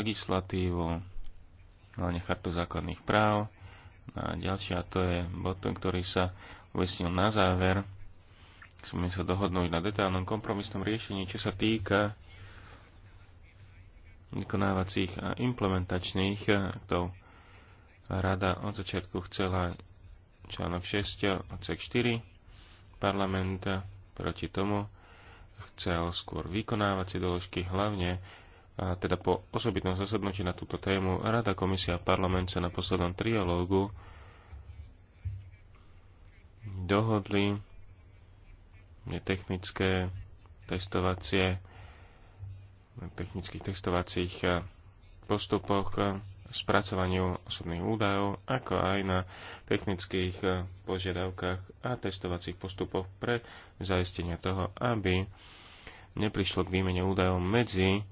legislatívu, hlavne chartu základných práv. No a ďalšia to je bod, ktorý sa uvesnil na záver. Chceme sa dohodnúť na detálnom kompromisnom riešení, čo sa týka vykonávacích a implementačných aktov. Rada od začiatku chcela článok 6 odsek 4 parlamenta proti tomu chcel skôr vykonávacie doložky, hlavne a teda po osobitnom zasadnutí na túto tému Rada, Komisia a Parlament sa na poslednom trialógu dohodli technické testovacie technických testovacích eh, postupoch eh, spracovaniu osobných údajov, ako aj na technických eh, požiadavkách a testovacích postupoch pre zaistenie toho, aby neprišlo k výmene údajov medzi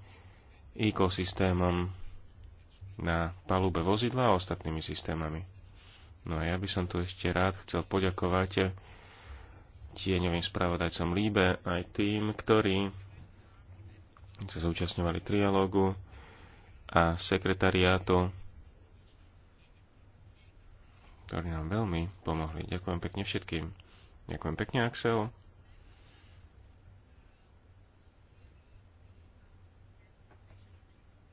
ekosystémom na palube vozidla a ostatnými systémami. No a ja by som tu ešte rád chcel poďakovať tieňovým spravodajcom Líbe aj tým, ktorí sa zúčastňovali trialógu a sekretariátu, ktorí nám veľmi pomohli. Ďakujem pekne všetkým. Ďakujem pekne, Axel.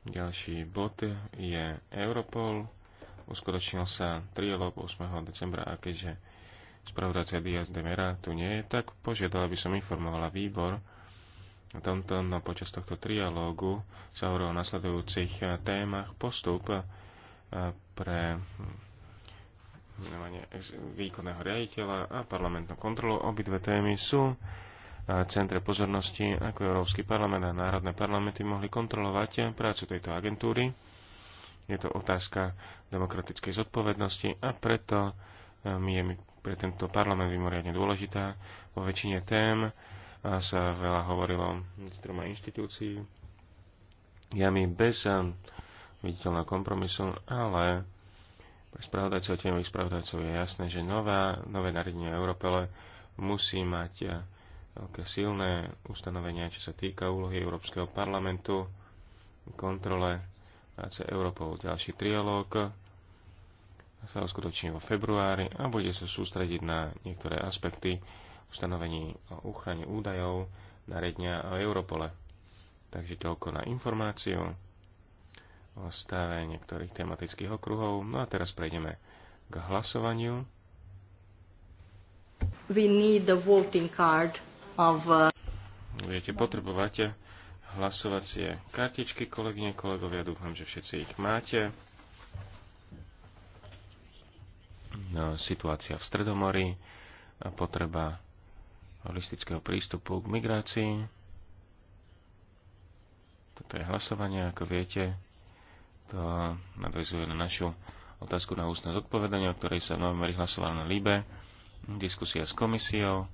Ďalší bod je Europol. Uskutočnil sa trialog 8. decembra a keďže spravodajca Diaz de Mera tu nie je, tak požiadal, aby som informovala výbor o tomto, no počas tohto trialógu sa hovorilo o nasledujúcich témach postup eh, pre výkonného riaditeľa a parlamentnú kontrolu. Obidve témy sú centre pozornosti ako Európsky parlament a národné parlamenty mohli kontrolovať prácu tejto agentúry. Je to otázka demokratickej zodpovednosti a preto um, je pre tento parlament vymoriadne dôležitá. Vo väčšine tém sa veľa hovorilo s troma inštitúcií. Ja mi bez um, viditeľného kompromisu, ale pre spravodajcov, tieňových spravodajcov je jasné, že nová, nové nariadenie Európele musí mať veľké silné ustanovenia, čo sa týka úlohy Európskeho parlamentu, kontrole práce Európou. Ďalší trialóg sa uskutoční vo februári a bude sa sústrediť na niektoré aspekty ustanovení o ochrane údajov, redňa o Europole. Takže toľko na informáciu o stave niektorých tematických okruhov. No a teraz prejdeme k hlasovaniu. We need the voting card of... Viete, uh, potrebovate hlasovacie kartičky, kolegyne, kolegovia, dúfam, že všetci ich máte. No, situácia v Stredomori a potreba holistického prístupu k migrácii. Toto je hlasovanie, ako viete. To nadvezuje na našu otázku na ústne zodpovedanie, o ktorej sa v novembri hlasovala na Libe. Diskusia s komisiou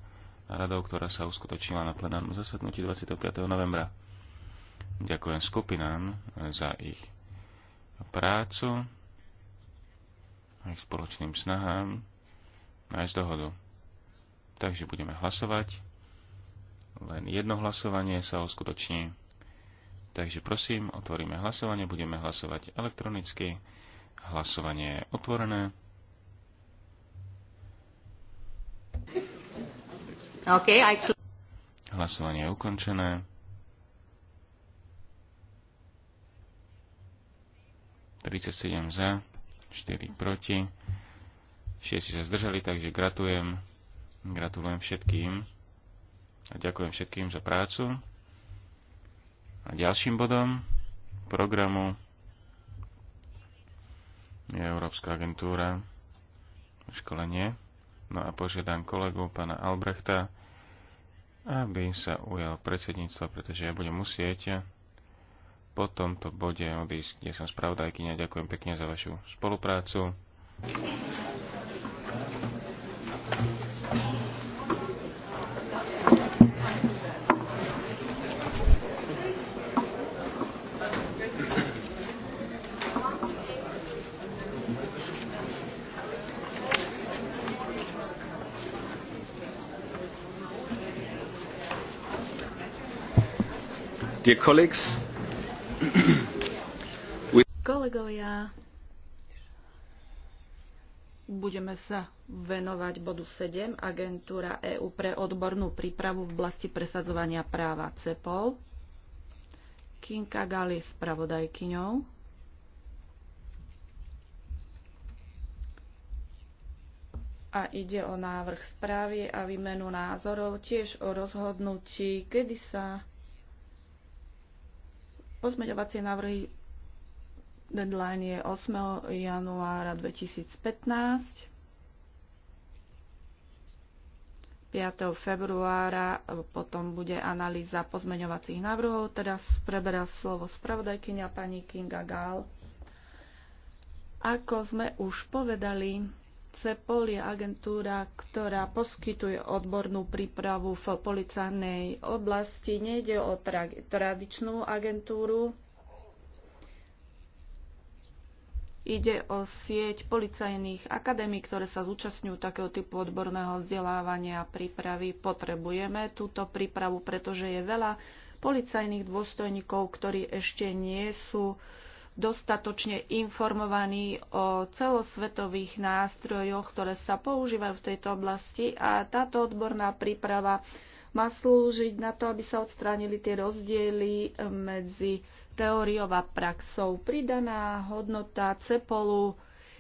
radou, ktorá sa uskutočnila na plenárnom zasadnutí 25. novembra. Ďakujem skupinám eh, za ich prácu a ich spoločným snahám aj z dohodu. Takže budeme hlasovať. Len jedno hlasovanie sa uskutoční. Takže prosím, otvoríme hlasovanie, budeme hlasovať elektronicky. Hlasovanie je otvorené. Okay, I... Hlasovanie je ukončené. sedem za, 4 proti. 6 sa zdržali, takže gratulujem. Gratulujem všetkým. A ďakujem všetkým za prácu. A ďalším bodom programu je Európska agentúra školenie No a požiadam kolegu pána Albrechta, aby sa ujal predsedníctva, pretože ja budem musieť po tomto bode odísť, kde som spravodajkyňa. Ďakujem pekne za vašu spoluprácu. Dear colleagues, we... Kolegovia, budeme sa venovať bodu 7, agentúra EÚ pre odbornú prípravu v oblasti presadzovania práva CEPOL. Kinka Gali spravodajkyňou. A ide o návrh správy a výmenu názorov, tiež o rozhodnutí, kedy sa Pozmeňovacie návrhy deadline je 8. januára 2015. 5. februára potom bude analýza pozmeňovacích návrhov. Teraz preberá slovo spravodajkynia pani Kinga Gál. Ako sme už povedali, CEPOL je agentúra, ktorá poskytuje odbornú prípravu v policajnej oblasti. Nejde o tra- tradičnú agentúru, Ide o sieť policajných akadémií, ktoré sa zúčastňujú takého typu odborného vzdelávania a prípravy. Potrebujeme túto prípravu, pretože je veľa policajných dôstojníkov, ktorí ešte nie sú uh, dostatočne informovaní o celosvetových nástrojoch, ktoré sa používajú v tejto oblasti a táto odborná príprava má slúžiť na to, aby sa odstránili tie rozdiely eh, medzi teóriou a praxou. Pridaná hodnota CEPOLu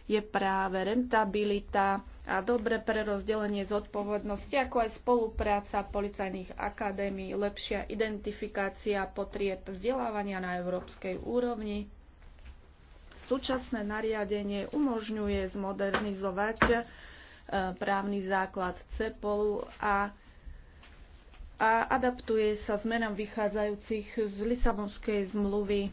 je práve rentabilita a dobre pre rozdelenie zodpovednosti, ako aj spolupráca policajných akadémií, lepšia identifikácia potrieb vzdelávania na európskej úrovni súčasné nariadenie umožňuje zmodernizovať e, právny základ CEPOLu a, a adaptuje sa zmenám vychádzajúcich z Lisabonskej zmluvy.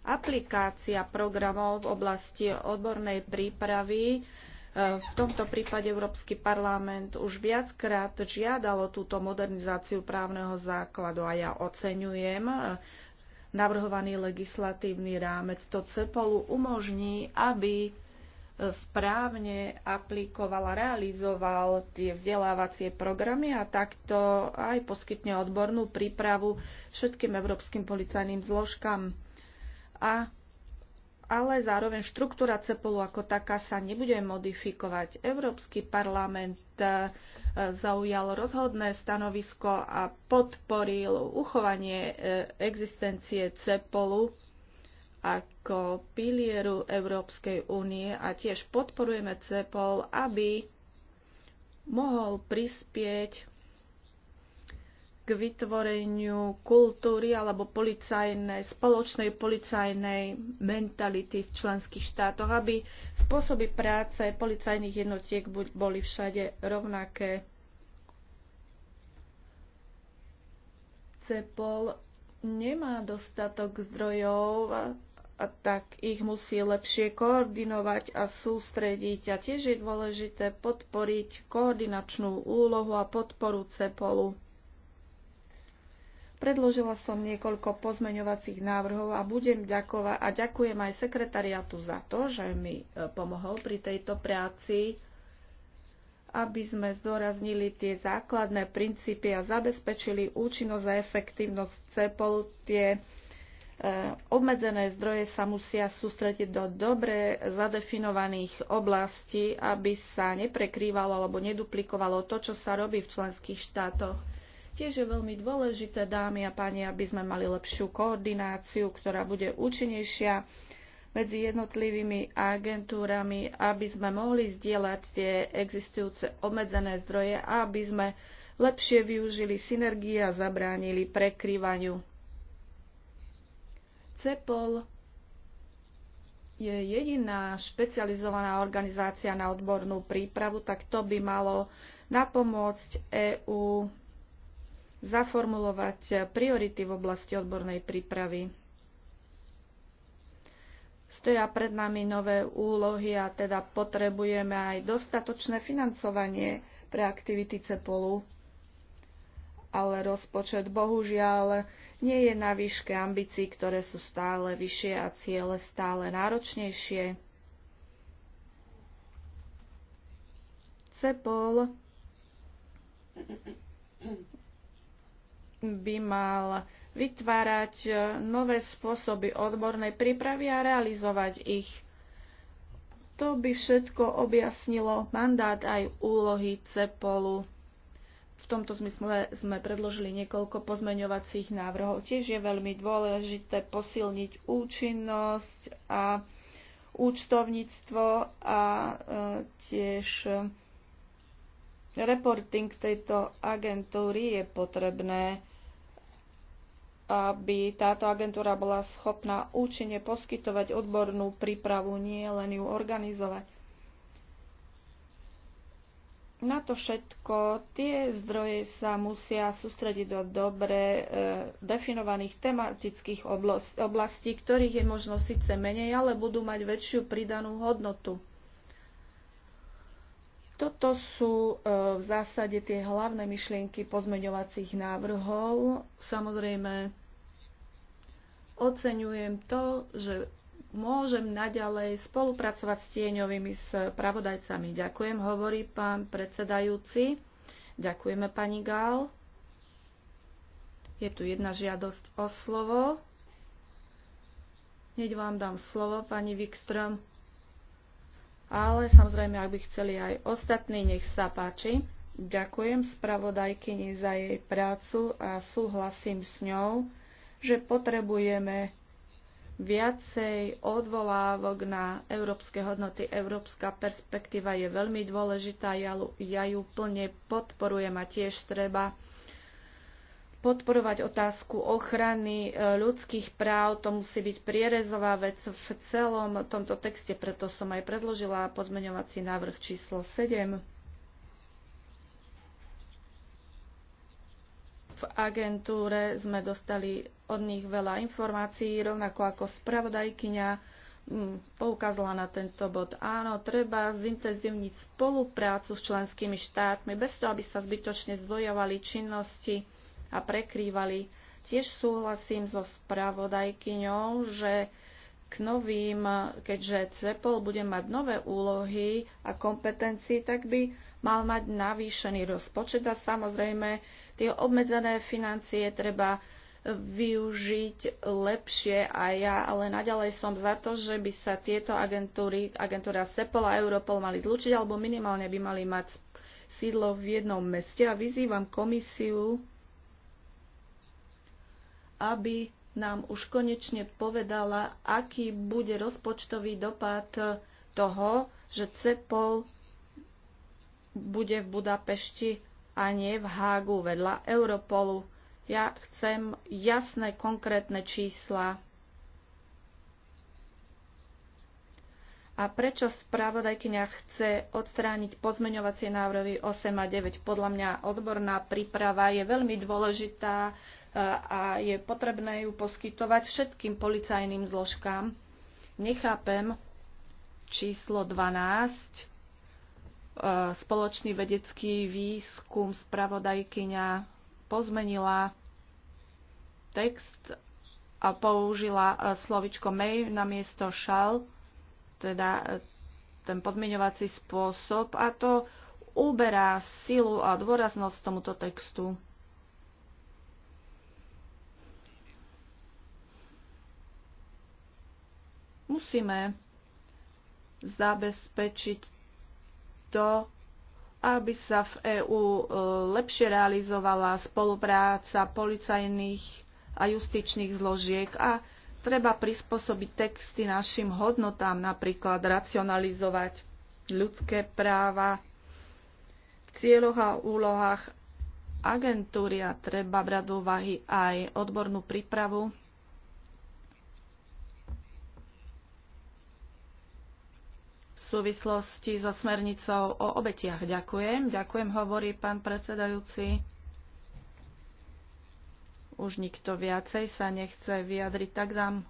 Aplikácia programov v oblasti odbornej prípravy e, v tomto prípade Európsky parlament už viackrát žiadalo túto modernizáciu právneho základu a ja oceňujem e, Navrhovaný legislatívny rámec to CEPOLu umožní, aby správne aplikoval, a realizoval tie vzdelávacie programy a takto aj poskytne odbornú prípravu všetkým európskym policajným zložkám. A, ale zároveň štruktúra CEPOLu ako taká sa nebude modifikovať. Európsky parlament zaujal rozhodné stanovisko a podporil uchovanie e, existencie CEPOLu ako pilieru Európskej únie a tiež podporujeme CEPOL, aby mohol prispieť k vytvoreniu kultúry alebo policajnej, spoločnej policajnej mentality v členských štátoch, aby spôsoby práce policajných jednotiek boli všade rovnaké. CEPOL nemá dostatok zdrojov, a tak ich musí lepšie koordinovať a sústrediť. A tiež je dôležité podporiť koordinačnú úlohu a podporu CEPOLu Predložila som niekoľko pozmeňovacích návrhov a budem ďakovať a ďakujem aj sekretariatu za to, že mi e, pomohol pri tejto práci, aby sme zdôraznili tie základné princípy a zabezpečili účinnosť a efektívnosť CEPOL. Tie e, obmedzené zdroje sa musia sústrediť do dobre zadefinovaných oblastí, aby sa neprekrývalo alebo neduplikovalo to, čo sa robí v členských štátoch Tiež je veľmi dôležité, dámy a páni, aby sme mali lepšiu koordináciu, ktorá bude účinnejšia medzi jednotlivými agentúrami, aby sme mohli zdieľať tie existujúce obmedzené zdroje a aby sme lepšie využili synergie a zabránili prekrývaniu. CEPOL je jediná špecializovaná organizácia na odbornú prípravu, tak to by malo napomôcť EÚ zaformulovať priority v oblasti odbornej prípravy. Stoja pred nami nové úlohy a teda potrebujeme aj dostatočné financovanie pre aktivity CEPOLu. Ale rozpočet bohužiaľ nie je na výške ambícií, ktoré sú stále vyššie a ciele stále náročnejšie. CEPOL by mal vytvárať e, nové spôsoby odbornej prípravy a realizovať ich. To by všetko objasnilo mandát aj úlohy CEPOLu. V tomto zmysle sme predložili niekoľko pozmeňovacích návrhov. Tiež je veľmi dôležité posilniť účinnosť a účtovníctvo a e, tiež e, reporting tejto agentúry je potrebné aby táto agentúra bola schopná účinne poskytovať odbornú prípravu, nie len ju organizovať. Na to všetko tie zdroje sa musia sústrediť do dobre e, definovaných tematických oblastí, ktorých je možno síce menej, ale budú mať väčšiu pridanú hodnotu. Toto sú e, v zásade tie hlavné myšlienky pozmeňovacích návrhov. Samozrejme, Oceňujem to, že môžem naďalej spolupracovať s tieňovými spravodajcami. Ďakujem, hovorí pán predsedajúci. Ďakujeme, pani Gál. Je tu jedna žiadosť o slovo. Hneď vám dám slovo, pani Wikström. Ale samozrejme, ak by chceli aj ostatní, nech sa páči. Ďakujem spravodajkyni za jej prácu a súhlasím s ňou že potrebujeme viacej odvolávok na európske hodnoty. Európska perspektíva je veľmi dôležitá, ja, ju plne podporujem a tiež treba podporovať otázku ochrany e, ľudských práv. To musí byť prierezová vec v celom tomto texte, preto som aj predložila pozmeňovací návrh číslo 7 V agentúre sme dostali od nich veľa informácií, rovnako ako spravodajkyňa mm, poukázala na tento bod. Áno, treba zintenzívniť spoluprácu s členskými štátmi, bez toho, aby sa zbytočne zdvojovali činnosti a prekrývali. Tiež súhlasím so spravodajkyňou, že k novým, keďže CEPOL bude mať nové úlohy a kompetencie, tak by mal mať navýšený rozpočet a samozrejme Tie obmedzené financie treba využiť lepšie a ja ale naďalej som za to, že by sa tieto agentúry, agentúra SEPOL a Europol mali zlučiť alebo minimálne by mali mať sídlo v jednom meste a vyzývam komisiu, aby nám už konečne povedala, aký bude rozpočtový dopad toho, že CEPOL bude v Budapešti a nie v Hágu vedľa Europolu. Ja chcem jasné, konkrétne čísla. A prečo spravodajkyňa chce odstrániť pozmeňovacie návrhy 8 a 9? Podľa mňa odborná príprava je veľmi dôležitá e, a je potrebné ju poskytovať všetkým policajným zložkám. Nechápem číslo 12 spoločný vedecký výskum spravodajkyňa pozmenila text a použila e, slovičko may na miesto shall, teda e, ten podmiňovací spôsob a to uberá silu a dôraznosť tomuto textu. Musíme zabezpečiť to, aby sa v EÚ e, lepšie realizovala spolupráca policajných a justičných zložiek a treba prispôsobiť texty našim hodnotám, napríklad racionalizovať ľudské práva v cieľoch a úlohách agentúry a treba brať do úvahy aj odbornú prípravu súvislosti so smernicou o obetiach. Ďakujem. Ďakujem, hovorí pán predsedajúci. Už nikto viacej sa nechce vyjadriť, tak dám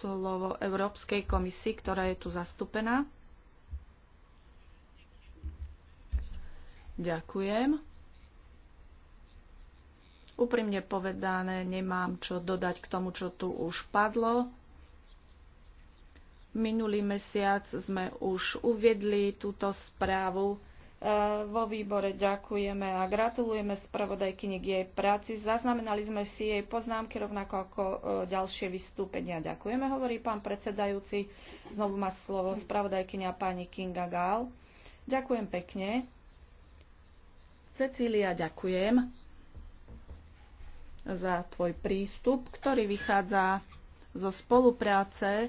slovo Európskej komisii, ktorá je tu zastúpená. Ďakujem. Úprimne povedané, nemám čo dodať k tomu, čo tu už padlo. Minulý mesiac sme už uviedli túto správu e, vo výbore ďakujeme a gratulujeme spravodajkyni k jej práci. Zaznamenali sme si jej poznámky rovnako ako e, ďalšie vystúpenia. Ďakujeme, hovorí pán predsedajúci. Znovu má slovo spravodajkynia pani Kinga Gál. Ďakujem pekne. Cecília, ďakujem za tvoj prístup, ktorý vychádza zo spolupráce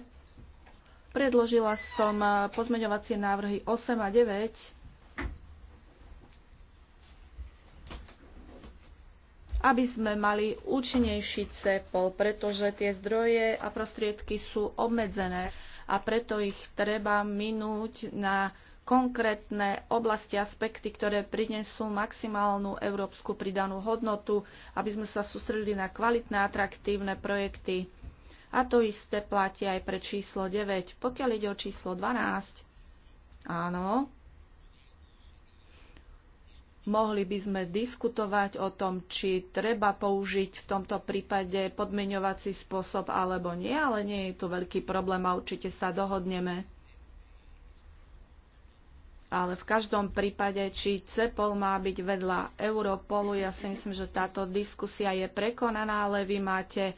Predložila som eh, pozmeňovacie návrhy 8 a 9. aby sme mali účinnejší CEPOL, pretože tie zdroje a prostriedky sú obmedzené a preto ich treba minúť na konkrétne oblasti, aspekty, ktoré prinesú maximálnu európsku pridanú hodnotu, aby sme sa sústredili na kvalitné, atraktívne projekty a to isté platí aj pre číslo 9. Pokiaľ ide o číslo 12, áno, mohli by sme diskutovať o tom, či treba použiť v tomto prípade podmeňovací spôsob alebo nie, ale nie je to veľký problém a určite sa dohodneme. Ale v každom prípade, či CEPOL má byť vedľa Europolu, ja si myslím, že táto diskusia je prekonaná, ale vy máte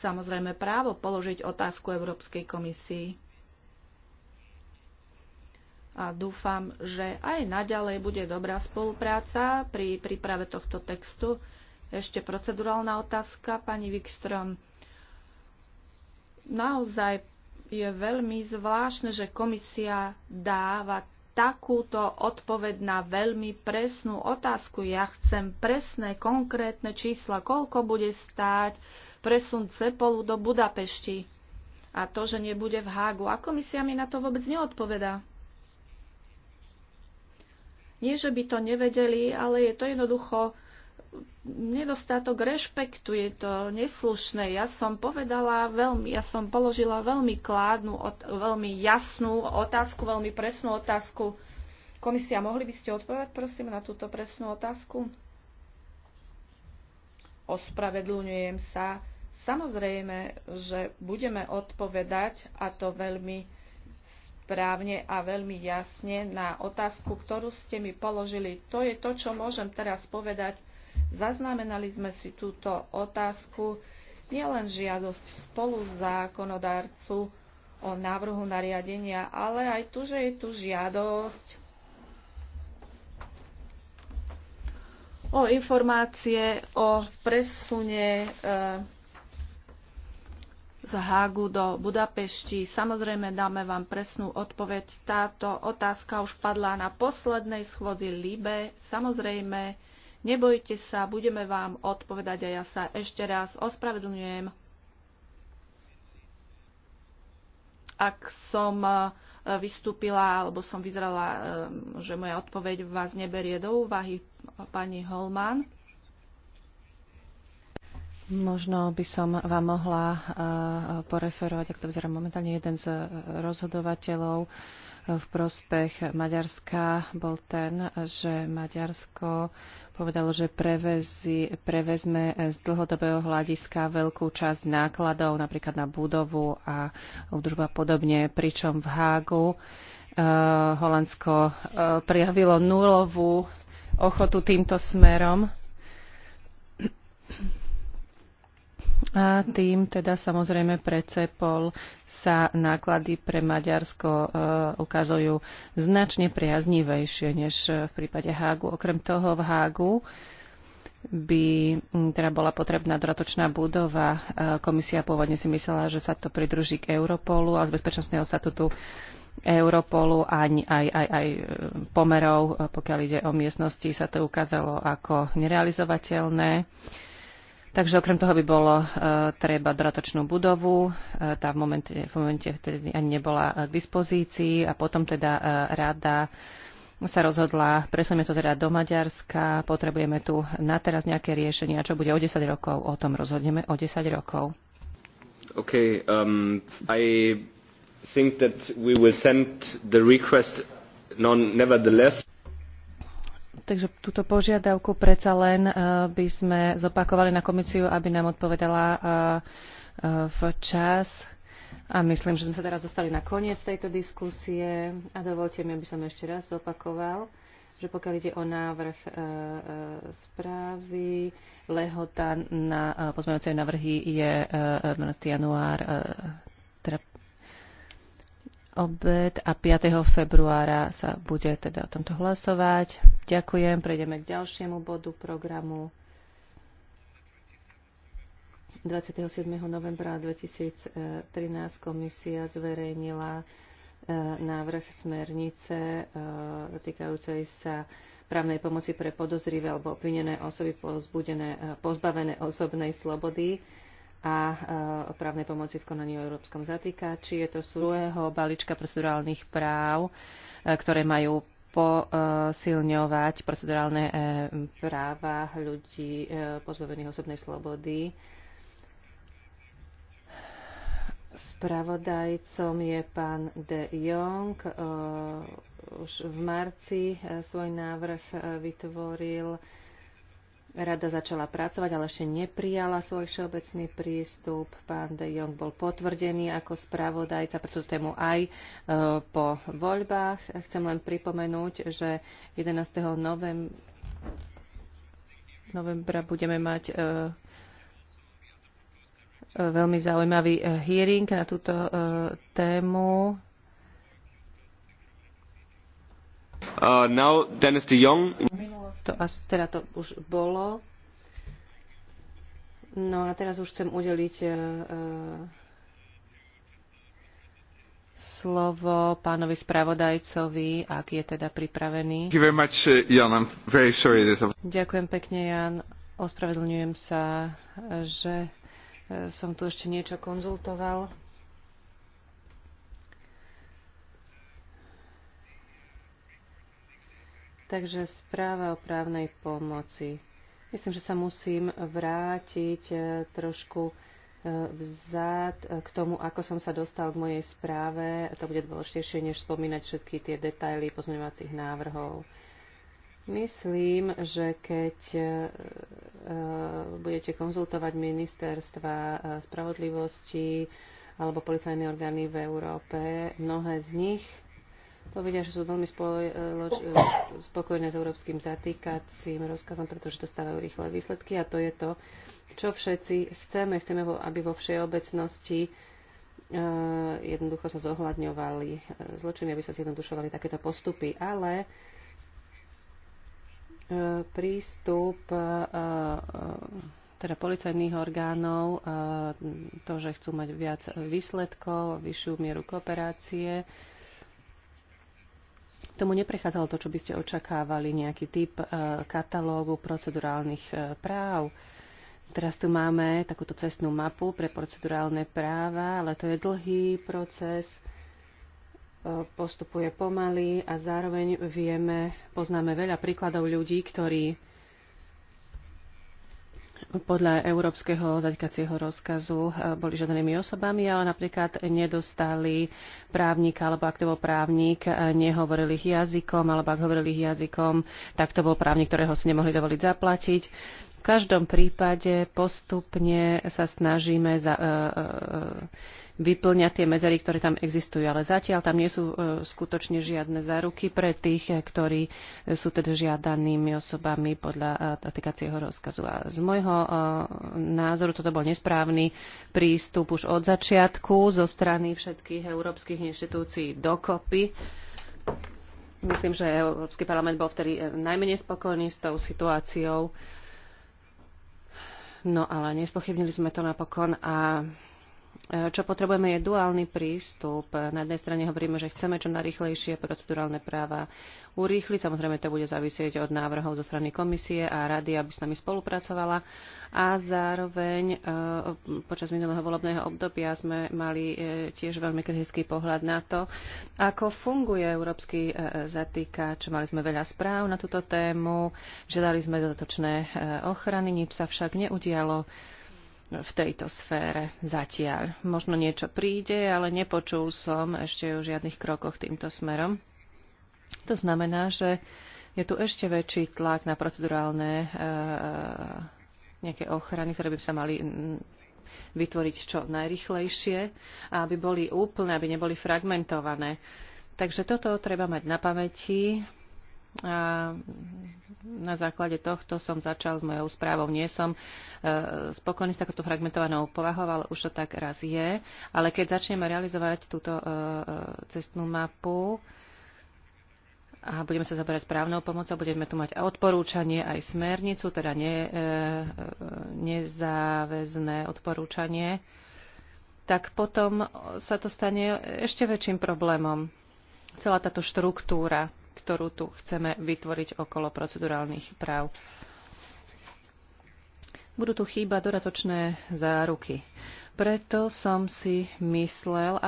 samozrejme právo položiť otázku Európskej komisii. A dúfam, že aj naďalej bude dobrá spolupráca pri príprave tohto textu. Ešte procedurálna otázka, pani Wikström. Naozaj je veľmi zvláštne, že komisia dáva takúto odpoveď na veľmi presnú otázku. Ja chcem presné, konkrétne čísla, koľko bude stáť presun Cepolu do Budapešti a to, že nebude v Hágu. A komisia mi na to vôbec neodpovedá. Nie, že by to nevedeli, ale je to jednoducho nedostatok rešpektu, je to neslušné. Ja som povedala veľmi, ja som položila veľmi kládnu, veľmi jasnú otázku, veľmi presnú otázku. Komisia, mohli by ste odpovedať, prosím, na túto presnú otázku? Ospravedlňujem sa Samozrejme, že budeme odpovedať, a to veľmi správne a veľmi jasne, na otázku, ktorú ste mi položili. To je to, čo môžem teraz povedať. Zaznamenali sme si túto otázku, nielen žiadosť spolu zákonodárcu o návrhu nariadenia, ale aj tu, že je tu žiadosť o informácie o presune e, z Hágu do Budapešti. Samozrejme dáme vám presnú odpoveď. Táto otázka už padla na poslednej schôdzi Libe. Samozrejme, nebojte sa, budeme vám odpovedať a ja sa ešte raz ospravedlňujem, ak som e, vystúpila alebo som vyzerala, e, že moja odpoveď vás neberie do úvahy, pani Holman. Možno by som vám mohla eh, poreferovať, ak to vyzerá momentálne, jeden z eh, rozhodovateľov eh, v prospech Maďarska bol ten, že Maďarsko povedalo, že prevezi, prevezme z dlhodobého hľadiska veľkú časť nákladov, napríklad na budovu a údržba podobne, pričom v Hágu Holandsko prijavilo nulovú ochotu týmto smerom A tým teda samozrejme pre CEPOL sa náklady pre Maďarsko e, ukazujú značne priaznivejšie než v prípade Hágu. Okrem toho v Hágu by teda bola potrebná dodatočná budova. E, komisia pôvodne si myslela, že sa to pridruží k Europolu, a z bezpečnostného statutu Europolu aj, aj, aj, aj e, pomerov, e, pokiaľ ide o miestnosti, sa to ukázalo ako nerealizovateľné. Takže okrem toho by bolo uh, treba dodatočnú budovu, uh, tá v momente, v momente vtedy ani nebola uh, k dispozícii a potom teda uh, rada sa rozhodla, presunieme to teda do Maďarska, potrebujeme tu na teraz nejaké riešenie a čo bude o 10 rokov, o tom rozhodneme o 10 rokov. OK, um, I think that we will send the request non, nevertheless. Takže túto požiadavku predsa len eh, by sme zopakovali na komisiu, aby nám odpovedala eh, eh, včas. A myslím, že sme sa teraz dostali na koniec tejto diskusie a dovolte mi, aby som ešte raz zopakoval že pokiaľ ide o návrh správy, lehota na pozmeňovacie návrhy je 12. január obed a 5. februára sa bude teda o tomto hlasovať. Ďakujem, prejdeme k ďalšiemu bodu programu. 27. novembra 2013 komisia zverejnila e, návrh smernice e, týkajúcej sa právnej pomoci pre podozrivé alebo obvinené osoby pozbudené, e, pozbavené osobnej slobody a e, právnej pomoci v konaní o európskom zatýkači. Je to z druhého balíčka procedurálnych práv, e, ktoré majú posilňovať procedurálne e, práva ľudí pozbavených osobnej slobody. Spravodajcom je pán De Jong. Už v marci svoj návrh vytvoril Rada začala pracovať, ale ešte neprijala svoj všeobecný prístup. Pán De Jong bol potvrdený ako spravodajca preto tému aj e, po voľbách. Chcem len pripomenúť, že 11. Novem... novembra budeme mať e, e, veľmi zaujímavý hearing na túto tému. Uh, now Dennis de Jong to, teda to už bolo. No a teraz už chcem udeliť e, e, slovo pánovi spravodajcovi, ak je teda pripravený. Uh, Ďakujem pekne, Jan. Ospravedlňujem sa, že e, som tu ešte niečo konzultoval. Takže správa o právnej pomoci. Myslím, že sa musím vrátiť e, trošku e, vzad e, k tomu, ako som sa dostal k mojej správe. To bude dôležitejšie, než spomínať všetky tie detaily pozmeňovacích návrhov. Myslím, že keď budete konzultovať ministerstva spravodlivosti alebo policajné orgány v Európe, mnohé z nich povedia, že sú veľmi eh, spokojné s európskym zatýkacím rozkazom, pretože dostávajú rýchle výsledky a to je to, čo všetci chceme. Chceme, aby vo všeobecnosti eh, jednoducho sa zohľadňovali eh, zločiny, aby sa zjednodušovali takéto postupy, ale prístup teda policajných orgánov, to, že chcú mať viac výsledkov, vyššiu mieru kooperácie, tomu neprechádzalo to, čo by ste očakávali, nejaký typ e, katalógu procedurálnych e, práv. Teraz tu máme takúto cestnú mapu pre procedurálne práva, ale to je dlhý proces, e, postupuje pomaly a zároveň vieme, poznáme veľa príkladov ľudí, ktorí podľa európskeho zaťkacieho rozkazu eh, boli žiadanými osobami, ale napríklad nedostali právnika, alebo ak to bol právnik, eh, nehovoril ich jazykom, alebo ak hovorili ich jazykom, tak to bol právnik, ktorého si nemohli dovoliť zaplatiť každom prípade postupne sa snažíme za, e, e, vyplňať tie medzery, ktoré tam existujú, ale zatiaľ tam nie sú e, skutočne žiadne záruky pre tých, ktorí sú teda žiadanými osobami podľa aplikácieho rozkazu. A z môjho názoru toto bol nesprávny prístup už od začiatku zo strany všetkých európskych inštitúcií dokopy. Myslím, že Európsky parlament bol vtedy najmenej spokojný s tou situáciou. Uh, No ale nespochybnili sme to napokon a E, čo potrebujeme je duálny prístup. Na jednej strane hovoríme, že chceme čo najrychlejšie procedurálne práva urýchliť. Samozrejme, to bude závisieť od návrhov zo strany komisie a rady, aby s nami spolupracovala. A zároveň e, počas minulého volebného obdobia sme mali e, tiež veľmi kritický pohľad na to, ako funguje európsky zatýkač. Mali sme veľa správ na túto tému, žiadali sme dodatočné ochrany, nič sa však neudialo v tejto sfére zatiaľ. Možno niečo príde, ale nepočul som ešte o žiadnych krokoch týmto smerom. To znamená, že je tu ešte väčší tlak na procedurálne e, e, nejaké ochrany, ktoré by sa mali vytvoriť čo najrychlejšie a aby boli úplné, aby neboli fragmentované. Takže toto treba mať na pamäti a na základe tohto som začal s mojou správou. Nie som e, spokojný s takouto fragmentovanou povahou, ale už to tak raz je. Ale keď začneme realizovať túto e, e, cestnú mapu, a budeme sa zaberať právnou pomocou, budeme tu mať odporúčanie aj smernicu, teda ne, nezáväzné odporúčanie, tak potom sa to stane ešte väčším problémom. Celá táto štruktúra ktorú tu chceme vytvoriť okolo procedurálnych práv. Budú tu chýba dodatočné záruky. Preto som si myslel,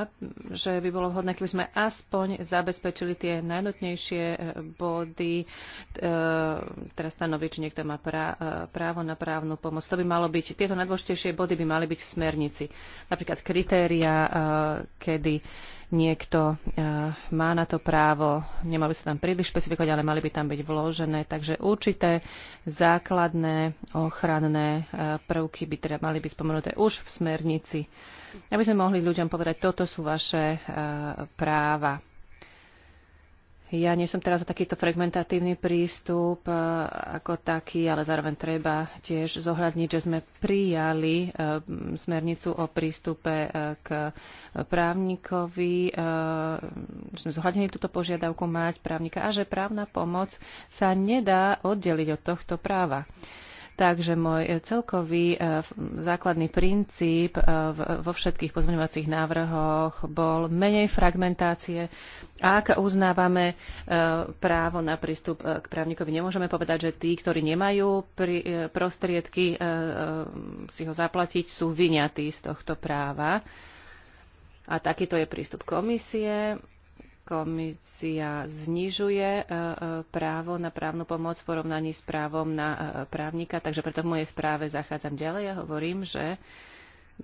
že by bolo vhodné, keby sme aspoň zabezpečili tie najnotnejšie eh, body, eh, teraz stanoví, či niekto má eh, právo na právnu pomoc. To by malo byť, tieto najdôležitejšie body by mali byť v smernici. Napríklad kritéria, kedy niekto eh, má na to právo, nemali by sa tam príliš špecifikovať, ale mali by tam byť vložené. Takže určité základné ochranné eh, prvky by teda mali byť spomenuté už v smernici, aby sme mohli ľuďom povedať, toto sú vaše eh, práva. Ja nie som teraz za takýto fragmentatívny prístup e, ako taký, ale zároveň treba tiež zohľadniť, že sme prijali e, smernicu o prístupe e, k právnikovi, že sme zohľadnili túto požiadavku mať právnika a že právna pomoc sa nedá oddeliť od tohto práva. Takže môj eh, celkový eh, základný princíp eh, vo všetkých pozmeňovacích návrhoch bol menej fragmentácie. Ak uznávame právo na prístup k právnikovi, nemôžeme povedať, že tí, ktorí nemajú prostriedky si ho zaplatiť, sú vyňatí z tohto práva. A takýto je prístup komisie komisia znižuje e, e, právo na právnu pomoc v porovnaní s právom na e, právnika, takže preto v mojej správe zachádzam ďalej a hovorím, že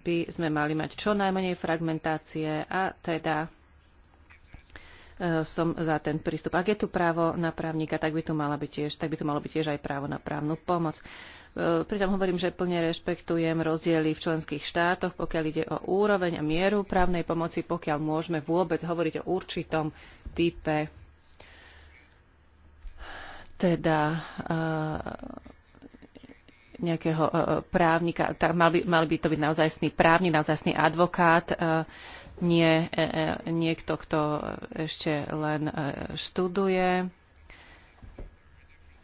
by sme mali mať čo najmenej fragmentácie a teda E, som za ten prístup. Ak je tu právo na právnika, tak by tu, mala byť tiež, tak by tu malo byť tiež aj právo na právnu pomoc. E, pritom hovorím, že plne rešpektujem rozdiely v členských štátoch, pokiaľ ide o úroveň a mieru právnej pomoci, pokiaľ môžeme vôbec hovoriť o určitom type teda e, nejakého právnika, tak mal by, mal by to byť naozajstný právnik, naozajstný advokát, nie e, e, niekto, kto ešte len e, študuje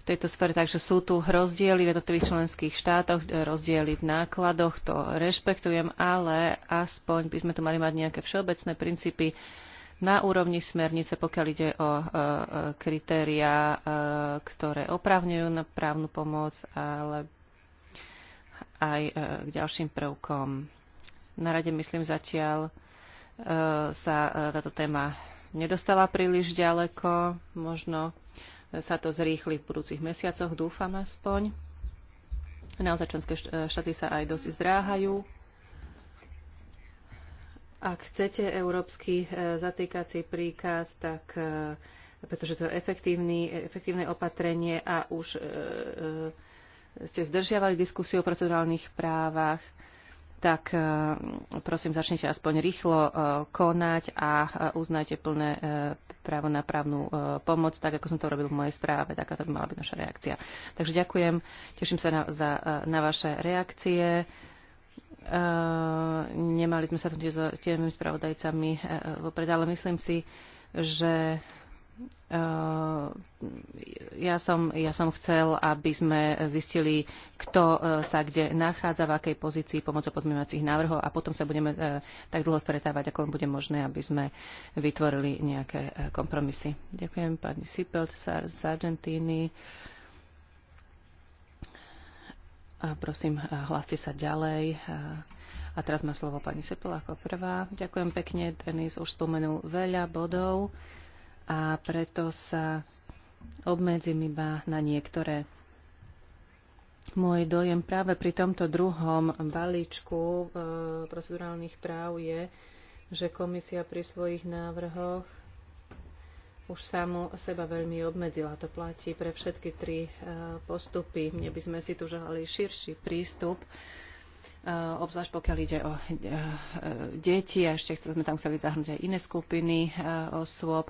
v tejto sfere. Takže sú tu rozdiely v jednotlivých členských štátoch, rozdiely v nákladoch, to rešpektujem, ale aspoň by sme tu mali mať nejaké všeobecné princípy na úrovni smernice, pokiaľ ide o kritériá, ktoré opravňujú na právnu pomoc, ale aj k ďalším prvkom. Na rade myslím zatiaľ Eh, sa eh, táto téma nedostala príliš ďaleko. Možno eh, sa to zrýchli v budúcich mesiacoch, dúfam aspoň. Naozaj členské štáty sa aj dosť zdráhajú. Ak chcete európsky zatýkací príkaz, tak pretože to je efektívne opatrenie a už e, e, ste zdržiavali diskusiu o procedurálnych právach tak eh, prosím, začnite aspoň rýchlo eh, konať a eh, uznajte plné právo na právnu pomoc, tak ako som to robil v mojej správe. Taká to by mala byť naša reakcia. Takže ďakujem, teším sa na, za, na vaše reakcie. Nemali sme sa tu s tými spravodajcami vopred, ale myslím si, že Eh, ja som, ja som chcel, aby sme zistili, kto eh, sa kde nachádza, v akej pozícii pomocou pozmeňovacích návrhov a potom sa budeme eh, tak dlho stretávať, ako bude možné, aby sme vytvorili nejaké kompromisy. Ďakujem pani Sipelt z Argentíny. A prosím, hláste sa ďalej. A teraz má slovo pani Sepel ako prvá. Ďakujem pekne, Denis už spomenul veľa bodov a preto sa obmedzím iba na niektoré. Môj dojem práve pri tomto druhom balíčku e, procedurálnych práv je, že komisia pri svojich návrhoch už samu seba veľmi obmedzila. To platí pre všetky tri e, postupy. Mne by sme si tu želali širší prístup, e, obzvlášť pokiaľ ide o deti a ešte sme tam chceli zahrnúť aj iné skupiny osôb.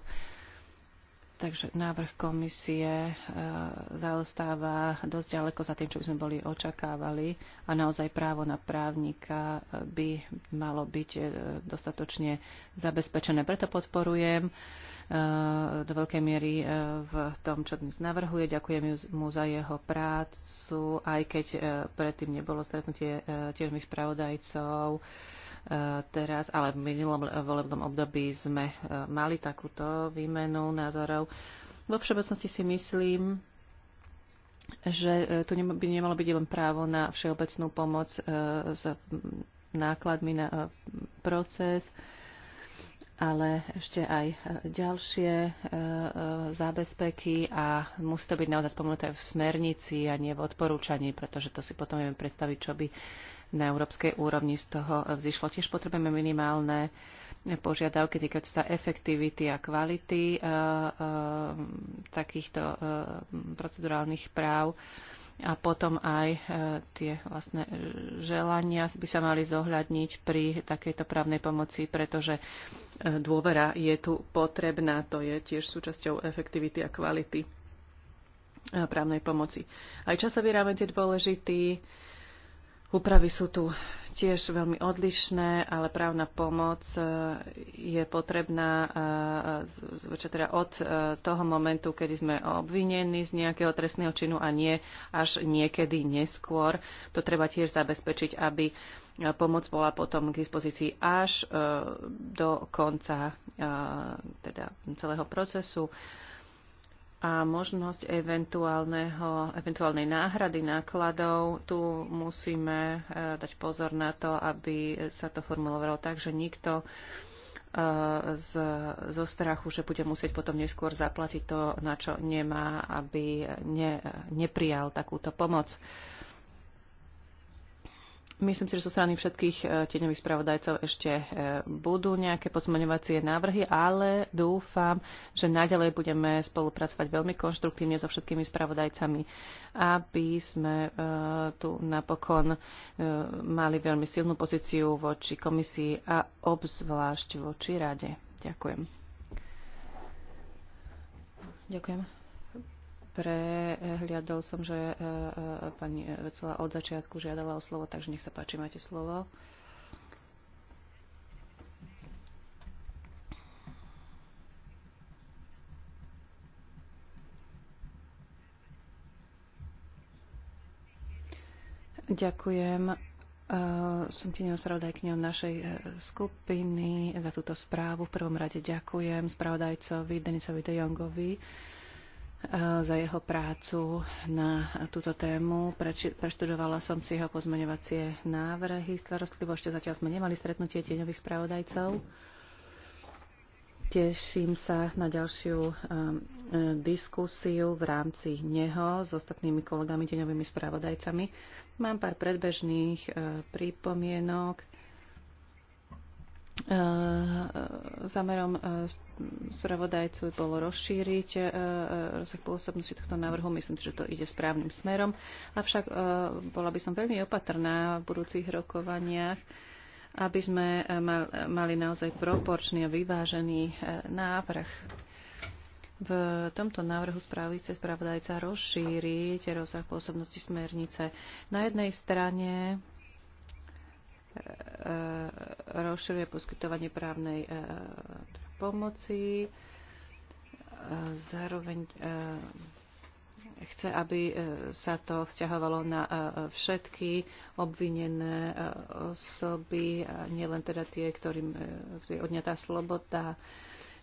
Takže návrh komisie e, zaostáva dosť ďaleko za tým, čo by sme boli očakávali a naozaj právo na právnika e, by malo byť e, dostatočne zabezpečené. Preto podporujem do veľkej miery v tom, čo dnes navrhuje. Ďakujem mu za jeho prácu, aj keď predtým nebolo stretnutie tiež spravodajcov. spravodajcov teraz, ale v minulom volebnom období sme e, mali takúto výmenu názorov. Vo všeobecnosti si myslím, že e, tu by nemalo byť len právo na všeobecnú pomoc e, s nákladmi na proces, ale ešte aj ďalšie zábezpeky a musí to byť naozaj spomenuté v smernici a nie v odporúčaní, pretože to si potom vieme predstaviť, čo by na európskej úrovni z toho vzýšlo. Tiež potrebujeme minimálne požiadavky týkať sa efektivity a kvality uh, uh, takýchto uh, procedurálnych práv a potom aj tie vlastné želania by sa mali zohľadniť pri takejto právnej pomoci, pretože dôvera je tu potrebná, to je tiež súčasťou efektivity a kvality právnej pomoci. Aj časový rámec je dôležitý Úpravy sú tu tiež veľmi odlišné, ale právna pomoc e, je potrebná e, teda od e, toho momentu, kedy sme obvinení z nejakého trestného činu a nie až niekedy neskôr. To treba tiež zabezpečiť, aby pomoc bola potom k dispozícii až do konca teda celého procesu a možnosť eventuálneho, eventuálnej náhrady nákladov. Tu musíme e, dať pozor na to, aby sa to formulovalo tak, že nikto e, z, zo strachu, že bude musieť potom neskôr zaplatiť to, na čo nemá, aby ne, neprijal takúto pomoc. Uh, Myslím si, že zo strany všetkých e, tieňových spravodajcov ešte e, budú nejaké pozmeňovacie návrhy, ale dúfam, že naďalej budeme spolupracovať veľmi konštruktívne so všetkými spravodajcami, aby sme e, tu napokon mali veľmi silnú pozíciu voči komisii a obzvlášť voči rade. Ďakujem. Ďakujem prehliadol som, že e, e, pani Vecula od začiatku žiadala o slovo, takže nech sa páči, máte slovo. Ďakujem. E, som tieňou spravodajkňou našej skupiny za túto správu. V prvom rade ďakujem spravodajcovi Denisovi de Jongovi Eh, za jeho prácu na túto tému. Preči, preštudovala som si jeho pozmeňovacie návrhy starostlivo. Ešte zatiaľ sme nemali stretnutie tieňových spravodajcov. Teším sa na ďalšiu um, diskusiu v rámci neho s ostatnými kolegami tieňovými spravodajcami. Mám pár predbežných uh, prípomienok. Eh, Zámerom eh, spravodajcu bolo rozšíriť eh, rozsah pôsobnosti tohto návrhu. Myslím, že to ide správnym smerom. Avšak bola by som veľmi opatrná v budúcich rokovaniach, aby sme mali naozaj proporčný a vyvážený návrh. V tomto návrhu správy chce spravodajca rozšíriť rozsah pôsobnosti smernice. Na jednej strane E, e, rozširuje poskytovanie právnej e, pomoci. Zároveň chce, aby sa to vzťahovalo na všetky obvinené osoby, nielen teda tie, ktorým je odňatá sloboda.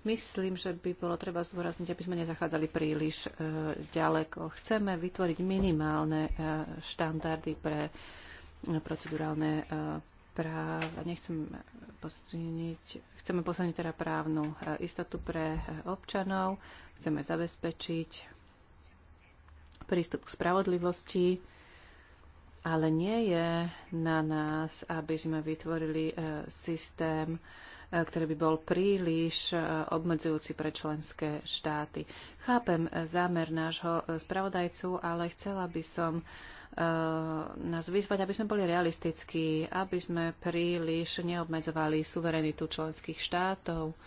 Myslím, že by bolo treba zdôrazniť, aby sme nezachádzali príliš ďaleko. Chceme vytvoriť minimálne štandardy pre procedurálne práv, nechcem posilniť, chceme posilniť teda právnu e, istotu pre e, občanov, chceme zabezpečiť prístup k spravodlivosti, ale nie je na nás, aby sme vytvorili e, systém E, ktorý by bol príliš e, obmedzujúci pre členské štáty. Chápem e, zámer nášho spravodajcu, ale chcela by som nás vyzvať, aby sme boli realistickí, aby sme príliš neobmedzovali suverenitu členských štátov.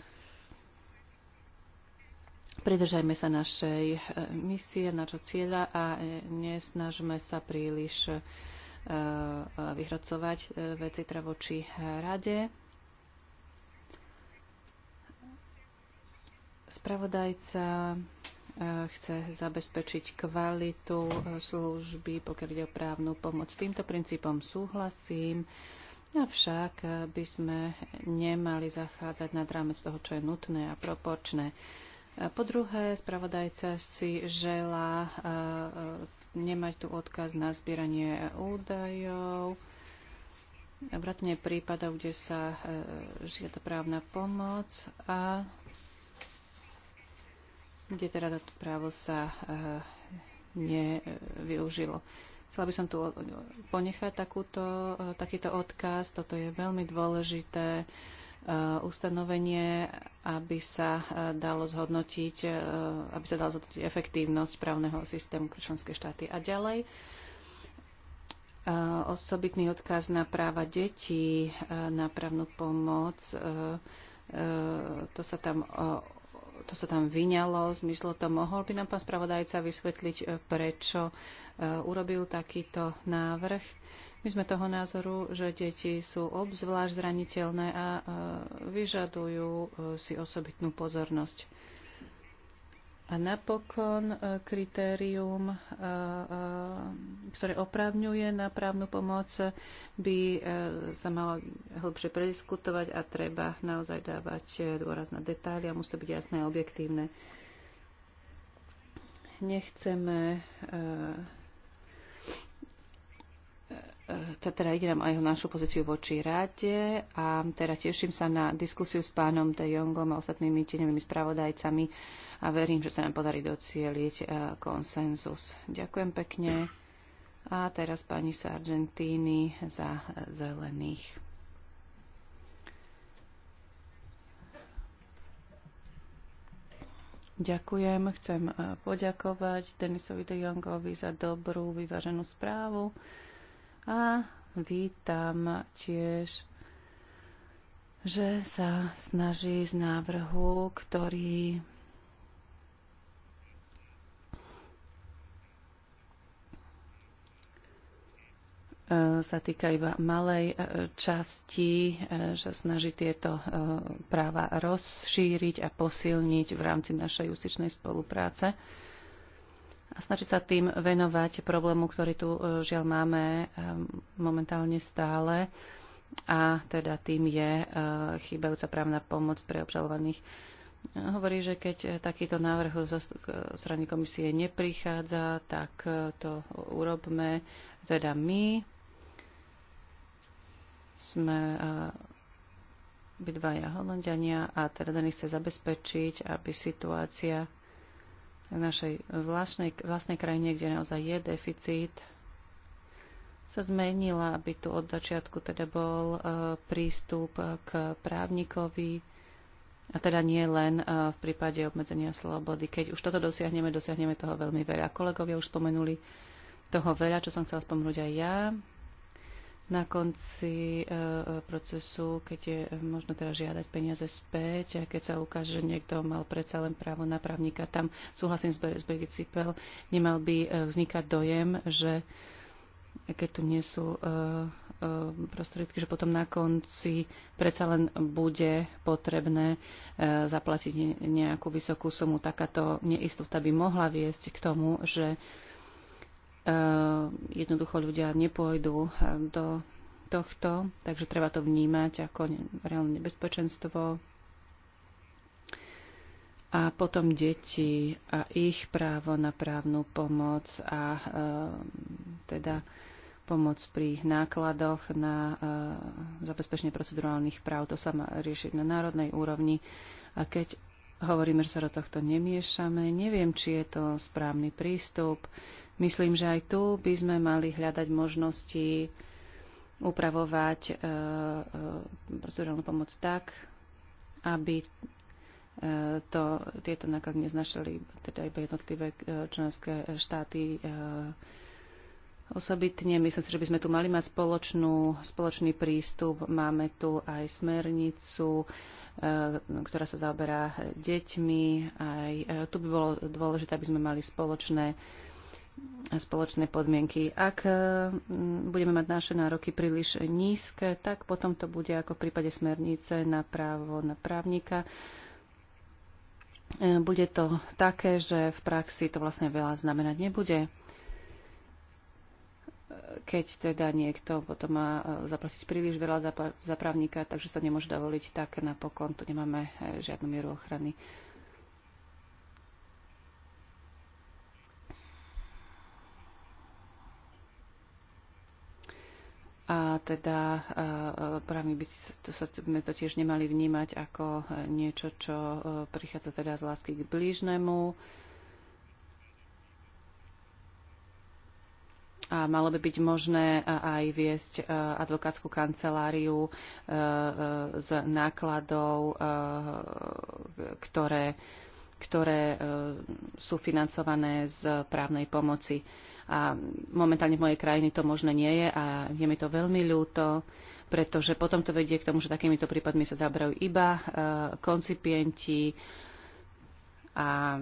Pridržajme sa našej misie, nášho cieľa a nesnažme sa príliš vyhrocovať veci teda voči rade. Spravodajca e, chce zabezpečiť kvalitu e, služby, pokiaľ ide o právnu pomoc. S týmto princípom súhlasím, avšak e, by sme nemali zachádzať nad rámec toho, čo je nutné a proporčné. Po druhé, spravodajca si želá nemať tu odkaz na zbieranie údajov, vrátne prípadov, kde sa žiada právna pomoc a kde teda toto právo sa eh, nevyužilo. Chcela by som tu ponechať takúto, eh, takýto odkaz. Toto je veľmi dôležité eh, ustanovenie, aby sa dalo zhodnotiť, aby sa dalo zhodnotiť efektívnosť právneho systému pre členské štáty. A ďalej osobitný odkaz na práva detí, na právnu pomoc, to sa tam to sa tam vyňalo, zmizlo to. Mohol by nám pán spravodajca vysvetliť, e, prečo e, urobil takýto návrh? My sme toho názoru, že deti sú obzvlášť zraniteľné a e, vyžadujú si osobitnú pozornosť. A napokon e, kritérium, e, e, ktoré oprávňuje na právnu pomoc, by sa malo hĺbšie prediskutovať a treba naozaj dávať dôraz na detaily a musí to byť jasné a objektívne. Nechceme E, teda ide nám aj o našu pozíciu voči rade a teda teším sa na diskusiu s pánom De Jongom a ostatnými tieňovými spravodajcami a verím, že sa nám podarí docieliť e, konsenzus. Ďakujem pekne. A teraz pani z Argentíny za zelených. Ďakujem. Chcem e, poďakovať Denisovi de Jongovi za dobrú, vyváženú správu a vítam tiež že sa snaží z návrhu, ktorý e, sa týka iba malej e, časti, e, že snaží tieto práva rozšíriť a posilniť v rámci našej justičnej spolupráce a snažiť sa tým venovať problému, ktorý tu e, žiaľ máme e, momentálne stále a teda tým je e, chýbajúca právna pomoc pre obžalovaných. Hovorí, že keď takýto návrh zo strany komisie neprichádza, tak to urobme. Teda my sme bydvaja Holandiania a teda ten chce zabezpečiť, aby situácia v našej vlastnej, vlastnej krajine, kde naozaj je deficit, sa zmenila, aby tu od začiatku teda bol e, prístup k právnikovi, a teda nie len e, v prípade obmedzenia slobody. Keď už toto dosiahneme, dosiahneme toho veľmi veľa. Kolegovia už spomenuli toho veľa, čo som chcela spomenúť aj ja na konci e, e, procesu, keď je možno teda žiadať peniaze späť, a keď sa ukáže, že niekto mal predsa len právo na právnika. Tam súhlasím s Birgit Cipel, nemal by e, vznikať dojem, že keď tu nie sú prostriedky, že potom na konci predsa len bude potrebné zaplatiť nejakú vysokú sumu. Takáto neistota by mohla viesť k tomu, že Eh, jednoducho ľudia nepôjdu eh, do tohto, takže treba to vnímať ako reálne nebezpečenstvo. A potom deti a ich právo na právnu pomoc a e, teda pomoc pri nákladoch na e, zabezpečenie procedurálnych práv. To sa má riešiť na národnej úrovni. A keď hovoríme, že sa do tohto nemiešame, neviem, či je to správny prístup. E, Myslím, že aj tu by sme mali hľadať možnosti upravovať e, e, procedurálnu pomoc tak, aby e, to, tieto náklady neznašali teda iba jednotlivé členské štáty osobitne. Myslím si, že by sme tu mali mať spoločnú, spoločný prístup. Máme tu aj smernicu, ktorá sa zaoberá deťmi. Aj tu by bolo dôležité, aby sme mali spoločné spoločné podmienky. Ak e, budeme mať naše nároky príliš nízke, tak potom to bude ako v prípade smernice na právo na právnika. E, bude to také, že v praxi to vlastne veľa znamenať nebude. E, keď teda niekto potom má zaplatiť príliš veľa za právnika, takže sa nemôže dovoliť, tak napokon tu nemáme žiadnu mieru ochrany. A teda e, e, právne by to sa, sme to tiež nemali vnímať ako e, niečo, čo prichádza teda z lásky k blížnemu. A malo by byť možné aj viesť advokátsku kanceláriu z nákladov, ktoré ktoré e, sú financované z právnej pomoci. A momentálne v mojej krajine to možné nie je a je mi to veľmi ľúto, pretože potom to vedie k tomu, že takýmito prípadmi sa zabrajú iba e, koncipienti a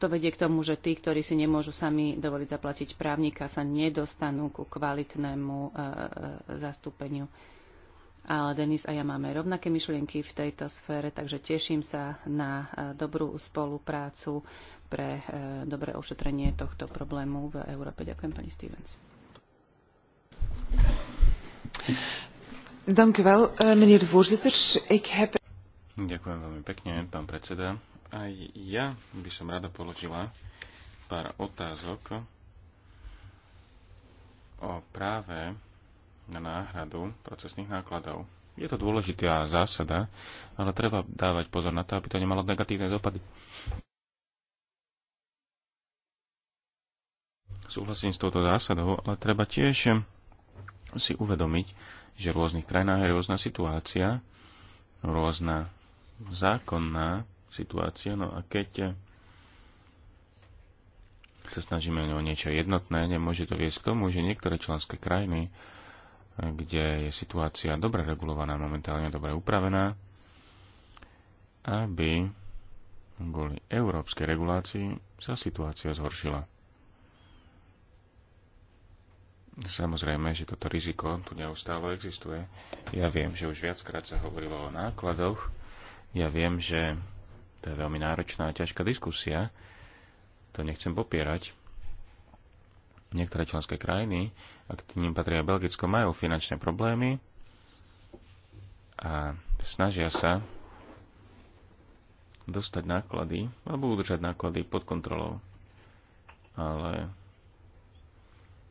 to vedie k tomu, že tí, ktorí si nemôžu sami dovoliť zaplatiť právnika, sa nedostanú ku kvalitnému e, zastúpeniu. Ale Denis a ja máme rovnaké myšlienky v tejto sfére, takže teším sa na e, dobrú spoluprácu pre e, dobré ošetrenie tohto problému v Európe. Ďakujem, pani Stevens. Eh, Ďakujem veľmi pekne, pán predseda. Aj ja by som rada položila pár otázok o práve na náhradu procesných nákladov. Je to dôležitá zásada, ale treba dávať pozor na to, aby to nemalo negatívne dopady. Súhlasím s touto zásadou, ale treba tiež si uvedomiť, že v rôznych krajinách je rôzna situácia, rôzna zákonná situácia, no a keď sa snažíme o niečo jednotné, nemôže to viesť k tomu, že niektoré členské krajiny kde je situácia dobre regulovaná, momentálne dobre upravená, aby kvôli európskej regulácii sa situácia zhoršila. Samozrejme, že toto riziko tu neustále existuje. Ja viem, že už viackrát sa hovorilo o nákladoch. Ja viem, že to je veľmi náročná a ťažká diskusia. To nechcem popierať. Niektoré členské krajiny, ak k ním patria Belgicko, majú finančné problémy a snažia sa dostať náklady alebo udržať náklady pod kontrolou. Ale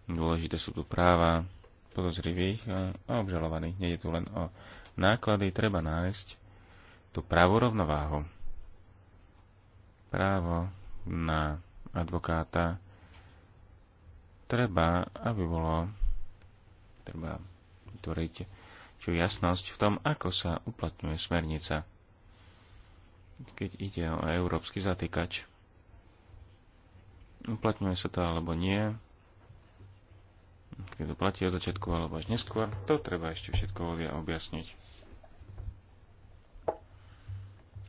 dôležité sú tu práva podozrivých a obžalovaných. Nie je tu len o náklady, treba nájsť tú právo rovnováhu. Právo na advokáta treba, aby bolo treba vytvoriť čo jasnosť v tom, ako sa uplatňuje smernica. Keď ide o európsky zatýkač, uplatňuje sa to alebo nie, keď to platí od začiatku alebo až neskôr, to treba ešte všetko objasniť.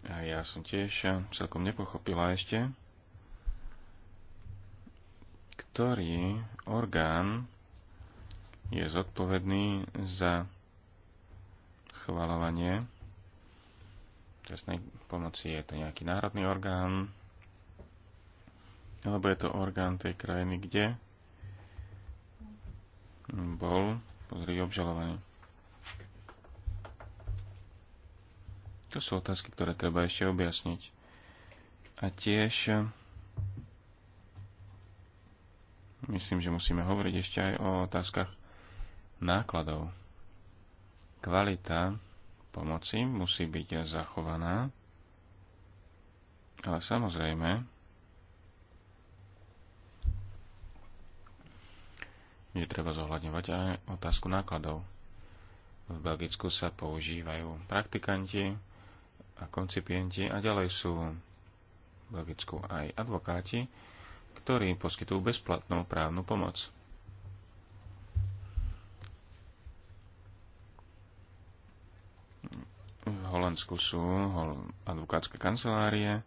A ja som tiež celkom nepochopila ešte, ktorý orgán je zodpovedný za V trestnej pomoci. Je to nejaký národný orgán, alebo je to orgán tej krajiny, kde bol, pozri, obžalovaný. To sú otázky, ktoré treba ešte objasniť. A tiež myslím, že musíme hovoriť ešte aj o otázkach nákladov. Kvalita pomoci musí byť zachovaná, ale samozrejme, je treba zohľadňovať aj otázku nákladov. V Belgicku sa používajú praktikanti a koncipienti a ďalej sú v Belgicku aj advokáti, ktorí poskytujú bezplatnú právnu pomoc. V Holandsku sú advokátske kancelárie,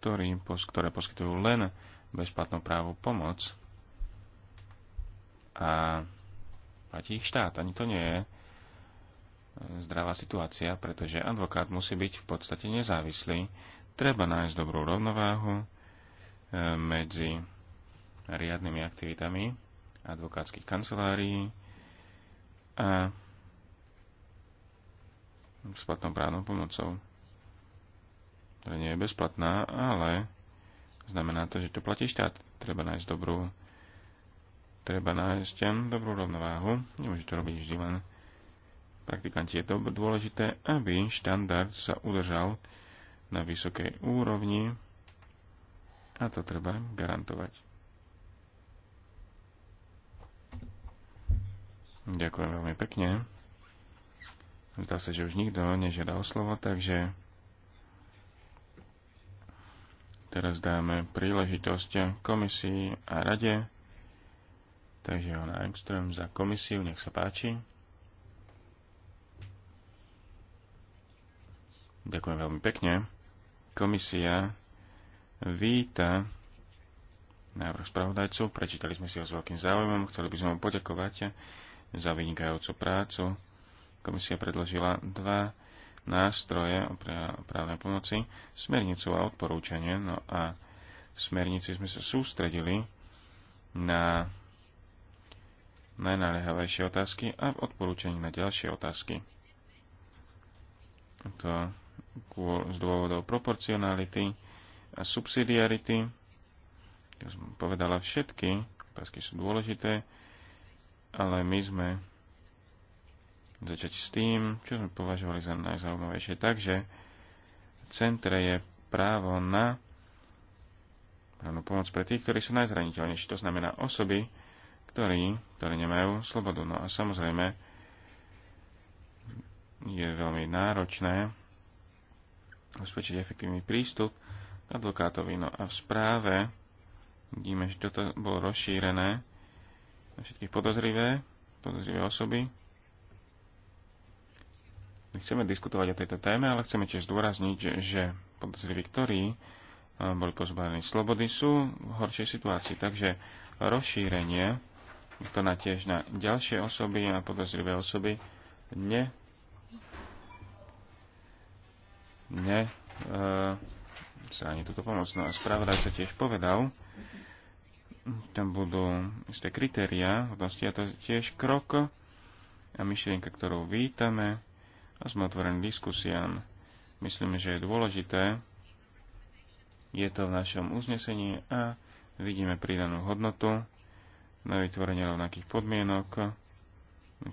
ktoré poskytujú len bezplatnú právnu pomoc a platí ich štát. Ani to nie je zdravá situácia, pretože advokát musí byť v podstate nezávislý Treba nájsť dobrú rovnováhu e, medzi riadnymi aktivitami advokátskych kancelárií a bezplatnou právnou pomocou. To nie je bezplatná, ale znamená to, že to platí štát. Treba nájsť dobrú treba nájsť dobrú rovnováhu. Nemôže to robiť vždy len praktikanti. Je to dôležité, aby štandard sa udržal na vysokej úrovni a to treba garantovať. Ďakujem veľmi pekne. Zdá sa, že už nikto nežiada o slovo, takže teraz dáme príležitosť komisii a rade. Takže ona Engström za komisiu, nech sa páči. Ďakujem veľmi pekne. Komisia víta návrh spravodajcu, prečítali sme si ho s veľkým záujmom, chceli by sme mu poďakovať za vynikajúcu prácu. Komisia predložila dva nástroje o právnej pomoci, smernicu a odporúčanie. No a v smernici sme sa sústredili na najnaliehavejšie otázky a v odporúčaní na ďalšie otázky. To z dôvodov proporcionality a subsidiarity. Ja som povedala všetky, otázky sú dôležité, ale my sme začať s tým, čo sme považovali za najzaujímavejšie. Takže v centre je právo na právnu pomoc pre tých, ktorí sú najzraniteľnejší. To znamená osoby, ktorí, ktorí nemajú slobodu. No a samozrejme je veľmi náročné uspečiť efektívny prístup k advokátovi. No a v správe vidíme, že toto bolo rozšírené na všetky podozrivé, podozrivé osoby. My chceme diskutovať o tejto téme, ale chceme tiež zdôrazniť, že podozriví, ktorí eh, boli pozbavení slobody, sú v horšej situácii. Takže rozšírenie to na tiež na ďalšie osoby a podozrivé osoby ne ne e, sa ani túto pomoc. No a spravodajca tiež povedal, tam budú isté kritéria vlastne a to je tiež krok a myšlienka, ktorú vítame a sme otvorení diskusiám. Myslíme, že je dôležité, je to v našom uznesení a vidíme pridanú hodnotu na vytvorenie rovnakých podmienok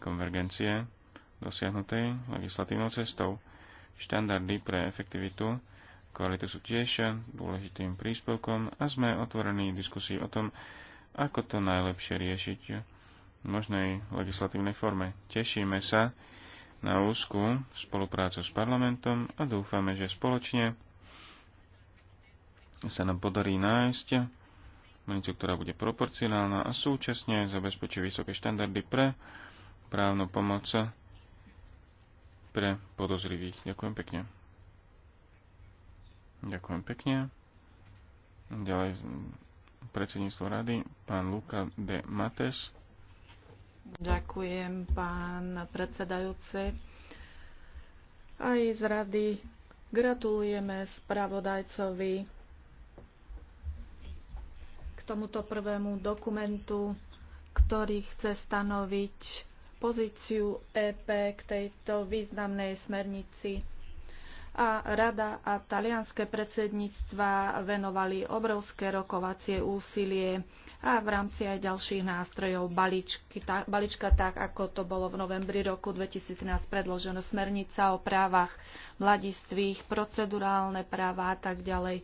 konvergencie dosiahnutej legislatívnou cestou. Štandardy pre efektivitu kvalitu sú tiež dôležitým príspevkom a sme otvorení diskusii o tom, ako to najlepšie riešiť v možnej legislatívnej forme. Tešíme sa na úzku spoluprácu s parlamentom a dúfame, že spoločne sa nám podarí nájsť menicu, ktorá bude proporcionálna a súčasne zabezpečí vysoké štandardy pre právnu pomoc pre podozrivých. Ďakujem pekne. Ďakujem pekne. Ďalej predsedníctvo rady, pán Luka de Mates. Ďakujem, pán predsedajúce. Aj z rady gratulujeme spravodajcovi k tomuto prvému dokumentu, ktorý chce stanoviť pozíciu EP k tejto významnej smernici. A Rada a talianské predsedníctva venovali obrovské rokovacie úsilie a v rámci aj ďalších nástrojov balíčky, tá, balíčka tak, ako to bolo v novembri roku 2013 predložené smernica o právach mladistvých, procedurálne práva a tak ďalej.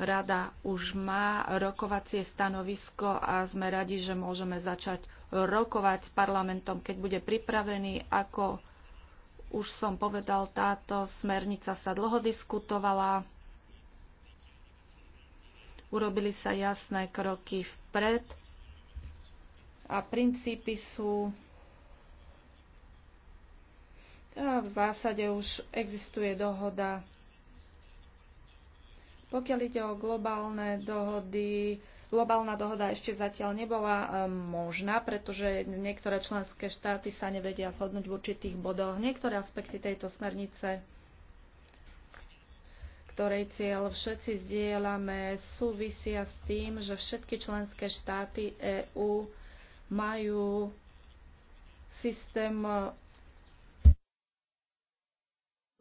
Rada už má rokovacie stanovisko a sme radi, že môžeme začať rokovať s parlamentom, keď bude pripravený. Ako už som povedal, táto smernica sa dlho diskutovala. Urobili sa jasné kroky vpred a princípy sú a v zásade už existuje dohoda pokiaľ ide o globálne dohody, globálna dohoda ešte zatiaľ nebola eh, možná, pretože niektoré členské štáty sa nevedia zhodnúť v určitých bodoch. Niektoré aspekty tejto smernice ktorej cieľ všetci zdieľame, súvisia s tým, že všetky členské štáty EÚ majú systém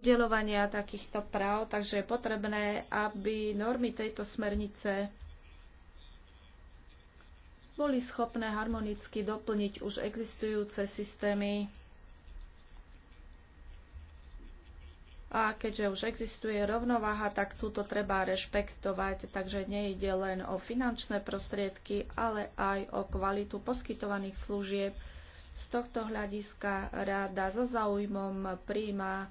udelovania takýchto práv, takže je potrebné, aby normy tejto smernice boli schopné harmonicky doplniť už existujúce systémy. A keďže už existuje rovnováha, tak túto treba rešpektovať, takže nejde len o finančné prostriedky, ale aj o kvalitu poskytovaných služieb. Z tohto hľadiska rada so zaujímom príjma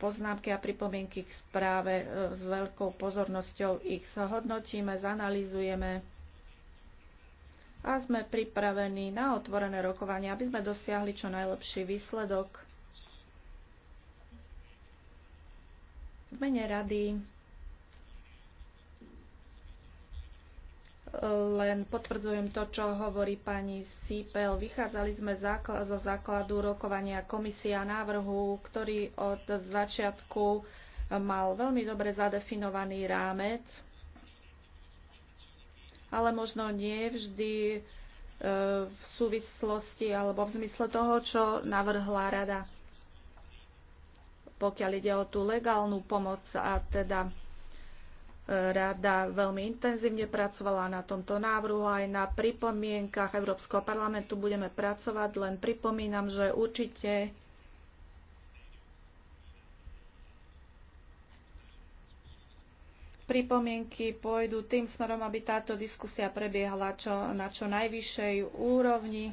poznámky a pripomienky k správe. E, s veľkou pozornosťou ich zhodnotíme, zanalizujeme a sme pripravení na otvorené rokovanie, aby sme dosiahli čo najlepší výsledok. mene rady len potvrdzujem to, čo hovorí pani Sipel. Vychádzali sme zo základu rokovania komisia návrhu, ktorý od začiatku mal veľmi dobre zadefinovaný rámec, ale možno nie vždy e, v súvislosti alebo v zmysle toho, čo navrhla rada, pokiaľ ide o tú legálnu pomoc a teda Rada veľmi intenzívne pracovala na tomto návrhu aj na pripomienkach Európskeho parlamentu budeme pracovať, len pripomínam, že určite pripomienky pôjdu tým smerom, aby táto diskusia prebiehala čo, na čo najvyššej úrovni.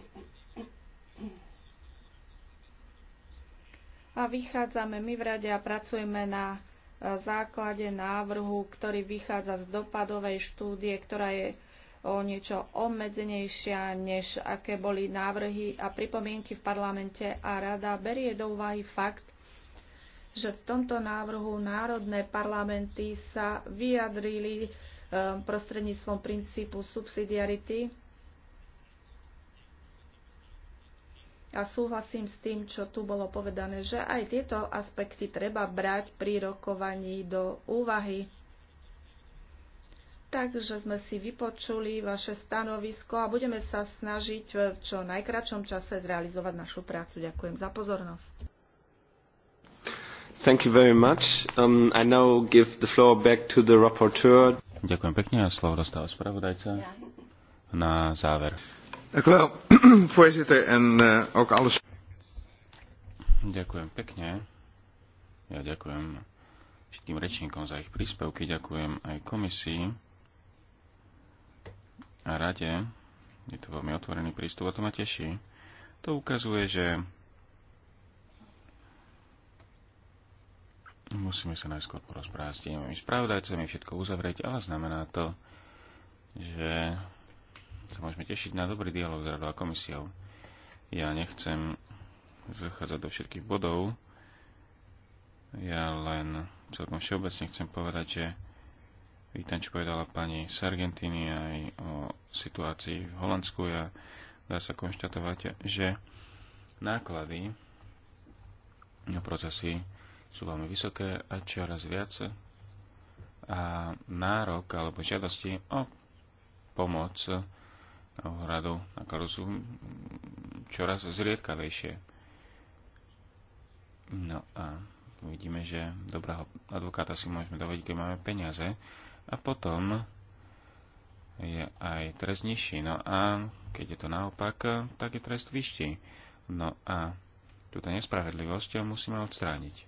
A vychádzame my v rade a pracujeme na základe návrhu, ktorý vychádza z dopadovej štúdie, ktorá je o niečo obmedzenejšia, než aké boli návrhy a pripomienky v parlamente a rada berie do úvahy fakt, že v tomto návrhu národné parlamenty sa vyjadrili eh, prostredníctvom princípu subsidiarity a súhlasím s tým, čo tu bolo povedané, že aj tieto aspekty treba brať pri rokovaní do úvahy. Takže sme si vypočuli vaše stanovisko a budeme sa snažiť v čo najkračom čase zrealizovať našu prácu. Ďakujem za pozornosť. Thank you very much. Um, I now give the floor back to the rapporteur. Ďakujem pekne a slovo dostáva spravodajca na záver. voorzitter. En uh, ook alles. Ďakujem pekne. Ja ďakujem všetkým rečníkom za ich príspevky, ďakujem aj komisii a rade. Je to veľmi otvorený prístup a to ma teší. To ukazuje, že musíme sa najskôr porozprávať s tými spravodajcami, všetko uzavrieť, ale znamená to, že sa môžeme tešiť na dobrý dialog s radou a komisiou. Ja nechcem zachádzať do všetkých bodov, ja len celkom všeobecne chcem povedať, že vítam, čo povedala pani z Argentíny aj o situácii v Holandsku a dá sa konštatovať, že náklady na procesy sú veľmi vysoké a čoraz viac a nárok alebo žiadosti o pomoc hradu, na sú mm, čoraz zriedkavejšie. No a vidíme, že dobrého advokáta si môžeme dovediť, keď máme peniaze. A potom je aj trest nižší. No a keď je to naopak, tak je trest vyšší. No a túto nespravedlivosť musíme odstrániť.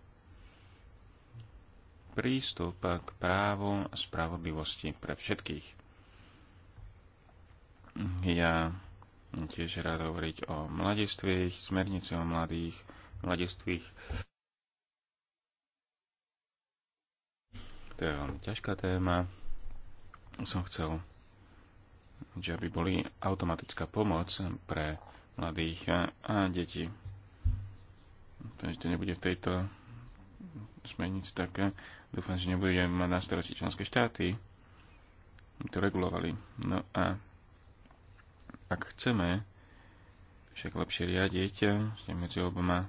Prístup k právu a spravodlivosti pre všetkých. Ja tiež rád hovoriť o mladistvých, smernici o mladých, mladistvých. To je veľmi ťažká téma. Som chcel, že aby boli automatická pomoc pre mladých a, a deti. Takže to nebude v tejto smernici také. dúfam, že nebudeme mať na starosti členské štáty, to regulovali. No a ak chceme však lepšie riadiť eh, medzi oboma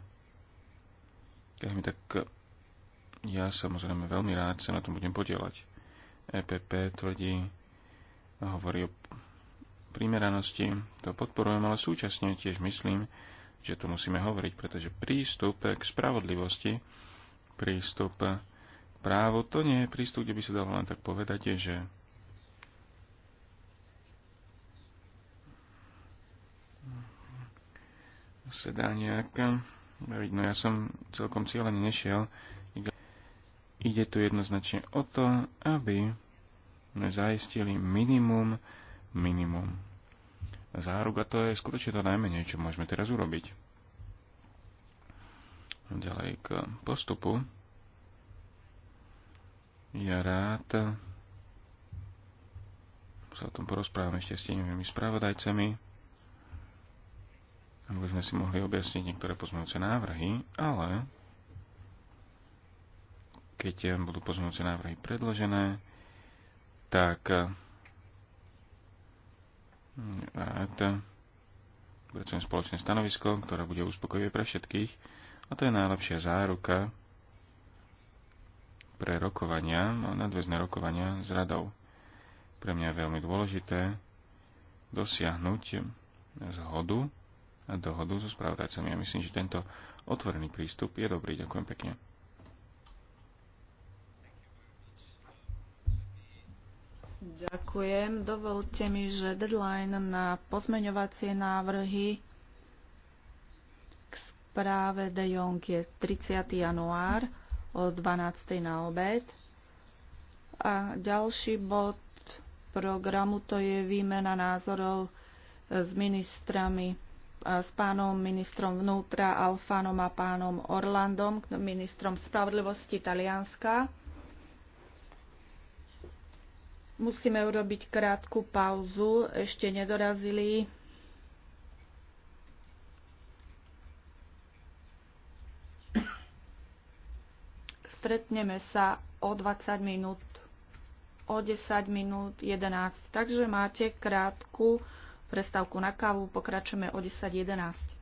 mi tak ja samozrejme veľmi rád sa na tom budem podielať. EPP tvrdí, hovorí o primeranosti, to podporujem, ale súčasne tiež myslím, že to musíme hovoriť, pretože prístup k spravodlivosti, prístup k to nie je prístup, kde by sa dalo len tak povedať, že sa dá nejaká baviť. No ja som celkom cieľene nešiel. Ide tu jednoznačne o to, aby sme zaistili minimum, minimum záruk a to je skutočne to najmenej, čo môžeme teraz urobiť. Ďalej k postupu. Ja rád sa o tom porozprávam ešte s tieňovými spravodajcami aby sme si mohli objasniť niektoré pozmeňujúce návrhy, ale keď budú pozmeňujúce návrhy predložené, tak pracujeme hm, spoločné stanovisko, ktoré bude uspokojivé pre všetkých a to je najlepšia záruka pre rokovania, no, nadväzné rokovania s radou. Pre mňa je veľmi dôležité dosiahnuť zhodu dohodu so spravodajcami. Ja myslím, že tento otvorený prístup je dobrý. Ďakujem pekne. Ďakujem. Dovolte mi, že deadline na pozmeňovacie návrhy k správe De Jong je 30. január o 12. na obed. A ďalší bod programu to je výmena názorov s ministrami s pánom ministrom vnútra Alfánom a pánom Orlandom, ministrom spravodlivosti Talianska. Musíme urobiť krátku pauzu, ešte nedorazili. Stretneme sa o 20 minút, o 10 minút 11. Takže máte krátku pauzu prestávku na kávu. Pokračujeme o 10.11.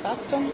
fatto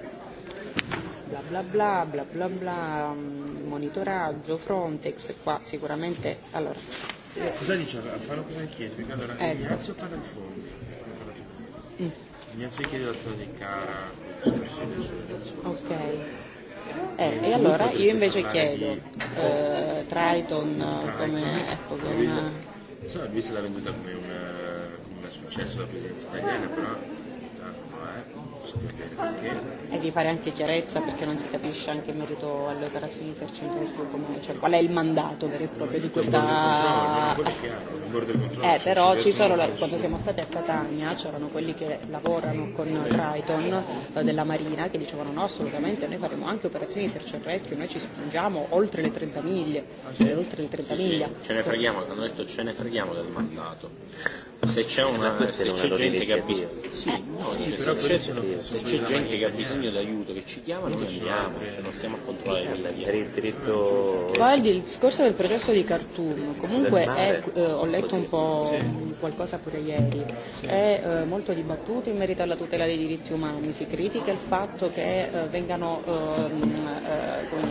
bla bla bla bla bla bla monitoraggio Frontex qua sicuramente allora cosa diceva farò cosa chiede allora eh. Ignazio parla di fondi mm. Ignazio chiede la storia di cara ok eh, e allora io invece chiedo di... eh, Triton, Triton come eh, ecco come una... so, lui se l'ha venduta come, come un successo la presenza italiana però e di fare anche chiarezza perché non si capisce anche in merito alle operazioni di esercizio come, cioè, qual è il mandato vero e proprio di questa eh, però ci sono quando siamo stati a Catania c'erano quelli che lavorano con Triton eh, della Marina che dicevano no assolutamente noi faremo anche operazioni di search and rescue noi ci spingiamo oltre le 30 miglia cioè, ah, oltre le 30 sì, miglia sì, ce ne freghiamo hanno detto ce ne freghiamo del mandato se c'è eh, una, se c'è gente che ha bisogno Sì, no, cioè, eh, se c'è, se c'è gente che ha eh. bisogno di aiuto, che ci chiama, noi andiamo, cioè non stiamo a eh, controllare quella via. Poi il discorso del processo di Khartoum, comunque è, eh, ho letto un po' qualcosa pure ieri, è eh, molto dibattuto in merito alla tutela dei diritti umani, si critica il fatto che eh, vengano ehm,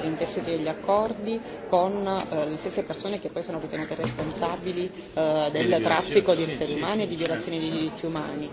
eh, intessuti degli accordi con eh, le stesse persone che poi sono ritenute responsabili eh, del traffico di esseri umani e di violazioni dei diritti umani.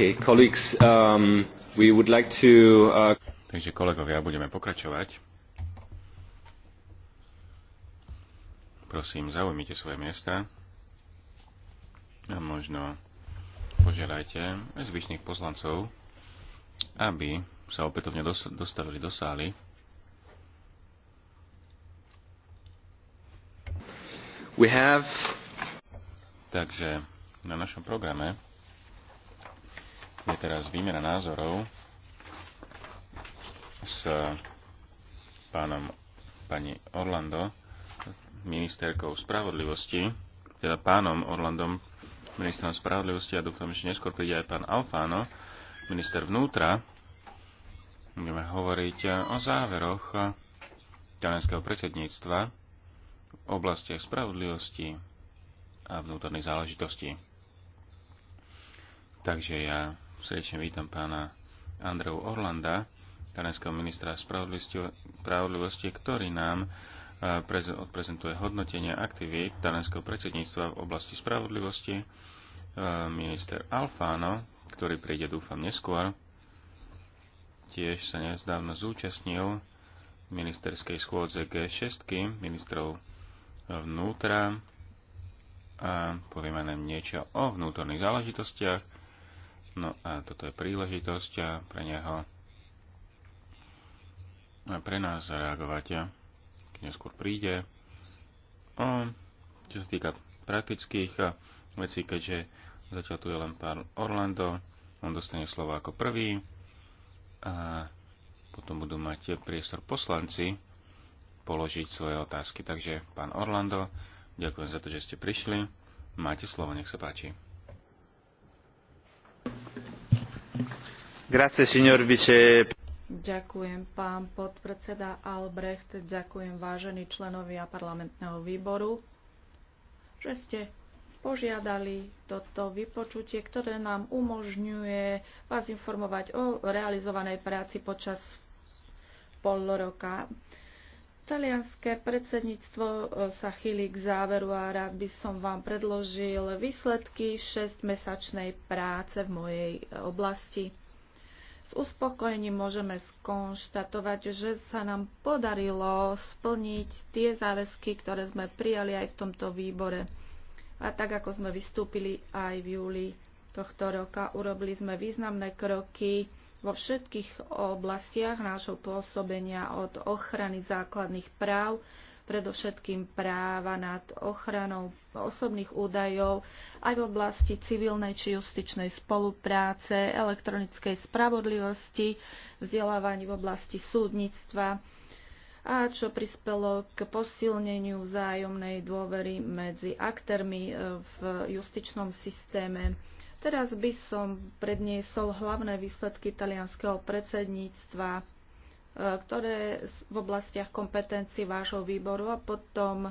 Okay, colleagues, um, we would like to... Uh... Takže kolegovia, budeme pokračovať. Prosím, zaujmite svoje miesta. A možno požiadajte zvyšných poslancov, aby sa opätovne dostavili do sály. We have... Takže na našom programe teraz výmena názorov s pánom pani Orlando, ministerkou spravodlivosti, teda pánom Orlandom, ministrom spravodlivosti a dúfam, že neskôr príde aj pán Alfáno, minister vnútra. Budeme hovoriť o záveroch italianského predsedníctva v oblastiach spravodlivosti a vnútornej záležitosti. Takže ja Srdečne vítam pána Andreu Orlanda, talianského ministra spravodlivosti, ktorý nám e, odprezentuje hodnotenie aktivít talianského predsedníctva v oblasti spravodlivosti. E, minister Alfano, ktorý príde dúfam neskôr, tiež sa nezdávno zúčastnil ministerskej schôdze G6 ministrov vnútra a povieme nám niečo o vnútorných záležitostiach No a toto je príležitosť pre neho a pre nás zareagovať, keď neskôr príde. A čo sa týka praktických vecí, keďže zatiaľ tu je len pán Orlando, on dostane slovo ako prvý a potom budú mať priestor poslanci položiť svoje otázky. Takže, pán Orlando, ďakujem za to, že ste prišli. Máte slovo, nech sa páči. Ďakujem, pán podpredseda Albrecht, ďakujem vážení členovia parlamentného výboru, že ste požiadali toto vypočutie, ktoré nám umožňuje vás informovať o realizovanej práci počas pol roka. Talianské predsedníctvo e, sa chýli k záveru a rád by som vám predložil výsledky 6-mesačnej práce v mojej oblasti. S uspokojením môžeme skonštatovať, že sa nám podarilo splniť tie záväzky, ktoré sme prijali aj v tomto výbore. A tak, ako sme vystúpili aj v júli tohto roka, urobili sme významné kroky vo všetkých oblastiach nášho pôsobenia od ochrany základných práv predovšetkým práva nad ochranou osobných údajov aj v oblasti civilnej či justičnej spolupráce, elektronickej spravodlivosti, vzdelávaní v oblasti súdnictva a čo prispelo k posilneniu vzájomnej dôvery medzi aktérmi e, v justičnom systéme. Teraz by som predniesol hlavné výsledky talianského predsedníctva Eh, ktoré v oblastiach kompetencií vášho výboru a potom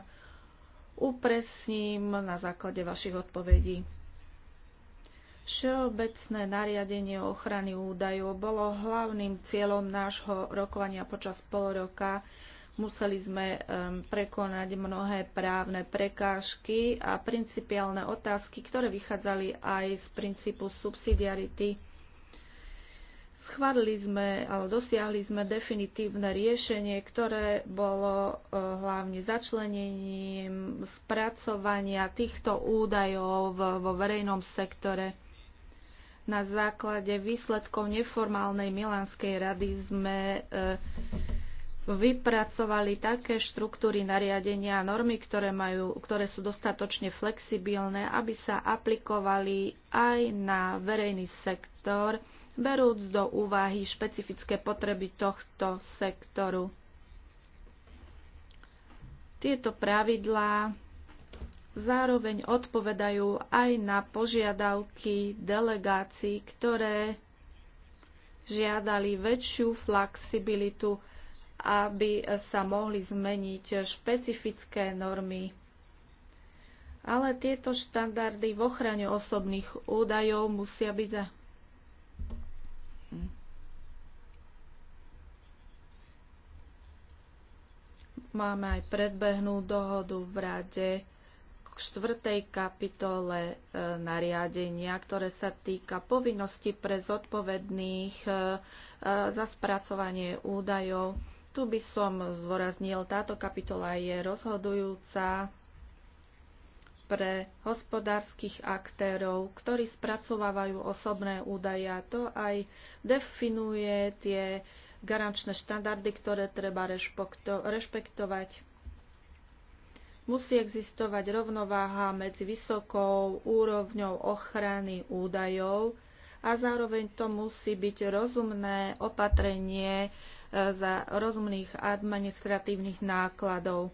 upresním na základe vašich odpovedí. Všeobecné nariadenie ochrany údajov bolo hlavným cieľom nášho rokovania počas pol roka. Museli sme prekonať mnohé právne prekážky a principiálne otázky, ktoré vychádzali aj z princípu subsidiarity Schválili sme, ale dosiahli sme definitívne riešenie, ktoré bolo e, hlavne začlenením spracovania týchto údajov vo verejnom sektore. Na základe výsledkov neformálnej Milanskej rady sme e, vypracovali také štruktúry nariadenia a normy, ktoré, majú, ktoré sú dostatočne flexibilné, aby sa aplikovali aj na verejný sektor, berúc do úvahy špecifické potreby tohto sektoru. Tieto pravidlá zároveň odpovedajú aj na požiadavky delegácií, ktoré žiadali väčšiu flexibilitu, aby sa mohli zmeniť špecifické normy. Ale tieto štandardy v ochrane osobných údajov musia byť Máme aj predbehnú dohodu v rade k štvrtej kapitole e, nariadenia, ktoré sa týka povinnosti pre zodpovedných e, e, za spracovanie údajov. Tu by som zvoraznil, táto kapitola je rozhodujúca pre hospodárskych aktérov, ktorí spracovávajú osobné údaje. To aj definuje tie garančné štandardy, ktoré treba rešpektovať. Musí existovať rovnováha medzi vysokou úrovňou ochrany údajov a zároveň to musí byť rozumné opatrenie e, za rozumných administratívnych nákladov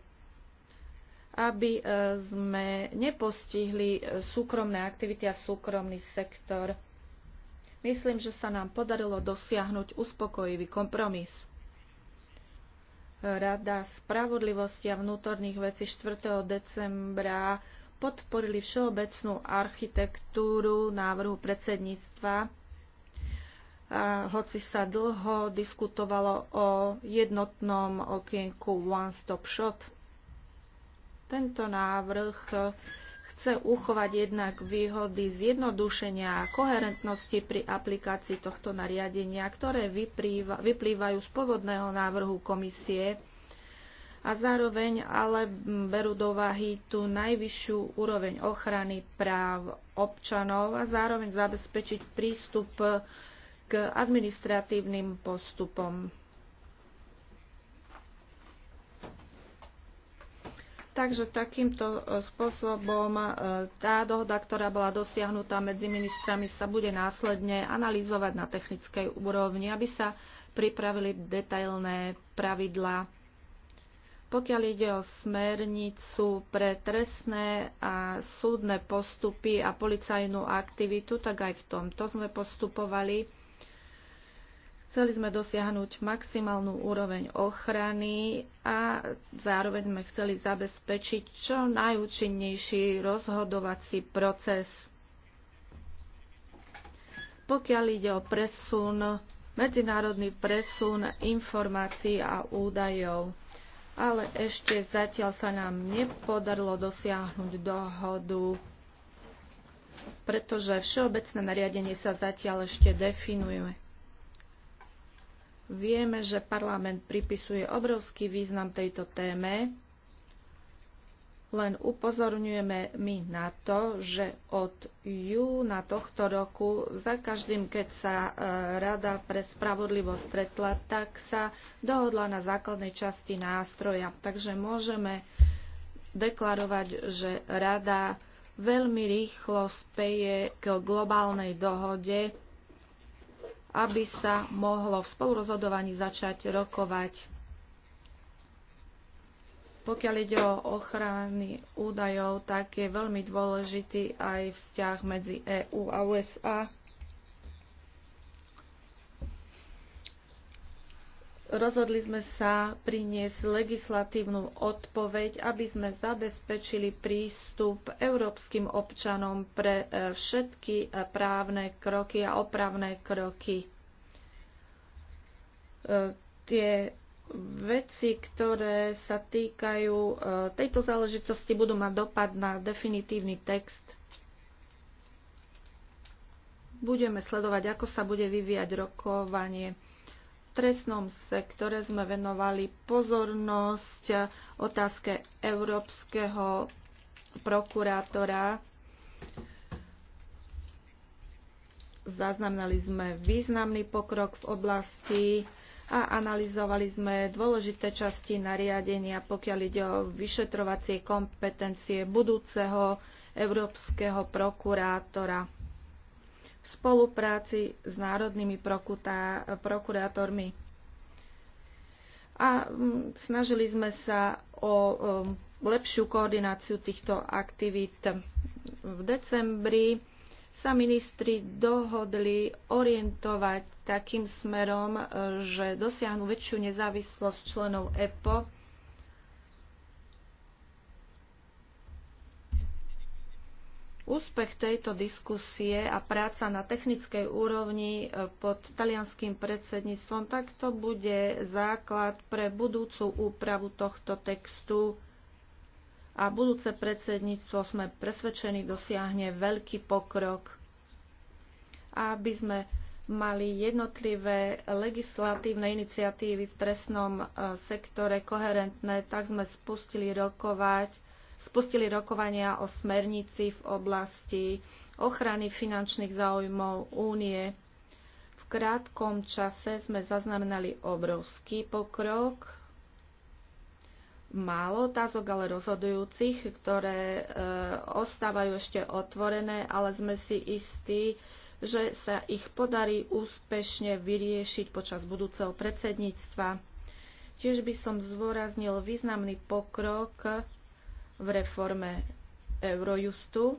aby e, sme nepostihli e, súkromné aktivity a súkromný sektor. Myslím, že sa nám podarilo dosiahnuť uspokojivý kompromis. Rada spravodlivosti a vnútorných vecí 4. decembra podporili všeobecnú architektúru návrhu predsedníctva, a hoci sa dlho diskutovalo o jednotnom okienku One Stop Shop. Tento návrh chce uchovať jednak výhody zjednodušenia a koherentnosti pri aplikácii tohto nariadenia, ktoré vyplýva, vyplývajú z pôvodného návrhu komisie a zároveň ale berú do váhy tú najvyššiu úroveň ochrany práv občanov a zároveň zabezpečiť prístup k administratívnym postupom. Takže takýmto e, spôsobom e, tá dohoda, ktorá bola dosiahnutá medzi ministrami, sa bude následne analyzovať na technickej úrovni, aby sa pripravili detailné pravidlá. Pokiaľ ide o smernicu pre trestné a súdne postupy a policajnú aktivitu, tak aj v tomto sme postupovali Chceli sme dosiahnuť maximálnu úroveň ochrany a zároveň sme chceli zabezpečiť čo najúčinnejší rozhodovací proces. Pokiaľ ide o presun, medzinárodný presun informácií a údajov, ale ešte zatiaľ sa nám nepodarilo dosiahnuť dohodu pretože všeobecné nariadenie sa zatiaľ ešte definuje. Vieme, že parlament pripisuje obrovský význam tejto téme, len upozorňujeme my na to, že od júna tohto roku za každým, keď sa e, Rada pre spravodlivosť stretla, tak sa dohodla na základnej časti nástroja. Takže môžeme deklarovať, že Rada veľmi rýchlo speje k globálnej dohode aby sa mohlo v spolurozhodovaní začať rokovať. Pokiaľ ide o ochrany údajov, tak je veľmi dôležitý aj vzťah medzi EÚ a USA. Rozhodli sme sa priniesť legislatívnu odpoveď, aby sme zabezpečili prístup európskym občanom pre e, všetky e, právne kroky a opravné kroky. E, tie veci, ktoré sa týkajú tejto záležitosti, budú mať dopad na definitívny text. Budeme sledovať, ako sa bude vyvíjať rokovanie trestnom sektore sme venovali pozornosť otázke európskeho prokurátora. Zaznamenali sme významný pokrok v oblasti a analyzovali sme dôležité časti nariadenia, pokiaľ ide o vyšetrovacie kompetencie budúceho európskeho prokurátora v spolupráci s národnými prokurátormi. A mm, snažili sme sa o um, lepšiu koordináciu týchto aktivít. V decembri sa ministri dohodli orientovať takým smerom, e, že dosiahnu väčšiu nezávislosť členov EPO Úspech tejto diskusie a práca na technickej úrovni e, pod talianským predsedníctvom, tak to bude základ pre budúcu úpravu tohto textu a budúce predsedníctvo sme presvedčení dosiahne veľký pokrok, aby sme mali jednotlivé legislatívne iniciatívy v trestnom e, sektore koherentné, tak sme spustili rokovať spustili rokovania o smernici v oblasti ochrany finančných záujmov únie. V krátkom čase sme zaznamenali obrovský pokrok, málo otázok, ale rozhodujúcich, ktoré e, ostávajú ešte otvorené, ale sme si istí, že sa ich podarí úspešne vyriešiť počas budúceho predsedníctva. Tiež by som zvoraznil významný pokrok v reforme Eurojustu.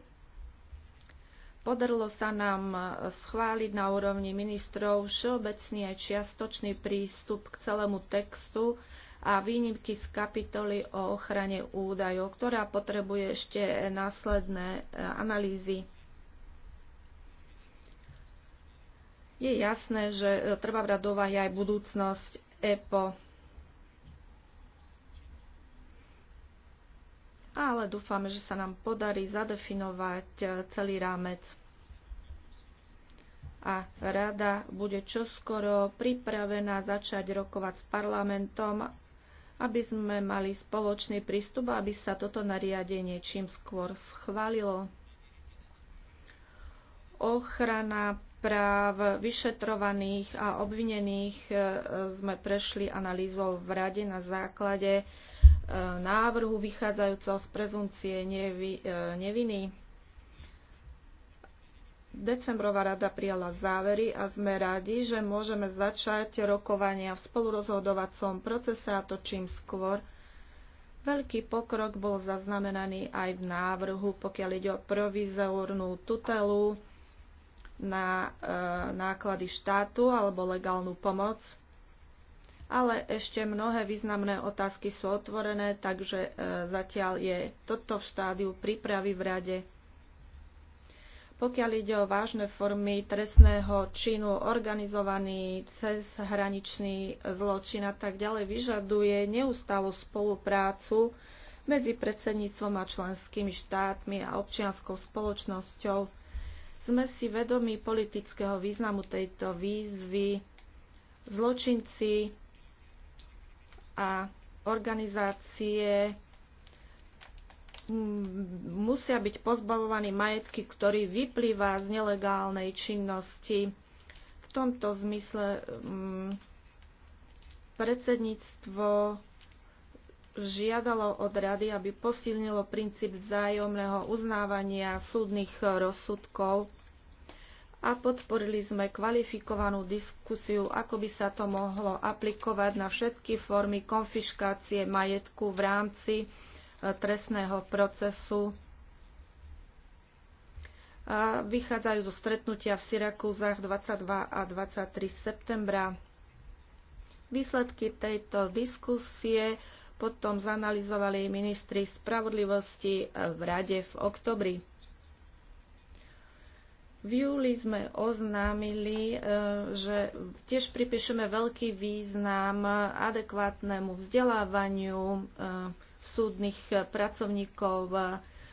Podarilo sa nám schváliť na úrovni ministrov všeobecný aj čiastočný prístup k celému textu a výnimky z kapitoly o ochrane údajov, ktorá potrebuje ešte následné analýzy. Je jasné, že treba brať do aj budúcnosť EPO ale dúfame, že sa nám podarí zadefinovať e, celý rámec. A rada bude čoskoro pripravená začať rokovať s parlamentom, aby sme mali spoločný prístup, aby sa toto nariadenie čím skôr schválilo. Ochrana práv vyšetrovaných a obvinených e, e, sme prešli analýzou v rade na základe návrhu vychádzajúceho z prezumcie e, neviny. Decembrová rada prijala závery a sme radi, že môžeme začať rokovania v spolurozhodovacom procese a to čím skôr. Veľký pokrok bol zaznamenaný aj v návrhu, pokiaľ ide o provizornú tutelu na e, náklady štátu alebo legálnu pomoc ale ešte mnohé významné otázky sú otvorené, takže e, zatiaľ je toto v štádiu prípravy v rade. Pokiaľ ide o vážne formy trestného činu, organizovaný cez hraničný zločin a tak ďalej, vyžaduje neustálu spoluprácu medzi predsedníctvom a členskými štátmi a občianskou spoločnosťou. Sme si vedomi politického významu tejto výzvy. Zločinci a organizácie musia byť pozbavovaní majetky, ktorý vyplýva z nelegálnej činnosti. V tomto zmysle um, predsedníctvo žiadalo od rady, aby posilnilo princíp vzájomného uznávania súdnych rozsudkov a podporili sme kvalifikovanú diskusiu, ako by sa to mohlo aplikovať na všetky formy konfiškácie majetku v rámci e, trestného procesu. A vychádzajú zo stretnutia v Syrakúzach 22 a 23 septembra. Výsledky tejto diskusie potom zanalizovali ministri spravodlivosti e, v Rade v oktobri. V júli sme oznámili, e, že tiež pripíšeme veľký význam adekvátnemu vzdelávaniu e, súdnych pracovníkov,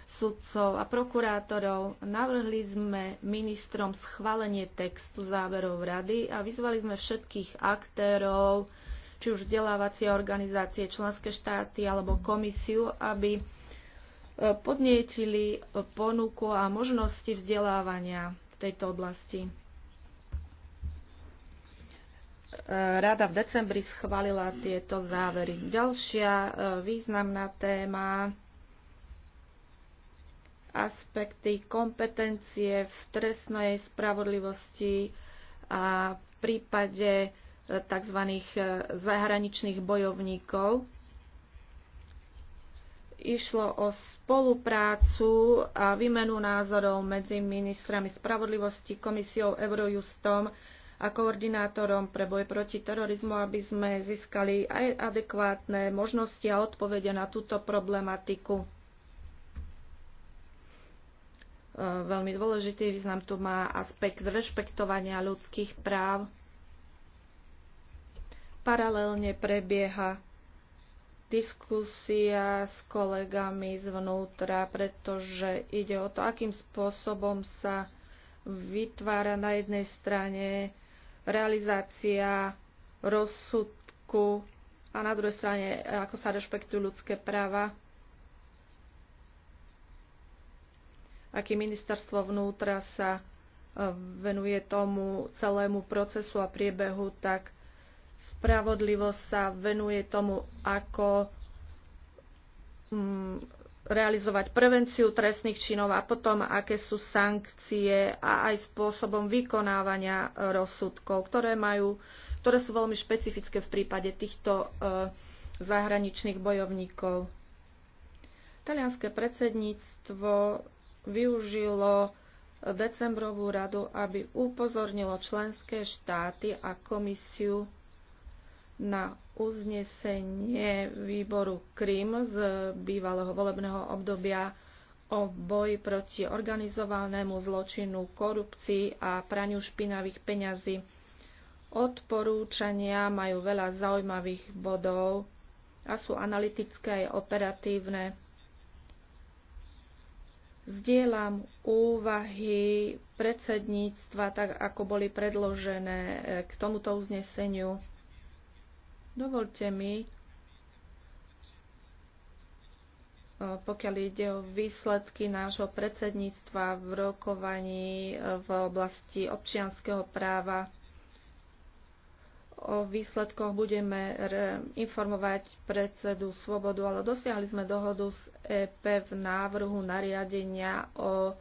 sudcov a prokurátorov. Navrhli sme ministrom schválenie textu záverov rady a vyzvali sme všetkých aktérov, či už vzdelávacie organizácie, členské štáty alebo komisiu, aby e, podnietili ponuku a možnosti vzdelávania tejto oblasti. E, Rada v decembri schválila tieto závery. Ďalšia e, významná téma aspekty kompetencie v trestnej spravodlivosti a v prípade e, tzv. zahraničných bojovníkov. Išlo o spoluprácu a výmenu názorov medzi ministrami spravodlivosti, komisiou Eurojustom a koordinátorom pre boj proti terorizmu, aby sme získali aj adekvátne možnosti a odpovede na túto problematiku. E, veľmi dôležitý význam tu má aspekt rešpektovania ľudských práv. Paralelne prebieha diskusia s kolegami zvnútra, pretože ide o to, akým spôsobom sa vytvára na jednej strane realizácia rozsudku a na druhej strane, ako sa rešpektujú ľudské práva. Aký ministerstvo vnútra sa eh, venuje tomu celému procesu a priebehu, tak spravodlivosť sa venuje tomu, ako mm, realizovať prevenciu trestných činov a potom, aké sú sankcie a aj spôsobom vykonávania rozsudkov, ktoré, majú, ktoré sú veľmi špecifické v prípade týchto e, zahraničných bojovníkov. Talianské predsedníctvo využilo decembrovú radu, aby upozornilo členské štáty a komisiu na uznesenie výboru Krym z bývalého volebného obdobia o boji proti organizovanému zločinu, korupcii a praniu špinavých peňazí. Odporúčania majú veľa zaujímavých bodov a sú analytické aj operatívne. Zdieľam úvahy predsedníctva, tak ako boli predložené k tomuto uzneseniu. Dovolte mi, pokiaľ ide o výsledky nášho predsedníctva v rokovaní e, v oblasti občianského práva, o výsledkoch budeme e, informovať predsedu Svobodu, ale dosiahli sme dohodu s EP v návrhu nariadenia o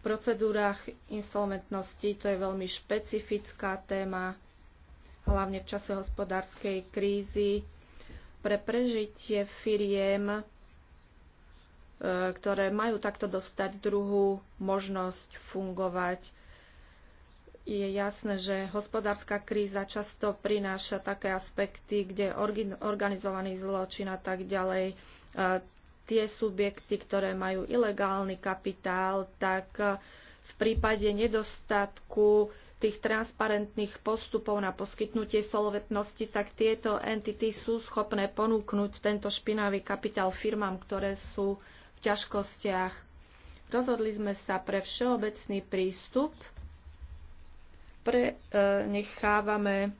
procedúrach insolventnosti. To je veľmi špecifická téma hlavne v čase hospodárskej krízy, pre prežitie firiem, e, ktoré majú takto dostať druhú možnosť fungovať. Je jasné, že hospodárska kríza často prináša také aspekty, kde organizovaný zločin a tak ďalej, e, tie subjekty, ktoré majú ilegálny kapitál, tak v prípade nedostatku tých transparentných postupov na poskytnutie solventnosti, tak tieto entity sú schopné ponúknuť tento špinavý kapitál firmám, ktoré sú v ťažkostiach. Rozhodli sme sa pre všeobecný prístup. Pre, e, nechávame e,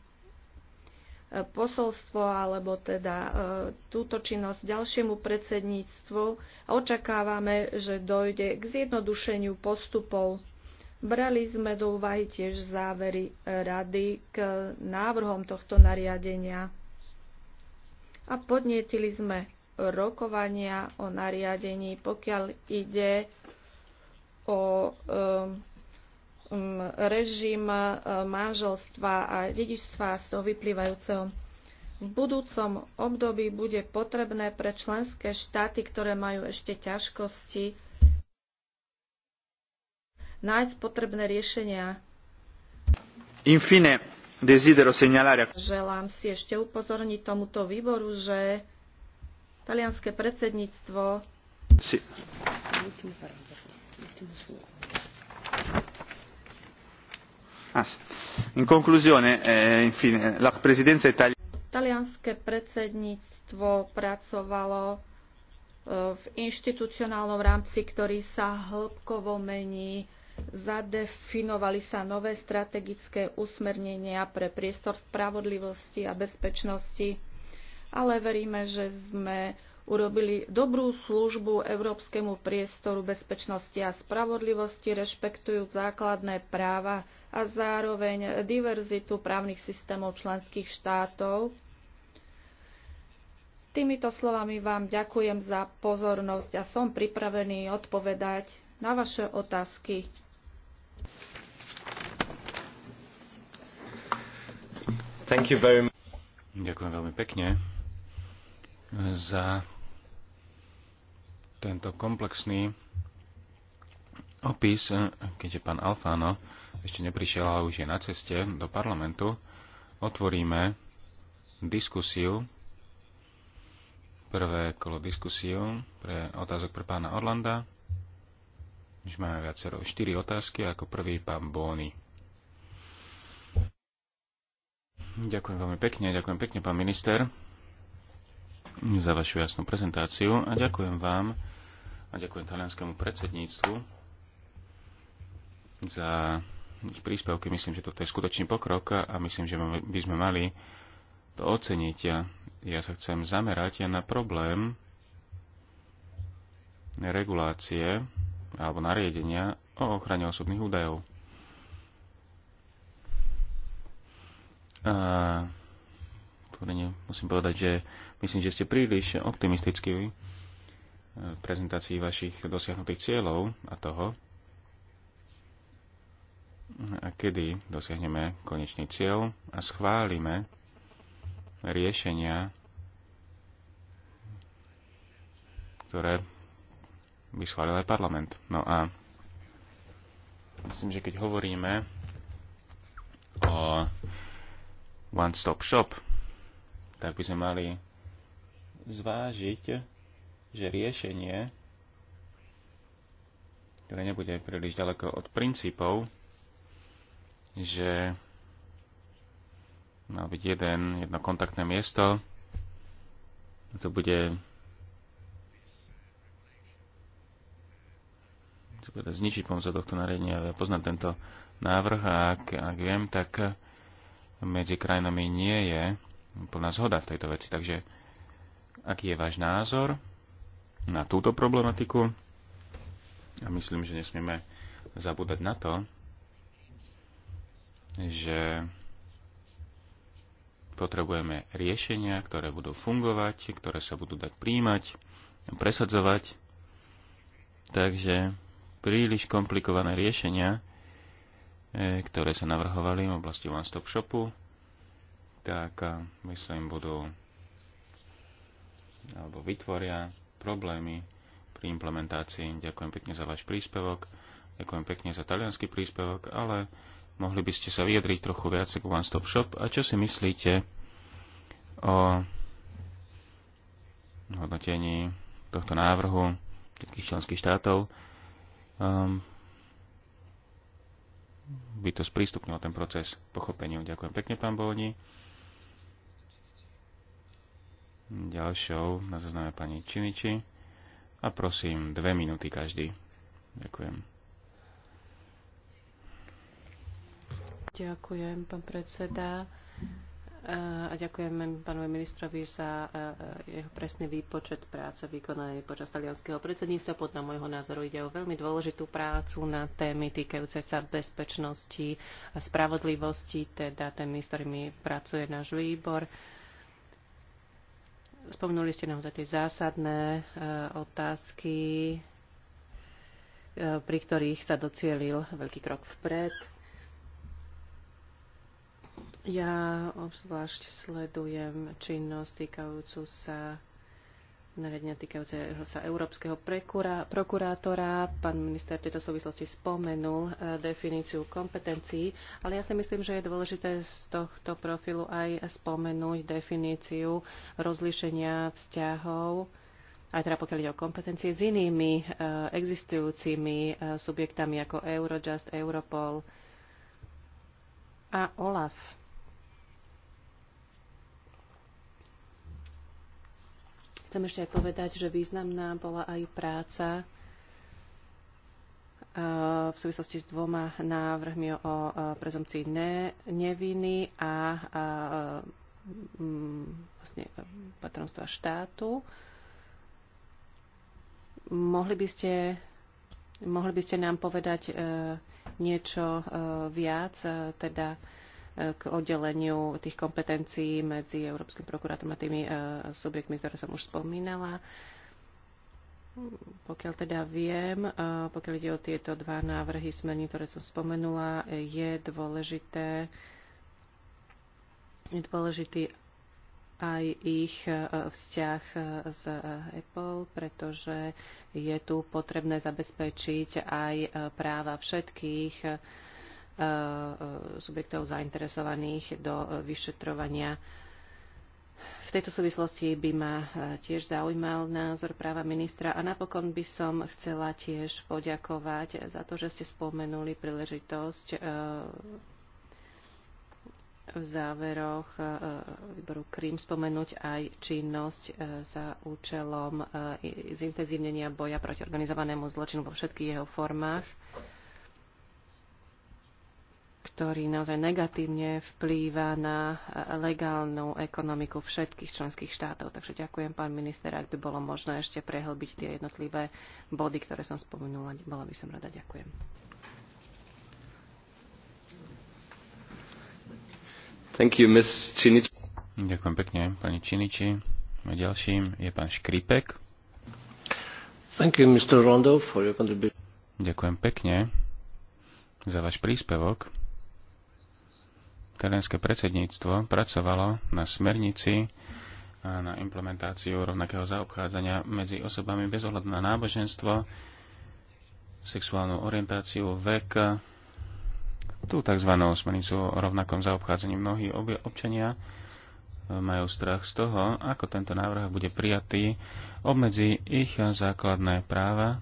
posolstvo alebo teda e, túto činnosť ďalšiemu predsedníctvu a očakávame, že dojde k zjednodušeniu postupov Brali sme do úvahy tiež závery rady k návrhom tohto nariadenia a podnietili sme rokovania o nariadení, pokiaľ ide o um, režim uh, manželstva a dedičstva z toho vyplývajúceho. V budúcom období bude potrebné pre členské štáty, ktoré majú ešte ťažkosti, nájsť potrebné riešenia. Infine, desidero segnalare. Želám si ešte upozorniť tomuto výboru, že talianské predsedníctvo si. Ah, in conclusione, eh, infine, la presidenza italiana talianské predsedníctvo pracovalo eh, v inštitucionálnom rámci, ktorý sa hĺbkovo mení zadefinovali sa nové strategické usmernenia pre priestor spravodlivosti a bezpečnosti, ale veríme, že sme urobili dobrú službu európskemu priestoru bezpečnosti a spravodlivosti, rešpektujú základné práva a zároveň diverzitu právnych systémov členských štátov. Týmito slovami vám ďakujem za pozornosť a som pripravený odpovedať na vaše otázky. Thank you very much. Ďakujem veľmi pekne za tento komplexný opis, keďže pán Alfano ešte neprišiel, ale už je na ceste do parlamentu, otvoríme diskusiu, prvé kolo diskusiu pre otázok pre pána Orlanda. Už máme viacero. Štyri otázky, ako prvý pán Bóny. Ďakujem veľmi pekne, ďakujem pekne, pán minister, za vašu jasnú prezentáciu a ďakujem vám a ďakujem talianskému predsedníctvu za ich príspevky. Myslím, že toto je skutočný pokrok a myslím, že by sme mali to oceniť. Ja, ja sa chcem zamerať na problém regulácie alebo nariadenia o ochrane osobných údajov. A, musím povedať, že myslím, že ste príliš optimistickí v prezentácii vašich dosiahnutých cieľov a toho, a kedy dosiahneme konečný cieľ a schválime riešenia, ktoré vyschválil aj parlament. No a myslím, že keď hovoríme o One Stop Shop, tak by sme mali zvážiť, že riešenie, ktoré nebude príliš ďaleko od princípov, že mal byť jeden, jedno kontaktné miesto, to bude sa teda zničiť pomocou tohto nariadenia. Ja poznám tento návrh a ak, ak viem, tak medzi krajinami nie je plná zhoda v tejto veci. Takže aký je váš názor na túto problematiku? A myslím, že nesmieme zabúdať na to, že potrebujeme riešenia, ktoré budú fungovať, ktoré sa budú dať príjmať, presadzovať. Takže príliš komplikované riešenia, e, ktoré sa navrhovali v oblasti One Stop Shopu, tak e, myslím budú alebo vytvoria problémy pri implementácii. Ďakujem pekne za váš príspevok, ďakujem pekne za talianský príspevok, ale mohli by ste sa vyjadriť trochu viac k One Stop Shop. A čo si myslíte o hodnotení tohto návrhu všetkých členských štátov? um, by to sprístupnilo ten proces pochopeniu. Ďakujem pekne, pán Bolni. Ďalšou na zozname pani Činiči. A prosím, dve minúty každý. Ďakujem. Ďakujem, pán predseda a ďakujem pánovi ministrovi za e, e, jeho presný výpočet práce vykonanej počas talianského predsedníctva. Podľa môjho názoru ide o veľmi dôležitú prácu na témy týkajúce sa bezpečnosti a spravodlivosti, teda témy, s ktorými pracuje náš výbor. Spomnuli ste naozaj tie zásadné e, otázky, pri ktorých sa docielil veľký krok vpred ja obzvlášť sledujem činnosť týkajúcu sa nariadenia týkajúceho sa Európskeho prekura, prokurátora. Pán minister v tejto súvislosti spomenul e, definíciu kompetencií, ale ja si myslím, že je dôležité z tohto profilu aj spomenúť definíciu rozlíšenia vzťahov aj teda pokiaľ ide o kompetencie s inými e, existujúcimi e, subjektami ako Eurojust, Europol a OLAF. Chcem ešte aj povedať, že významná bola aj práca e, v súvislosti s dvoma návrhmi o e, prezumcii ne, neviny a e, vlastne patronstva štátu. Mohli by ste, mohli by ste nám povedať niečo viac, teda k oddeleniu tých kompetencií medzi Európskym prokurátorom a tými e, subjektmi, ktoré som už spomínala. Pokiaľ teda viem, e, pokiaľ ide o tieto dva návrhy smerní, ktoré som spomenula, je dôležité, je dôležitý aj ich e, vzťah s Apple, pretože je tu potrebné zabezpečiť aj práva všetkých E, e, subjektov zainteresovaných do e, vyšetrovania. V tejto súvislosti by ma tiež zaujímal názor práva ministra a napokon by som chcela tiež poďakovať za to, že ste spomenuli príležitosť v záveroch výboru Krím spomenúť aj činnosť za účelom zintenzívnenia boja proti organizovanému zločinu vo všetkých jeho formách ktorý naozaj negatívne vplýva na legálnu ekonomiku všetkých členských štátov. Takže ďakujem, pán minister, ak by bolo možné ešte prehlbiť tie jednotlivé body, ktoré som spomenula. Bola by som rada. Ďakujem. Thank you, Ms. Činiči. Ďakujem pekne, pani Činiči. A ďalším je pán Škripek. Thank you, Mr. Rondo, for your contribution. Ďakujem pekne za váš príspevok talianské predsedníctvo pracovalo na smernici a na implementáciu rovnakého zaobchádzania medzi osobami bez ohľadu na náboženstvo, sexuálnu orientáciu, vek, tú tzv. smernicu o rovnakom zaobchádzaní. Mnohí občania majú strach z toho, ako tento návrh bude prijatý, obmedzi ich základné práva.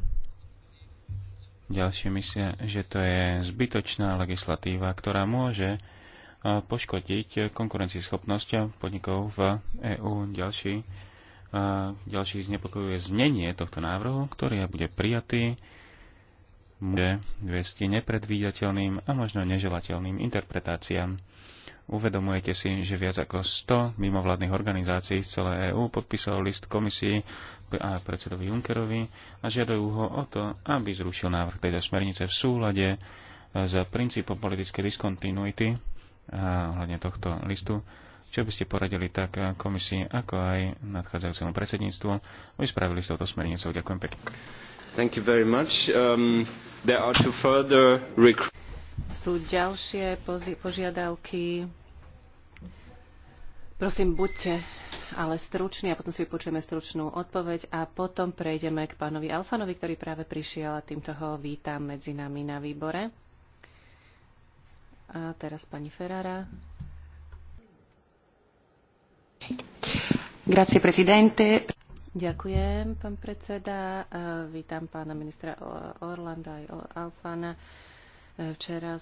Ďalšie myslia, že to je zbytočná legislatíva, ktorá môže poškodiť konkurencieschopnosť podnikov v EÚ. Ďalší, ďalší znepokojuje znenie tohto návrhu, ktorý bude prijatý, bude viesť nepredvídateľným a možno neželateľným interpretáciám. Uvedomujete si, že viac ako 100 mimovládnych organizácií z celé EÚ podpísalo list komisii a predsedovi Junckerovi a žiadajú ho o to, aby zrušil návrh tejto smernice v súlade s princípom politickej diskontinuity ohľadne tohto listu. Čo by ste poradili tak komisii, ako aj nadchádzajúcemu predsedníctvu, aby spravili s touto smernicou? Ďakujem pekne. Thank you very much. Um, there are two further Sú ďalšie požiadavky. Prosím, buďte ale stručný a potom si vypočujeme stručnú odpoveď a potom prejdeme k pánovi Alfanovi, ktorý práve prišiel a týmto ho vítam medzi nami na výbore. A teraz pani Ferrara. Grazie, presidente. Ďakujem, pán predseda. Vítam pána ministra Orlanda aj Alfana. E, včera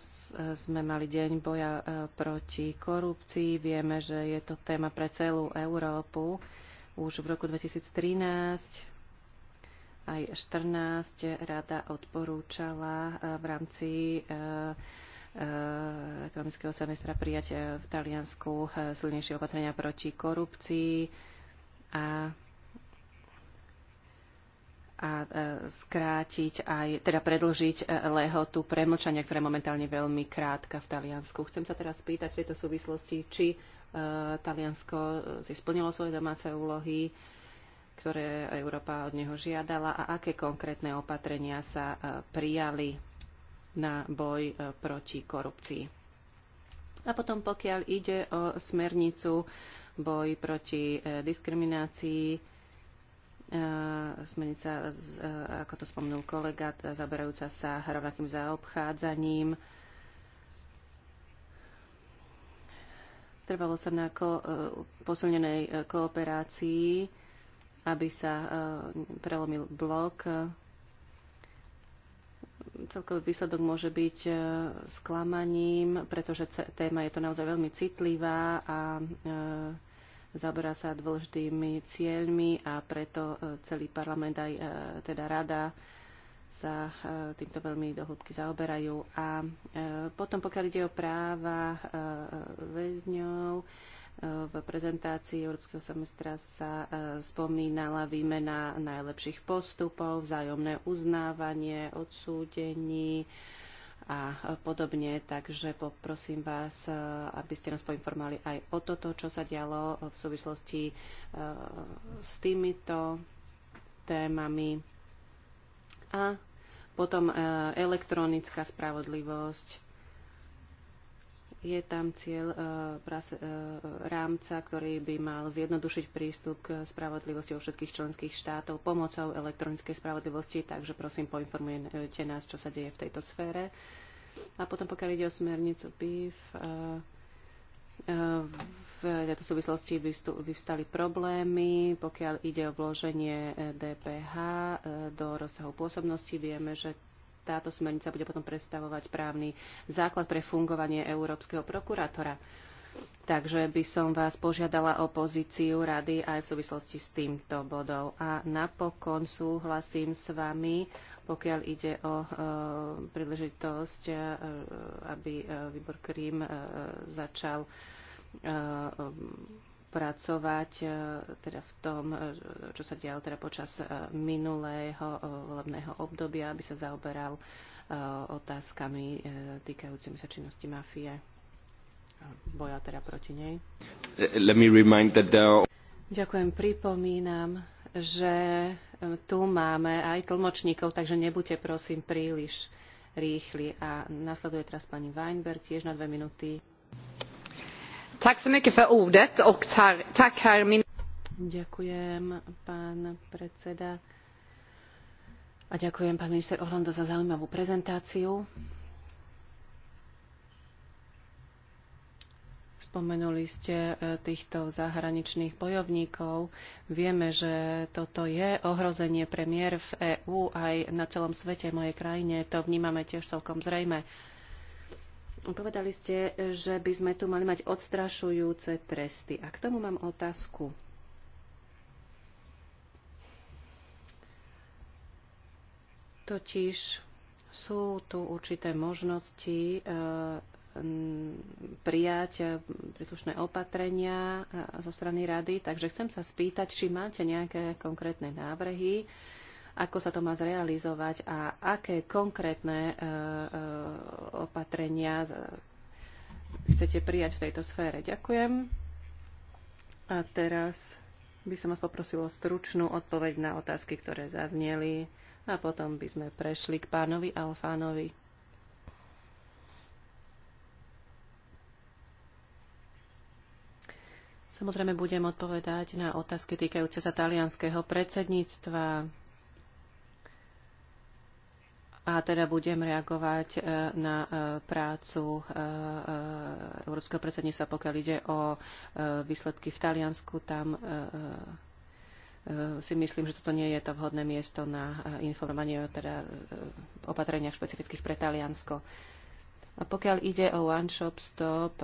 sme mali deň boja e, proti korupcii. Vieme, že je to téma pre celú Európu. Už v roku 2013 aj 14 rada odporúčala e, v rámci Eh, ekonomického semestra prijať eh, v Taliansku eh, silnejšie opatrenia proti korupcii a a skrátiť aj, teda predlžiť lehotu premlčania, ktorá je momentálne veľmi krátka v Taliansku. Chcem sa teraz spýtať v tejto súvislosti, či Taliansko si splnilo svoje domáce úlohy, ktoré Európa od neho žiadala a aké konkrétne opatrenia sa prijali na boj e, proti korupcii. A potom pokiaľ ide o smernicu boj proti e, diskriminácii, e, smernica, ako to spomnul kolega, zaberajúca sa rovnakým zaobchádzaním. Trvalo sa na ko- posilnenej kooperácii, aby sa prelomil blok celkový výsledok môže byť e, sklamaním, pretože téma je to naozaj veľmi citlivá a e, zaoberá sa dôležitými cieľmi a preto e, celý parlament aj teda rada sa týmto veľmi dohlbky zaoberajú. A potom, pokiaľ ide o práva väzňov, v prezentácii Európskeho semestra sa e, spomínala výmena najlepších postupov, vzájomné uznávanie, odsúdení a podobne. Takže poprosím vás, e, aby ste nás poinformovali aj o toto, čo sa dialo v súvislosti e, s týmito témami. A potom elektronická spravodlivosť je tam cieľ e, e, rámca, ktorý by mal zjednodušiť prístup k spravodlivosti u všetkých členských štátov pomocou elektronickej spravodlivosti, takže prosím poinformujte nás, čo sa deje v tejto sfére. A potom pokiaľ ide o smernicu PIF, e, v tejto súvislosti vyvstali problémy, pokiaľ ide o vloženie DPH do rozsahu pôsobnosti. Vieme, že táto smernica bude potom predstavovať právny základ pre fungovanie Európskeho prokurátora. Takže by som vás požiadala o pozíciu rady aj v súvislosti s týmto bodom. A napokon súhlasím s vami, pokiaľ ide o e, príležitosť, e, aby e, výbor Krím e, začal e, pracovať e, teda v tom, e, čo sa dialo teda počas e, minulého volebného obdobia, aby sa zaoberal otázkami týkajúcimi sa činnosti mafie boja teda proti nej. Let me remind that there are... Ďakujem, pripomínam, že tu máme aj tlmočníkov, takže nebuďte prosím príliš rýchli. A nasleduje teraz pani Weinberg tiež na dve minúty. Ďakujem, pán predseda. A ďakujem, pán minister Orlando, za zaujímavú prezentáciu. Spomenuli ste e, týchto zahraničných bojovníkov. Vieme, že toto je ohrozenie mier v EÚ aj na celom svete, v mojej krajine. To vnímame tiež celkom zrejme. Povedali ste, že by sme tu mali mať odstrašujúce tresty. A k tomu mám otázku. Totiž sú tu určité možnosti eh, prijať eh, príslušné opatrenia eh, zo strany rady, takže chcem sa spýtať, či máte nejaké konkrétne návrhy, ako sa to má zrealizovať a aké konkrétne e, e, opatrenia chcete prijať v tejto sfére. Ďakujem. A teraz by som vás poprosil o stručnú odpoveď na otázky, ktoré zazneli a potom by sme prešli k pánovi Alfánovi. Samozrejme budem odpovedať na otázky týkajúce sa talianského predsedníctva, a teda budem reagovať e, na e, prácu e, Európskeho predsedníctva, pokiaľ ide o výsledky v Taliansku. Tam si myslím, že toto nie je to vhodné miesto na informovanie o teda opatreniach špecifických pre Taliansko. A pokiaľ ide o One Shop Stop,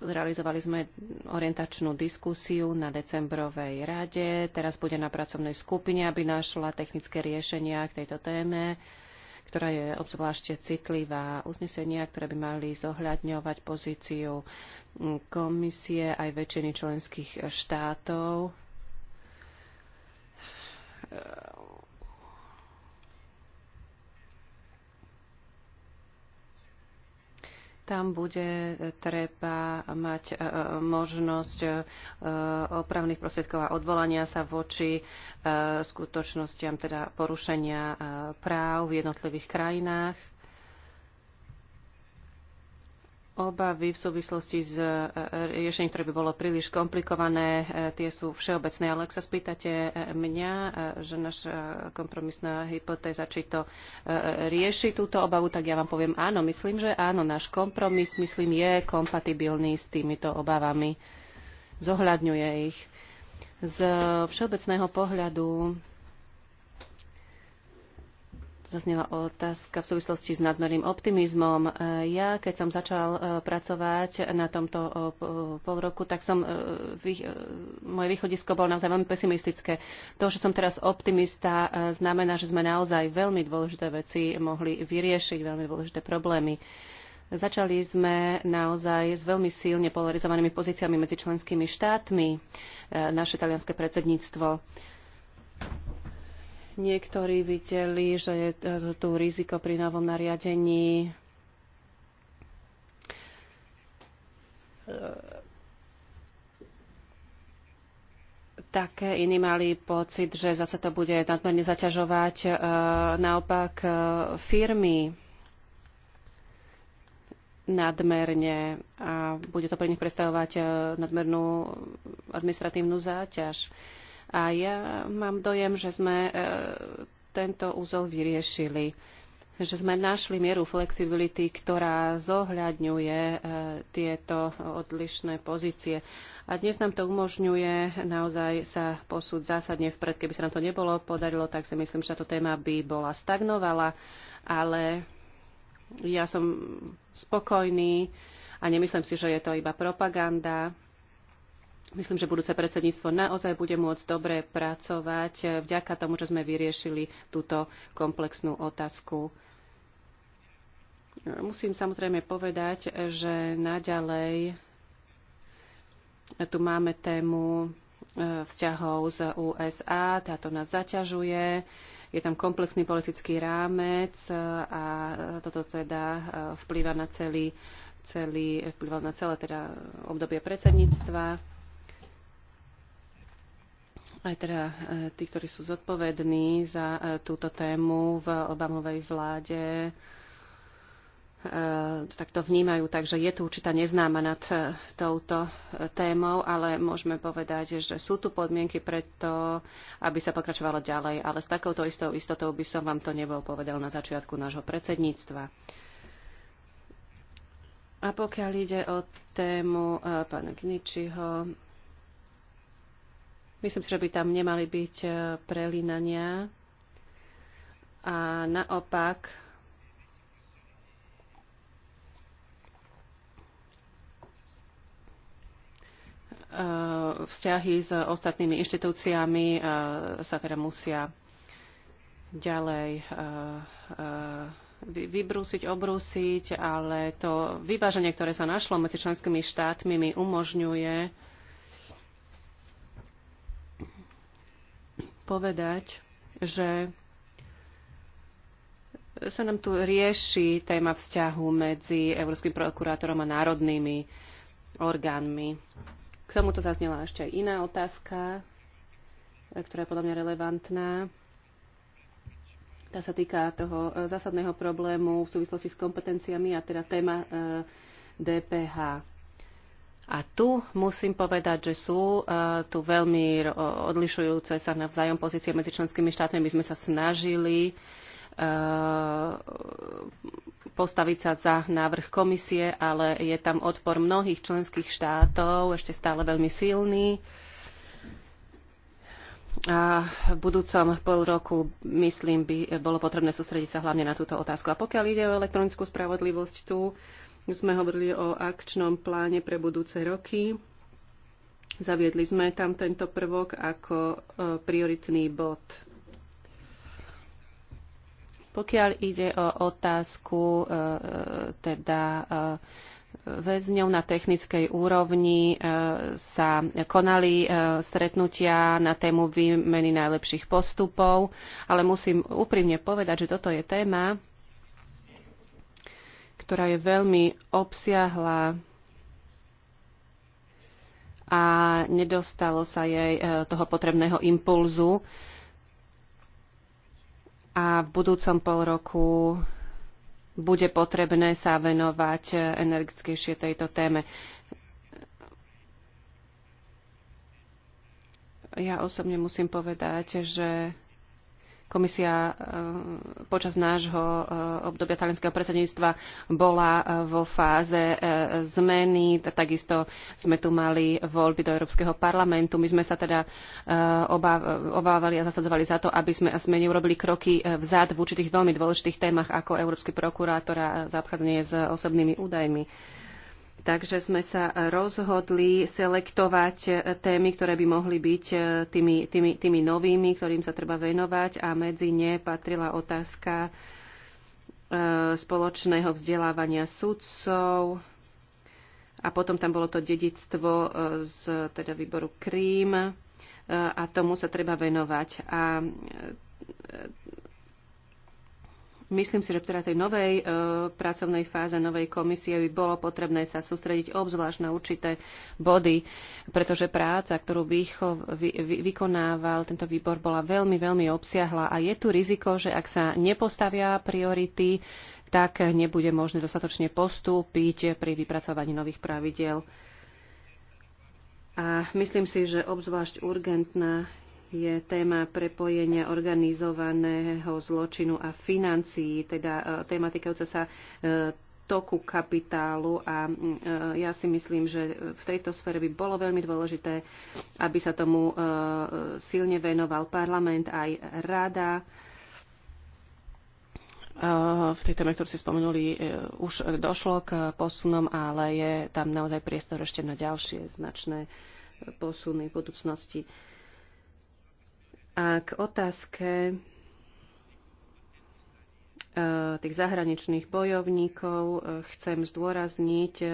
zrealizovali sme orientačnú diskusiu na decembrovej rade. Teraz bude na pracovnej skupine, aby našla technické riešenia k tejto téme ktorá je obzvlášte citlivá. Uznesenia, ktoré by mali zohľadňovať pozíciu mm, komisie aj väčšiny členských štátov tam bude e, treba mať e, e, možnosť opravných prostriedkov a odvolania sa voči skutočnostiam, teda porušenia práv v jednotlivých krajinách. obavy v súvislosti s e, e, riešením, ktoré by bolo príliš komplikované, e, tie sú všeobecné. Ale ak sa spýtate mňa, že naša kompromisná hypotéza, či to rieši túto obavu, tak ja vám poviem áno. Myslím, že áno, náš kompromis, myslím, je kompatibilný s týmito obavami. Zohľadňuje ich. Z všeobecného pohľadu zaznela otázka v súvislosti s nadmerným optimizmom. E, ja, keď som začal e, pracovať na tomto e, pol roku, tak som, moje východisko bolo naozaj veľmi pesimistické. To, že som teraz optimista, znamená, že sme naozaj veľmi dôležité veci mohli vyriešiť, veľmi dôležité problémy. Začali sme naozaj s veľmi silne polarizovanými pozíciami medzi členskými štátmi, naše talianské predsedníctvo Niektorí videli, že je tu riziko pri novom nariadení také, iní mali pocit, že zase to bude nadmerne zaťažovať e, naopak e, firmy nadmerne a bude to pre nich predstavovať e, nadmernú administratívnu záťaž. Uh, a ja mám dojem, že sme e, tento úzol vyriešili že sme našli mieru flexibility, ktorá zohľadňuje e, tieto odlišné pozície. A dnes nám to umožňuje naozaj sa posúť zásadne vpred. Keby sa nám to nebolo podarilo, tak si myslím, že táto téma by bola stagnovala, ale ja som spokojný a nemyslím si, že je to iba propaganda. Myslím, že budúce predsedníctvo naozaj bude môcť dobre pracovať eh, vďaka tomu, že sme vyriešili túto komplexnú otázku. Eh, musím samozrejme povedať, že naďalej eh, tu máme tému vzťahov z USA, táto nás zaťažuje, je tam komplexný politický rámec a toto teda vplýva na celý, celý vplýva na celé teda obdobie predsedníctva aj teda e, tí, ktorí sú zodpovední za e, túto tému v Obamovej vláde, e, tak to vnímajú, takže je tu určitá neznáma nad touto témou, ale môžeme povedať, že sú tu podmienky pre to, aby sa pokračovalo ďalej, ale s takouto istou istotou by som vám to nebol povedal na začiatku nášho predsedníctva. A pokiaľ ide o tému pána Kničiho, Myslím si, že by tam nemali byť e, prelínania a naopak e, vzťahy s ostatnými inštitúciami e, sa teda musia ďalej vybrúsiť, obrúsiť, ale to vyváženie, ktoré sa našlo medzi členskými štátmi, mi umožňuje povedať, že sa nám tu rieši téma vzťahu medzi Európskym prokurátorom a národnými orgánmi. K tomu to zaznela ešte aj iná otázka, ktorá je podľa mňa relevantná. Tá sa týka toho eh, zásadného problému v súvislosti s kompetenciami a teda téma DPH. Eh, a tu musím povedať, že sú e, tu veľmi odlišujúce sa navzájom pozície medzi členskými štátmi. My sme sa snažili e, postaviť sa za návrh komisie, ale je tam odpor mnohých členských štátov, ešte stále veľmi silný. A v budúcom pol roku, myslím, by bolo potrebné sústrediť sa hlavne na túto otázku. A pokiaľ ide o elektronickú spravodlivosť, tu uh, sme hovorili o akčnom pláne pre budúce roky. Zaviedli sme tam tento prvok ako e, prioritný bod. Pokiaľ ide o otázku e, e, teda väzňov na technickej úrovni sa konali stretnutia na tému výmeny najlepších postupov, ale musím úprimne povedať, že toto je téma, ktorá je veľmi obsiahla a nedostalo sa jej e, toho potrebného impulzu. A v budúcom pol roku bude potrebné sa venovať energickejšie tejto téme. Ja osobne musím povedať, že Komisia e, počas nášho e, obdobia talianského predsedníctva bola e, vo fáze zmeny. Takisto sme tu mali voľby do Európskeho parlamentu. My sme sa teda obávali a zasadzovali za to, aby sme, sme neurobili kroky vzad v určitých veľmi dôležitých témach ako Európsky prokurátor a zaobchádzanie s osobnými údajmi Takže sme sa rozhodli selektovať témy, ktoré by mohli byť e, tými, tými, tými novými, ktorým sa treba venovať a medzi ne patrila otázka e, spoločného vzdelávania sudcov a potom tam bolo to dedictvo e, z teda výboru Krím a tomu sa treba venovať. A Myslím si, že teda tej novej e, pracovnej fáze novej komisie by bolo potrebné sa sústrediť obzvlášť na určité body, pretože práca, ktorú výchov, vy, vy, vykonával tento výbor, bola veľmi, veľmi obsiahla a je tu riziko, že ak sa nepostavia priority, tak nebude možné dostatočne postúpiť pri vypracovaní nových pravidiel. A myslím si, že obzvlášť urgentná je téma prepojenia organizovaného zločinu a financií, teda e, téma týkajúca sa e, toku kapitálu a e, ja si myslím, že v tejto sfére by bolo veľmi dôležité, aby sa tomu silne venoval parlament aj rada. V tej téme, ktorú si spomenuli, už došlo k posunom, ale je tam naozaj priestor ešte na ďalšie značné posuny v budúcnosti. Uh, a k otázke e, tých zahraničných bojovníkov e, chcem zdôrazniť e,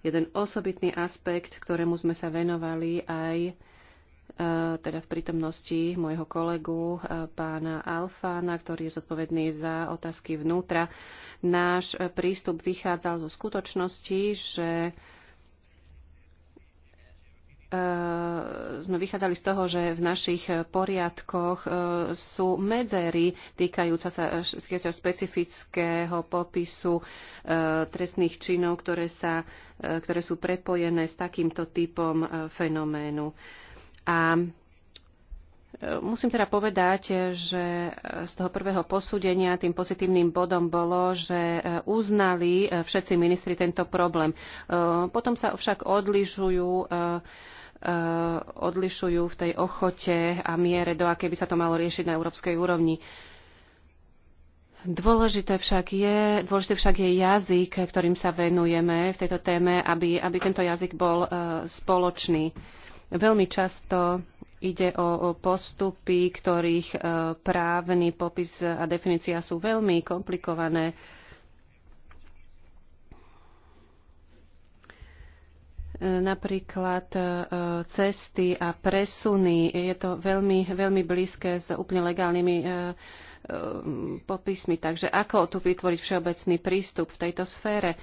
jeden osobitný aspekt, ktorému sme sa venovali aj teda v prítomnosti môjho kolegu pána Alfána, ktorý je zodpovedný za otázky vnútra. Náš prístup vychádzal zo skutočnosti, že E, sme vychádzali z toho, že v našich poriadkoch e, sú medzery týkajúca sa, špecifického popisu e, trestných činov, ktoré, sa, ktoré sú prepojené s takýmto typom fenoménu. A Musím teda povedať, že z toho prvého posúdenia tým pozitívnym bodom bolo, že uznali všetci ministri tento problém. Potom sa však odlišujú Eh, odlišujú v tej ochote a miere, do akej by sa to malo riešiť na európskej úrovni. Dôležité však je, dôležité však je jazyk, ktorým sa venujeme v tejto téme, aby, aby tento jazyk bol eh, spoločný. Veľmi často ide o, postupy, ktorých eh, právny popis a definícia sú veľmi komplikované napríklad e, cesty a presuny. Je to veľmi, veľmi blízke s úplne legálnymi e, e, popismi. Takže ako tu vytvoriť všeobecný prístup v tejto sfére?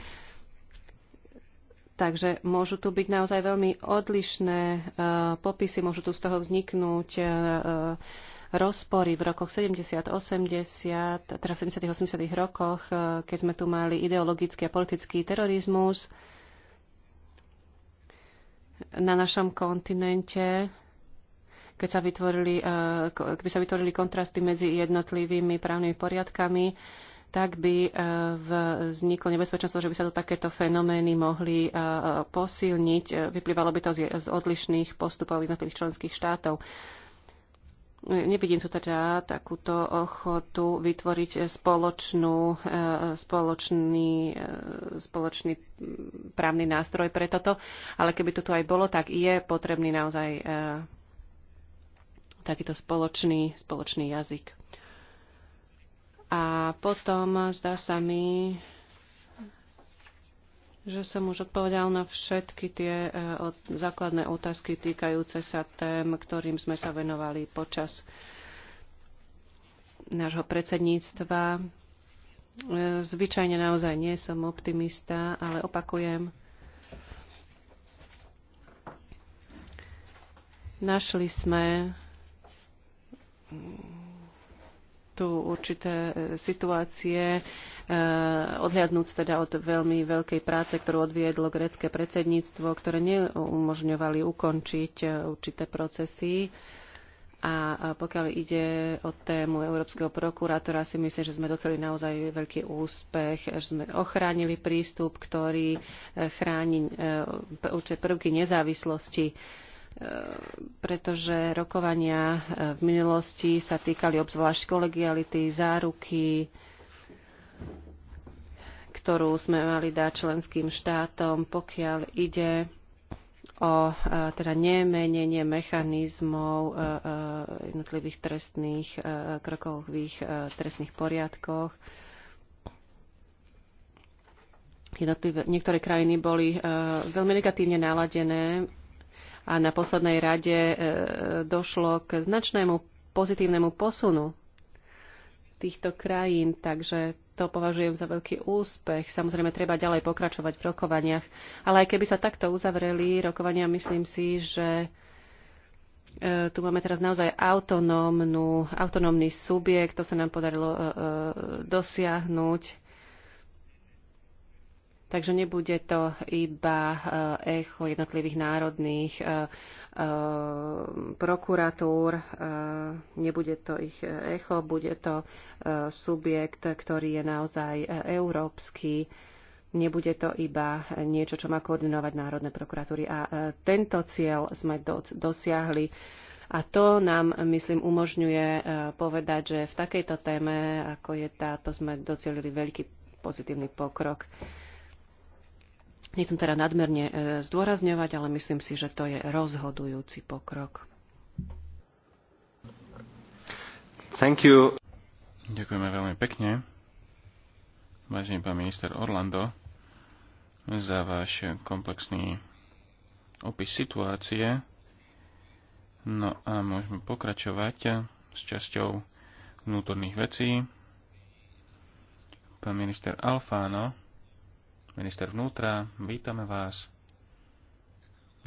Takže môžu tu byť naozaj veľmi odlišné popisy, môžu tu z toho vzniknúť rozpory v rokoch 70, 80, teda v 70. 80. rokoch, keď sme tu mali ideologický a politický terorizmus, na našom kontinente, keď sa vytvorili, eh, keby sa vytvorili kontrasty medzi jednotlivými právnymi poriadkami, tak by eh, vzniklo nebezpečenstvo, že by sa to takéto fenomény mohli eh, posilniť. Vyplývalo by to z odlišných postupov jednotlivých členských štátov. Nevidím tu teda takúto ochotu vytvoriť eh, spoločnú, eh, spoločný, eh, spoločný mm, právny nástroj pre toto, ale keby to tu aj bolo, tak je potrebný naozaj takýto spoločný, spoločný jazyk. A potom zdá sa mi, že som už odpovedal na všetky tie e, základné otázky týkajúce sa tém, ktorým sme sa venovali počas nášho predsedníctva. E, zvyčajne naozaj nie som optimista, ale opakujem, našli sme tu určité e, situácie, Eh, odhľadnúc teda od veľmi veľkej práce, ktorú odviedlo grecké predsedníctvo, ktoré neumožňovali ukončiť eh, určité procesy. A pokiaľ ide o tému Európskeho prokurátora, si myslím, že sme doceli naozaj veľký úspech, že sme ochránili prístup, ktorý eh, chráni určité prvky nezávislosti pretože rokovania v minulosti sa týkali obzvlášť kolegiality, záruky, ktorú sme mali dať členským štátom, pokiaľ ide o e, teda nemenenie mechanizmov e, e, jednotlivých trestných krokov v ich trestných poriadkoch. Jednotlivé, niektoré krajiny boli veľmi negatívne naladené a na poslednej rade došlo k značnému pozitívnemu posunu týchto krajín, takže to považujem za veľký úspech. Samozrejme, treba ďalej pokračovať v rokovaniach. Ale aj keby sa takto uzavreli rokovania, myslím si, že e, tu máme teraz naozaj autonómnu, autonómny subjekt, to sa nám podarilo e, e, dosiahnuť Takže nebude to iba eh, echo jednotlivých národných eh, eh, prokuratúr, nebude to ich echo, bude to subjekt, ktorý je naozaj európsky, nebude to iba niečo, čo má koordinovať národné prokuratúry. A tento cieľ sme dosiahli. A to nám, myslím, umožňuje povedať, že v takejto téme, ako je táto, sme docelili veľký pozitívny pokrok. Nechcem teda nadmerne e, zdôrazňovať, ale myslím si, že to je rozhodujúci pokrok. Thank you. Ďakujeme veľmi pekne, vážený pán minister Orlando, za váš komplexný opis situácie. No a môžeme pokračovať s časťou vnútorných vecí. Pán minister Alfáno minister vnútra, vítame vás.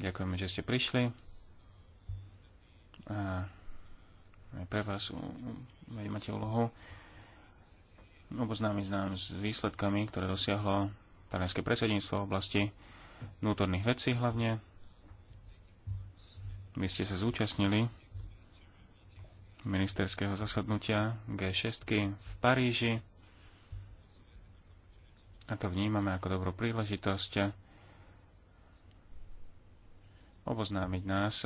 Ďakujeme, že ste prišli. A aj pre vás máte úlohu oboznámiť nám s výsledkami, ktoré dosiahlo talianské predsedníctvo v oblasti vnútorných vecí hlavne. Vy ste sa zúčastnili ministerského zasadnutia G6 v Paríži a to vnímame ako dobrú príležitosť oboznámiť nás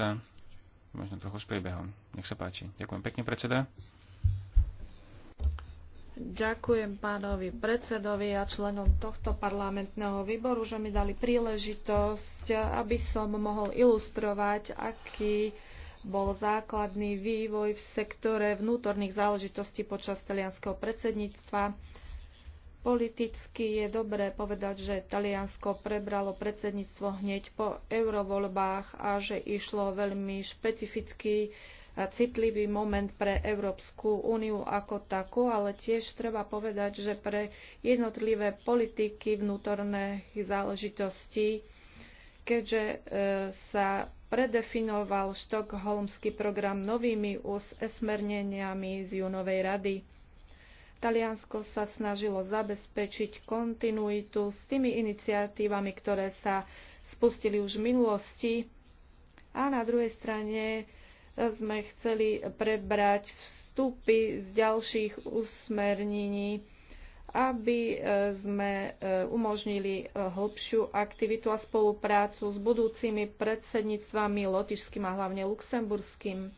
možno trochu s priebehom. Nech sa páči. Ďakujem pekne, predseda. Ďakujem pánovi predsedovi a členom tohto parlamentného výboru, že mi dali príležitosť, aby som mohol ilustrovať, aký bol základný vývoj v sektore vnútorných záležitostí počas talianského predsedníctva Politicky je dobré povedať, že Taliansko prebralo predsedníctvo hneď po eurovoľbách a že išlo veľmi špecifický a citlivý moment pre Európsku úniu ako takú, ale tiež treba povedať, že pre jednotlivé politiky vnútorných záležitostí, keďže e, sa predefinoval štokholmský program novými usmerneniami e, z júnovej rady Taliansko sa snažilo zabezpečiť kontinuitu s tými iniciatívami, ktoré sa spustili už v minulosti. A na druhej strane eh, sme chceli prebrať vstupy z ďalších usmernení aby eh, sme eh, umožnili hlbšiu aktivitu a spoluprácu s budúcimi predsedníctvami lotišským a hlavne luxemburským.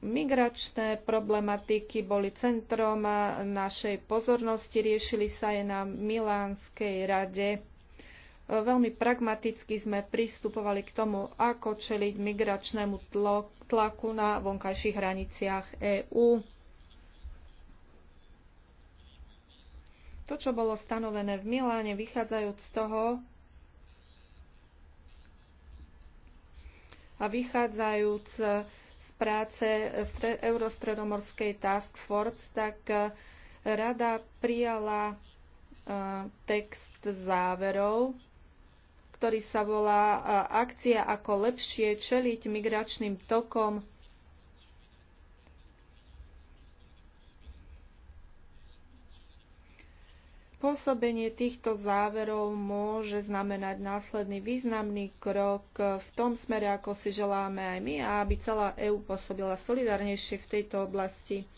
Migračné problematiky boli centrom našej pozornosti, riešili sa aj na Milánskej rade. Veľmi pragmaticky sme pristupovali k tomu, ako čeliť migračnému tlaku na vonkajších hraniciach EÚ. To, čo bolo stanovené v Miláne, vychádzajúc z toho, a vychádzajúc práce Eurostredomorskej Task Force, tak eh, rada prijala eh, text záverov, ktorý sa volá eh, Akcia ako lepšie čeliť migračným tokom Pôsobenie týchto záverov môže znamenať následný významný krok v tom smere, ako si želáme aj my, a aby celá EÚ pôsobila solidárnejšie v tejto oblasti.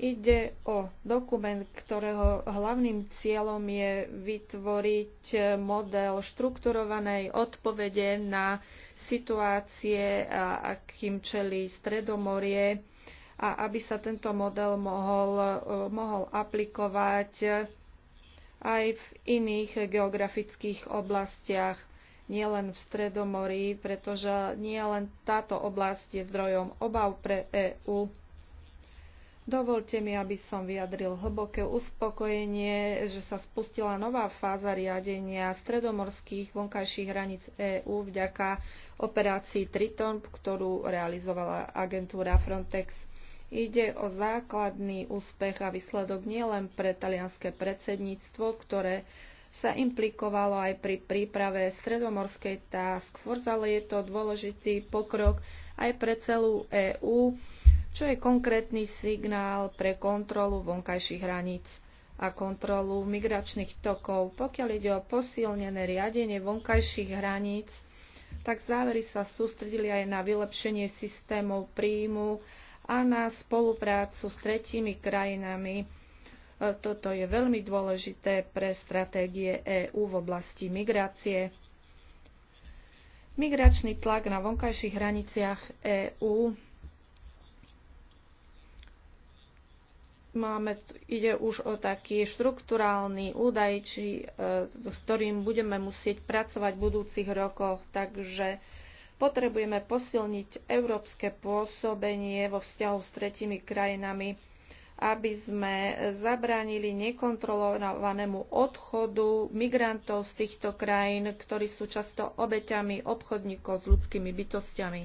Ide o dokument, ktorého hlavným cieľom je vytvoriť model štrukturovanej odpovede na situácie, akým čelí Stredomorie a aby sa tento model mohol, mohol aplikovať aj v iných geografických oblastiach, nielen v Stredomorí, pretože nielen táto oblasť je zdrojom obav pre EÚ. Dovolte mi, aby som vyjadril hlboké uspokojenie, že sa spustila nová fáza riadenia stredomorských vonkajších hraníc EÚ vďaka operácii Triton, ktorú realizovala agentúra Frontex. Ide o základný úspech a výsledok nielen pre talianské predsedníctvo, ktoré sa implikovalo aj pri príprave stredomorskej task force, ale je to dôležitý pokrok aj pre celú EÚ, čo je konkrétny signál pre kontrolu vonkajších hraníc a kontrolu migračných tokov. Pokiaľ ide o posilnené riadenie vonkajších hraníc, tak závery sa sústredili aj na vylepšenie systémov príjmu a na spoluprácu s tretími krajinami. E, toto je veľmi dôležité pre stratégie EÚ v oblasti migrácie. Migračný tlak na vonkajších hraniciach EÚ máme, ide už o taký štrukturálny údaj, či, e, s ktorým budeme musieť pracovať v budúcich rokoch, takže Potrebujeme posilniť európske pôsobenie vo vzťahu s tretimi krajinami, aby sme zabránili nekontrolovanému odchodu migrantov z týchto krajín, ktorí sú často obeťami obchodníkov s ľudskými bytostiami.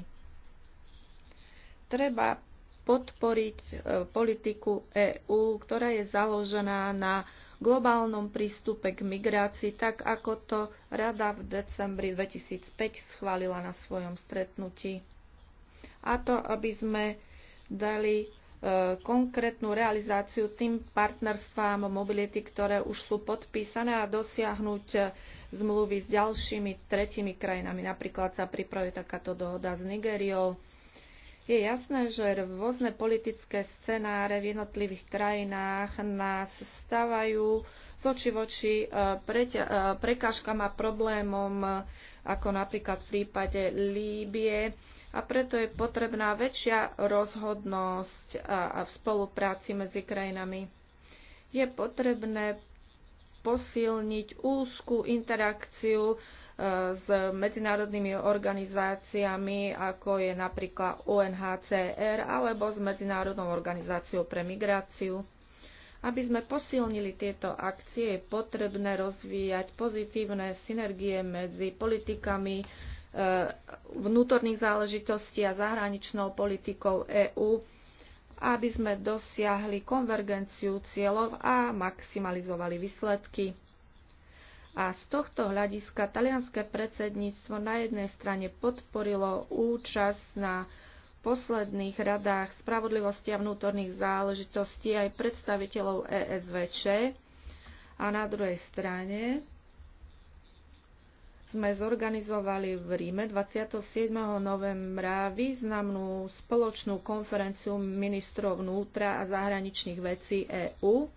Treba podporiť e, politiku EÚ, ktorá je založená na globálnom prístupe k migrácii, tak ako to Rada v decembri 2005 schválila na svojom stretnutí. A to, aby sme dali e, konkrétnu realizáciu tým partnerstvám mobility, ktoré už sú podpísané a dosiahnuť e, zmluvy s ďalšími tretimi krajinami. Napríklad sa pripravuje takáto dohoda s Nigériou, je jasné, že rôzne politické scenáre v jednotlivých krajinách nás stávajú z oči voči e, e, prekážkam a problémom, e, ako napríklad v prípade Líbie. A preto je potrebná väčšia rozhodnosť a v spolupráci medzi krajinami. Je potrebné posilniť úzkú interakciu s medzinárodnými organizáciami, ako je napríklad UNHCR alebo s Medzinárodnou organizáciou pre migráciu. Aby sme posilnili tieto akcie, je potrebné rozvíjať pozitívne synergie medzi politikami e, vnútorných záležitostí a zahraničnou politikou EÚ, aby sme dosiahli konvergenciu cieľov a maximalizovali výsledky. A z tohto hľadiska talianské predsedníctvo na jednej strane podporilo účasť na posledných radách spravodlivosti a vnútorných záležitostí aj predstaviteľov ESVČ a na druhej strane sme zorganizovali v Ríme 27. novembra významnú spoločnú konferenciu ministrov vnútra a zahraničných vecí EÚ.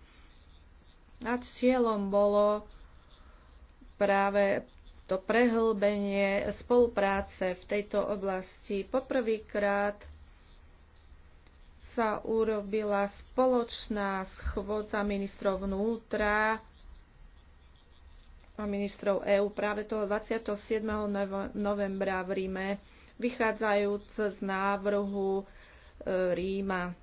A cieľom bolo práve to prehlbenie spolupráce v tejto oblasti. Poprvýkrát sa urobila spoločná schôdza ministrov vnútra a ministrov EÚ práve toho 27. novembra v Ríme, vychádzajúc z návrhu e, Ríma.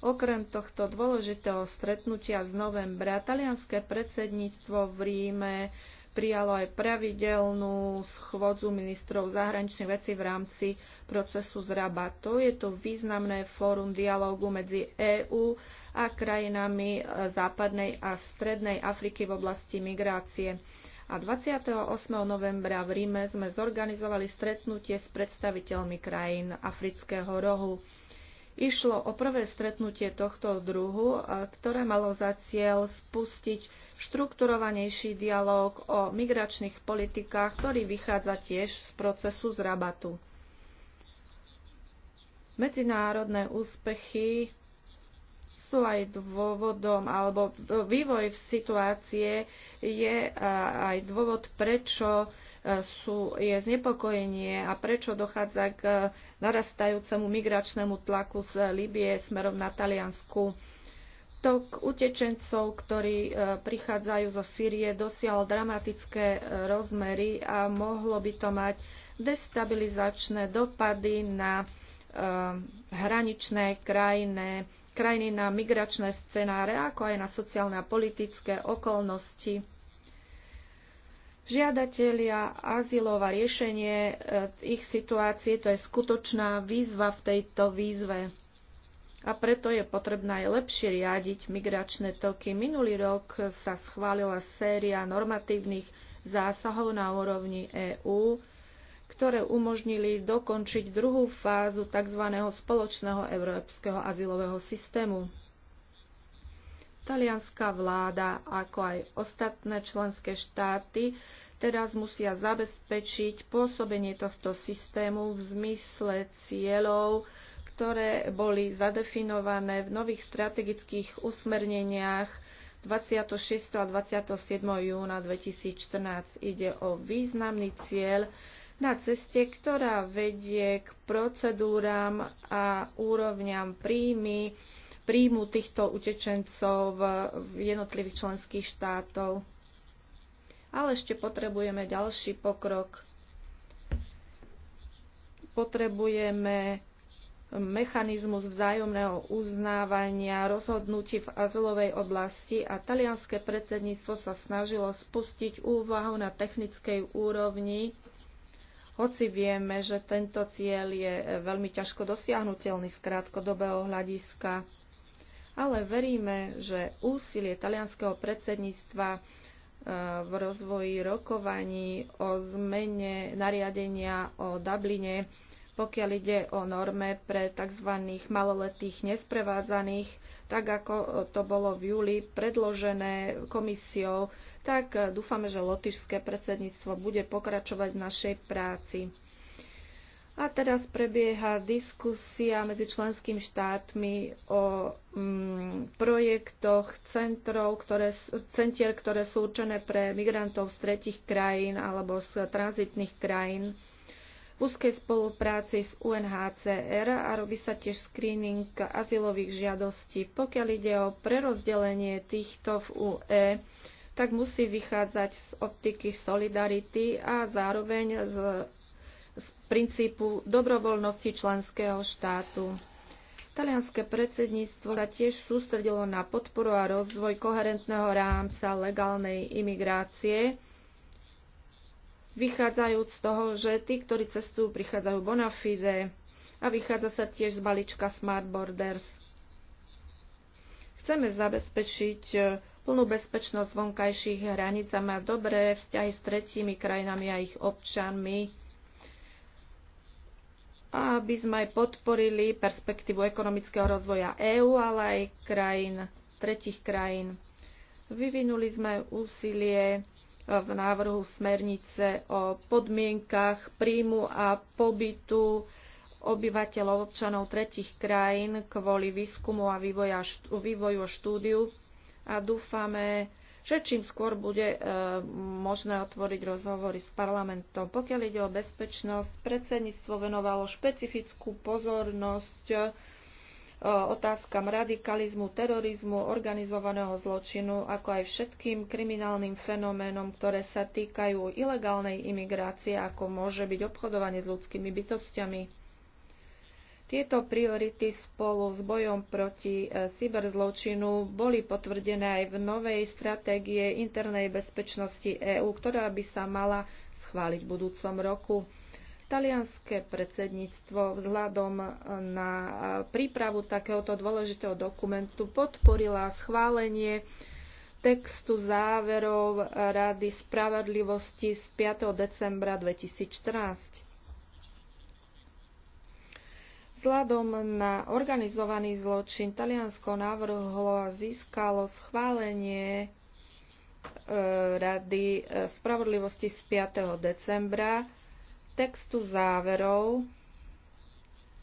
Okrem tohto dôležitého stretnutia z novembra talianské predsedníctvo v Ríme prijalo aj pravidelnú schôdzu ministrov zahraničných vecí v rámci procesu z Rabatu. Je to významné fórum dialógu medzi EÚ a krajinami e, západnej a strednej Afriky v oblasti migrácie. A 28. novembra v Ríme sme zorganizovali stretnutie s predstaviteľmi krajín Afrického rohu. Išlo o prvé stretnutie tohto druhu, ktoré malo za cieľ spustiť štrukturovanejší dialog o migračných politikách, ktorý vychádza tiež z procesu zrabatu. Medzinárodné úspechy sú aj dôvodom, alebo vývoj v situácie je aj dôvod, prečo sú, je znepokojenie a prečo dochádza k eh, narastajúcemu migračnému tlaku z Libie smerom na Taliansku. Tok utečencov, ktorí eh, prichádzajú zo Sýrie, dosial dramatické eh, rozmery a mohlo by to mať destabilizačné dopady na hraničné krajiny, krajiny na migračné scenáre, ako aj na sociálne a politické okolnosti. Žiadatelia azylova riešenie e, ich situácie, to je skutočná výzva v tejto výzve. A preto je potrebné aj lepšie riadiť migračné toky. Minulý rok sa schválila séria normatívnych zásahov na úrovni EÚ, ktoré umožnili dokončiť druhú fázu tzv. spoločného európskeho azylového systému talianská vláda, ako aj ostatné členské štáty, teraz musia zabezpečiť pôsobenie tohto systému v zmysle cieľov, ktoré boli zadefinované v nových strategických usmerneniach 26. a 27. júna 2014. Ide o významný cieľ na ceste, ktorá vedie k procedúram a úrovňam príjmy, príjmu týchto utečencov v jednotlivých členských štátov. Ale ešte potrebujeme ďalší pokrok. Potrebujeme mechanizmus vzájomného uznávania rozhodnutí v azylovej oblasti a talianské predsedníctvo sa snažilo spustiť úvahu na technickej úrovni, hoci vieme, že tento cieľ je veľmi ťažko dosiahnutelný z krátkodobého hľadiska ale veríme, že úsilie talianského predsedníctva e, v rozvoji rokovaní o zmene nariadenia o Dubline, pokiaľ ide o norme pre tzv. maloletých nesprevádzaných, tak ako to bolo v júli predložené komisiou, tak dúfame, že lotišské predsedníctvo bude pokračovať v našej práci. A teraz prebieha diskusia medzi členskými štátmi o mm, projektoch centrov, ktoré, centier, ktoré sú určené pre migrantov z tretich krajín alebo z tranzitných krajín v úzkej spolupráci s UNHCR a robí sa tiež screening azylových žiadostí. Pokiaľ ide o prerozdelenie týchto v UE, tak musí vychádzať z optiky solidarity a zároveň z princípu dobrovoľnosti členského štátu. Talianské predsedníctvo sa tiež sústredilo na podporu a rozvoj koherentného rámca legálnej imigrácie, vychádzajúc z toho, že tí, ktorí cestujú, prichádzajú bona fide a vychádza sa tiež z balíčka Smart Borders. Chceme zabezpečiť e, plnú bezpečnosť vonkajších hraníc a mať dobré vzťahy s tretími krajinami a ich občanmi, aby sme aj podporili perspektívu ekonomického rozvoja EÚ, ale aj krajín, tretich krajín. Vyvinuli sme úsilie e, v návrhu smernice o podmienkach príjmu a pobytu obyvateľov občanov tretich krajín kvôli výskumu a vývoju a štúdiu a dúfame, že čím skôr bude e, možné otvoriť rozhovory s parlamentom. Pokiaľ ide o bezpečnosť, predsedníctvo venovalo špecifickú pozornosť e, otázkam radikalizmu, terorizmu, organizovaného zločinu, ako aj všetkým kriminálnym fenoménom, ktoré sa týkajú ilegálnej imigrácie, ako môže byť obchodovanie s ľudskými bytostiami. Tieto priority spolu s bojom proti e, cyberzločinu boli potvrdené aj v novej stratégie internej bezpečnosti EÚ, ktorá by sa mala schváliť v budúcom roku. Talianské predsedníctvo vzhľadom e, na e, prípravu takéhoto dôležitého dokumentu podporila schválenie textu záverov Rady spravodlivosti z 5. decembra 2014 Vzhľadom na organizovaný zločin Taliansko navrhlo a získalo schválenie e, Rady e, spravodlivosti z 5. decembra textu záverov,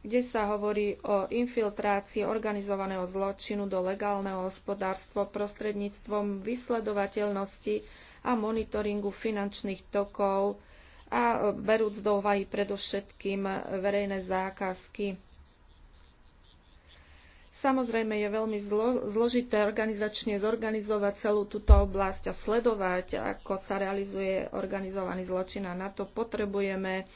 kde sa hovorí o infiltrácii organizovaného zločinu do legálneho hospodárstva prostredníctvom vysledovateľnosti a monitoringu finančných tokov a e, berúc do úvahy predovšetkým verejné zákazky. Samozrejme je veľmi zlo, zložité organizačne zorganizovať celú túto oblasť a sledovať, ako sa realizuje organizovaný zločin a na to potrebujeme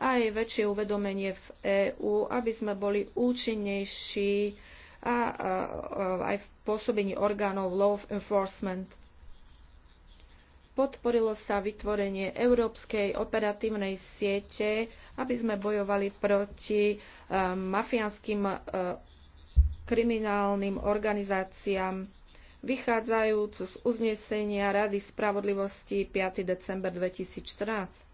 aj väčšie uvedomenie v EÚ, aby sme boli účinnejší a, a, a aj v pôsobení orgánov law enforcement. Podporilo sa vytvorenie Európskej operatívnej siete, aby sme bojovali proti mafiánskym kriminálnym organizáciám, vychádzajúc z uznesenia Rady spravodlivosti 5. december 2014.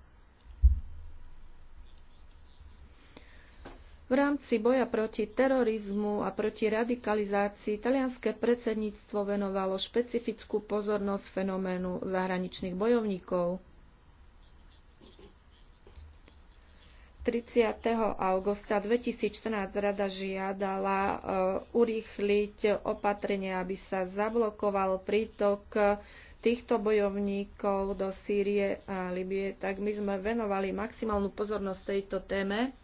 V rámci boja proti terorizmu a proti radikalizácii talianské predsedníctvo venovalo špecifickú pozornosť fenoménu zahraničných bojovníkov. 30. augusta 2014 rada žiadala eh, urýchliť opatrenia, aby sa zablokoval prítok týchto bojovníkov do Sýrie a Libie, tak my sme venovali maximálnu pozornosť tejto téme.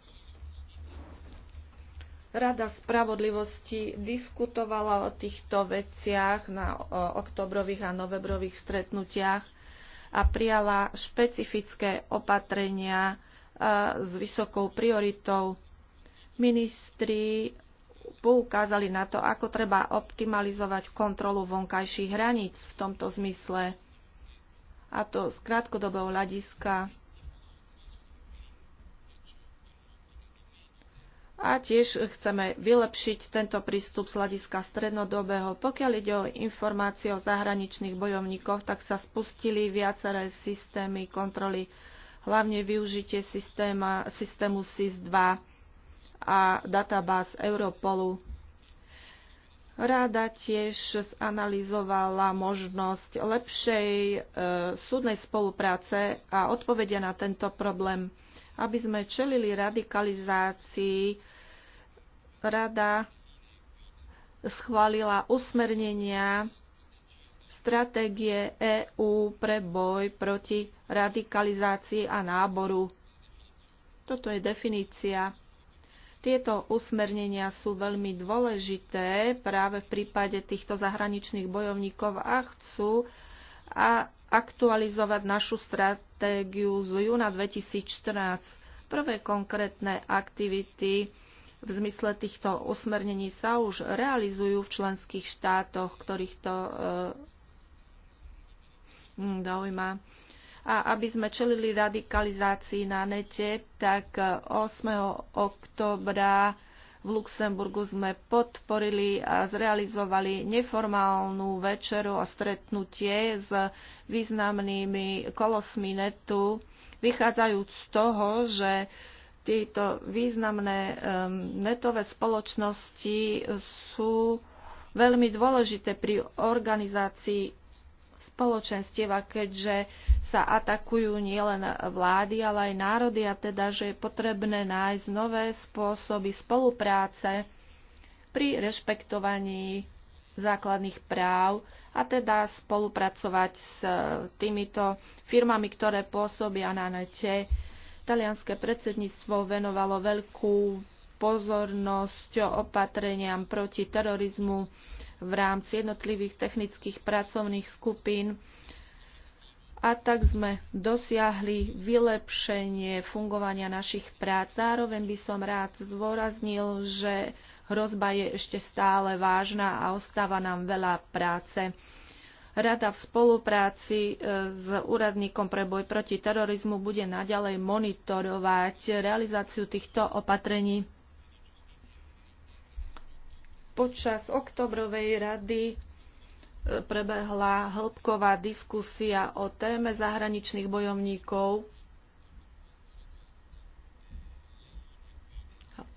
Rada spravodlivosti diskutovala o týchto veciach na oktobrových a novembrových stretnutiach a prijala špecifické opatrenia a s vysokou prioritou. Ministri poukázali na to, ako treba optimalizovať kontrolu vonkajších hraníc v tomto zmysle, a to z krátkodobého hľadiska. A tiež chceme vylepšiť tento prístup z hľadiska strednodobého. Pokiaľ ide o informácie o zahraničných bojovníkoch, tak sa spustili viaceré systémy kontroly hlavne využitie systéma, systému SIS-2 a databáz Europolu. Ráda tiež zanalizovala možnosť lepšej e, súdnej spolupráce a odpovedia na tento problém. Aby sme čelili radikalizácii, rada schválila usmernenia stratégie EÚ pre boj proti radikalizácii a náboru. Toto je definícia. Tieto usmernenia sú veľmi dôležité práve v prípade týchto zahraničných bojovníkov a chcú a aktualizovať našu stratégiu z júna 2014. Prvé konkrétne aktivity v zmysle týchto usmernení sa už realizujú v členských štátoch, ktorých to e, dojma. Hm, a aby sme čelili radikalizácii na nete, tak 8. E, oktobra v Luxemburgu sme podporili a zrealizovali neformálnu večeru a stretnutie s významnými kolosmi netu, vychádzajúc z toho, že tieto významné netové spoločnosti sú veľmi dôležité pri organizácii spoločenstieva, keďže sa atakujú nielen vlády, ale aj národy a teda, že je potrebné nájsť nové spôsoby spolupráce pri rešpektovaní základných práv a teda spolupracovať s týmito firmami, ktoré pôsobia na nete. Talianské predsedníctvo venovalo veľkú pozornosť opatreniam proti terorizmu v rámci jednotlivých technických pracovných skupín a tak sme dosiahli vylepšenie fungovania našich prác. Zároveň by som rád zdôraznil, že hrozba je ešte stále vážna a ostáva nám veľa práce. Rada v spolupráci e, s úradníkom pre boj proti terorizmu bude naďalej monitorovať realizáciu týchto opatrení. Počas oktobrovej rady e, prebehla hĺbková diskusia o téme zahraničných bojovníkov,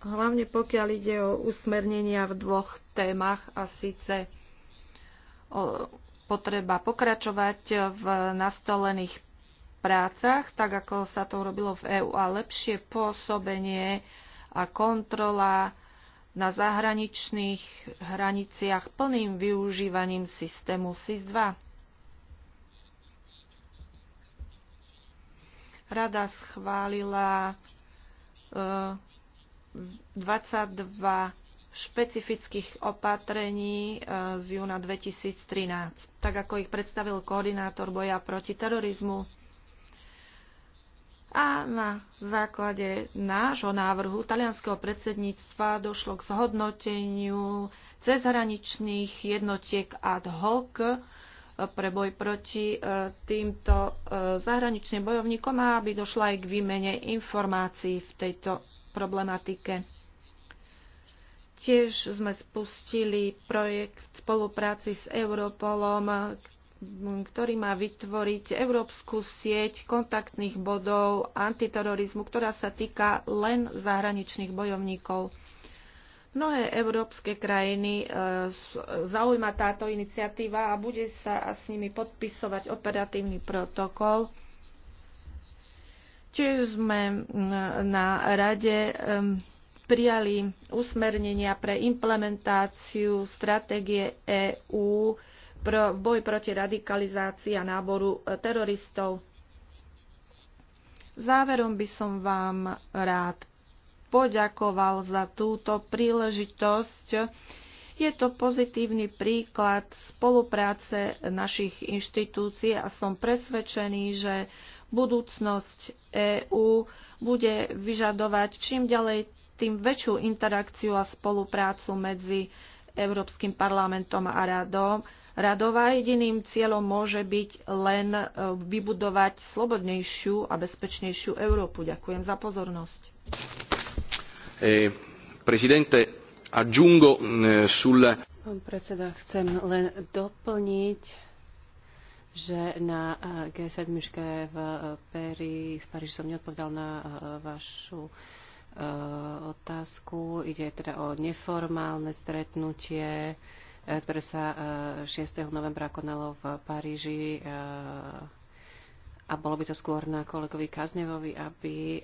hlavne pokiaľ ide o usmernenia v dvoch témach a síce o potreba pokračovať v nastolených prácach, tak ako sa to urobilo v EÚ a lepšie pôsobenie a kontrola na zahraničných hraniciach plným využívaním systému SIS-2. Rada schválila 22 e, špecifických opatrení e, z júna 2013, tak ako ich predstavil koordinátor boja proti terorizmu a na základe nášho návrhu talianského predsedníctva došlo k zhodnoteniu cezhraničných jednotiek ad hoc pre boj proti e, týmto e, zahraničným bojovníkom a aby došlo aj k výmene informácií v tejto problematike. Tiež sme spustili projekt v spolupráci s Europolom, ktorý má vytvoriť európsku sieť kontaktných bodov antiterorizmu, ktorá sa týka len zahraničných bojovníkov. Mnohé európske krajiny e, zaujíma táto iniciatíva a bude sa s nimi podpisovať operatívny protokol. Tiež sme na rade prijali usmernenia pre implementáciu stratégie EÚ v boj proti radikalizácii a náboru e, teroristov. Záverom by som vám rád poďakoval za túto príležitosť. Je to pozitívny príklad spolupráce našich inštitúcií a som presvedčený, že budúcnosť EÚ bude vyžadovať čím ďalej tým väčšiu interakciu a spoluprácu medzi Európskym parlamentom a radom. Radová jediným cieľom môže byť len e, vybudovať slobodnejšiu a bezpečnejšiu Európu. Ďakujem za pozornosť. Eh, aggiungo eh, sul... Pán predseda, chcem len doplniť že na e, G7 v e, Peri v Paríži som neodpovedal na vašu otázku. Ide teda o neformálne stretnutie, e, ktoré sa 6. E, novembra konalo v Paríži e, a bolo by to skôr na kolegovi Kaznevovi, aby,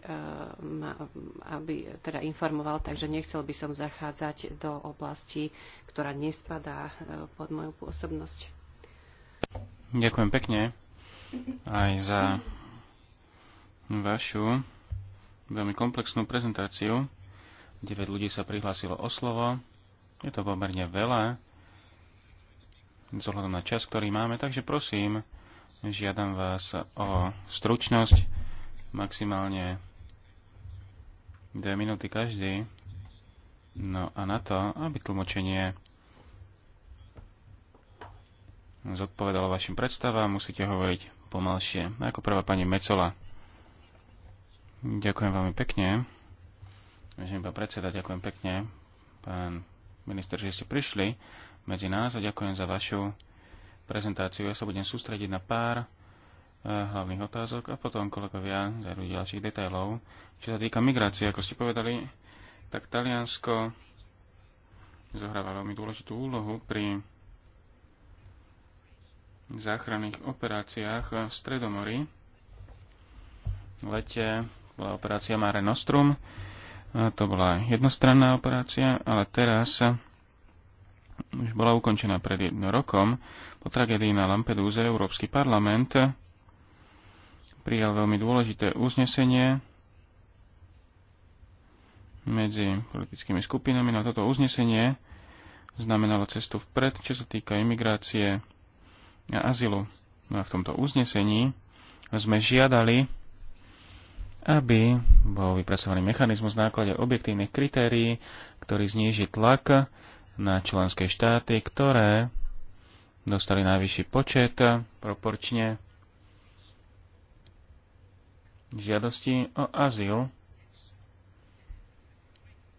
aby teda informoval, takže nechcel by som zachádzať do oblasti, ktorá nespadá pod moju pôsobnosť. Ďakujem pekne aj za vašu veľmi komplexnú prezentáciu. 9 ľudí sa prihlásilo o slovo. Je to pomerne veľa zohľadom na čas, ktorý máme, takže prosím, žiadam vás o stručnosť, maximálne 2 minúty každý. No a na to, aby tlmočenie zodpovedalo vašim predstavám, musíte hovoriť pomalšie. Ako prvá pani Mecola. Ďakujem veľmi pekne. Vážený pán predseda, ďakujem pekne, pán minister, že ste prišli medzi nás a ďakujem za vašu prezentáciu. Ja sa budem sústrediť na pár eh, hlavných otázok a potom kolegovia zajdú ďalších detailov. Čo sa týka migrácie, ako ste povedali, tak Taliansko zohráva veľmi dôležitú úlohu pri záchranných operáciách v Stredomori, lete, bola operácia Mare Nostrum. To bola jednostranná operácia, ale teraz už bola ukončená pred jedným rokom. Po tragédii na Lampedúze Európsky parlament prijal veľmi dôležité uznesenie medzi politickými skupinami. Na no, toto uznesenie znamenalo cestu vpred, čo sa týka imigrácie a azylu. No a v tomto uznesení sme žiadali aby bol vypracovaný mechanizmus na základe objektívnych kritérií, ktorý zníži tlak na členské štáty, ktoré dostali najvyšší počet proporčne žiadosti o azyl,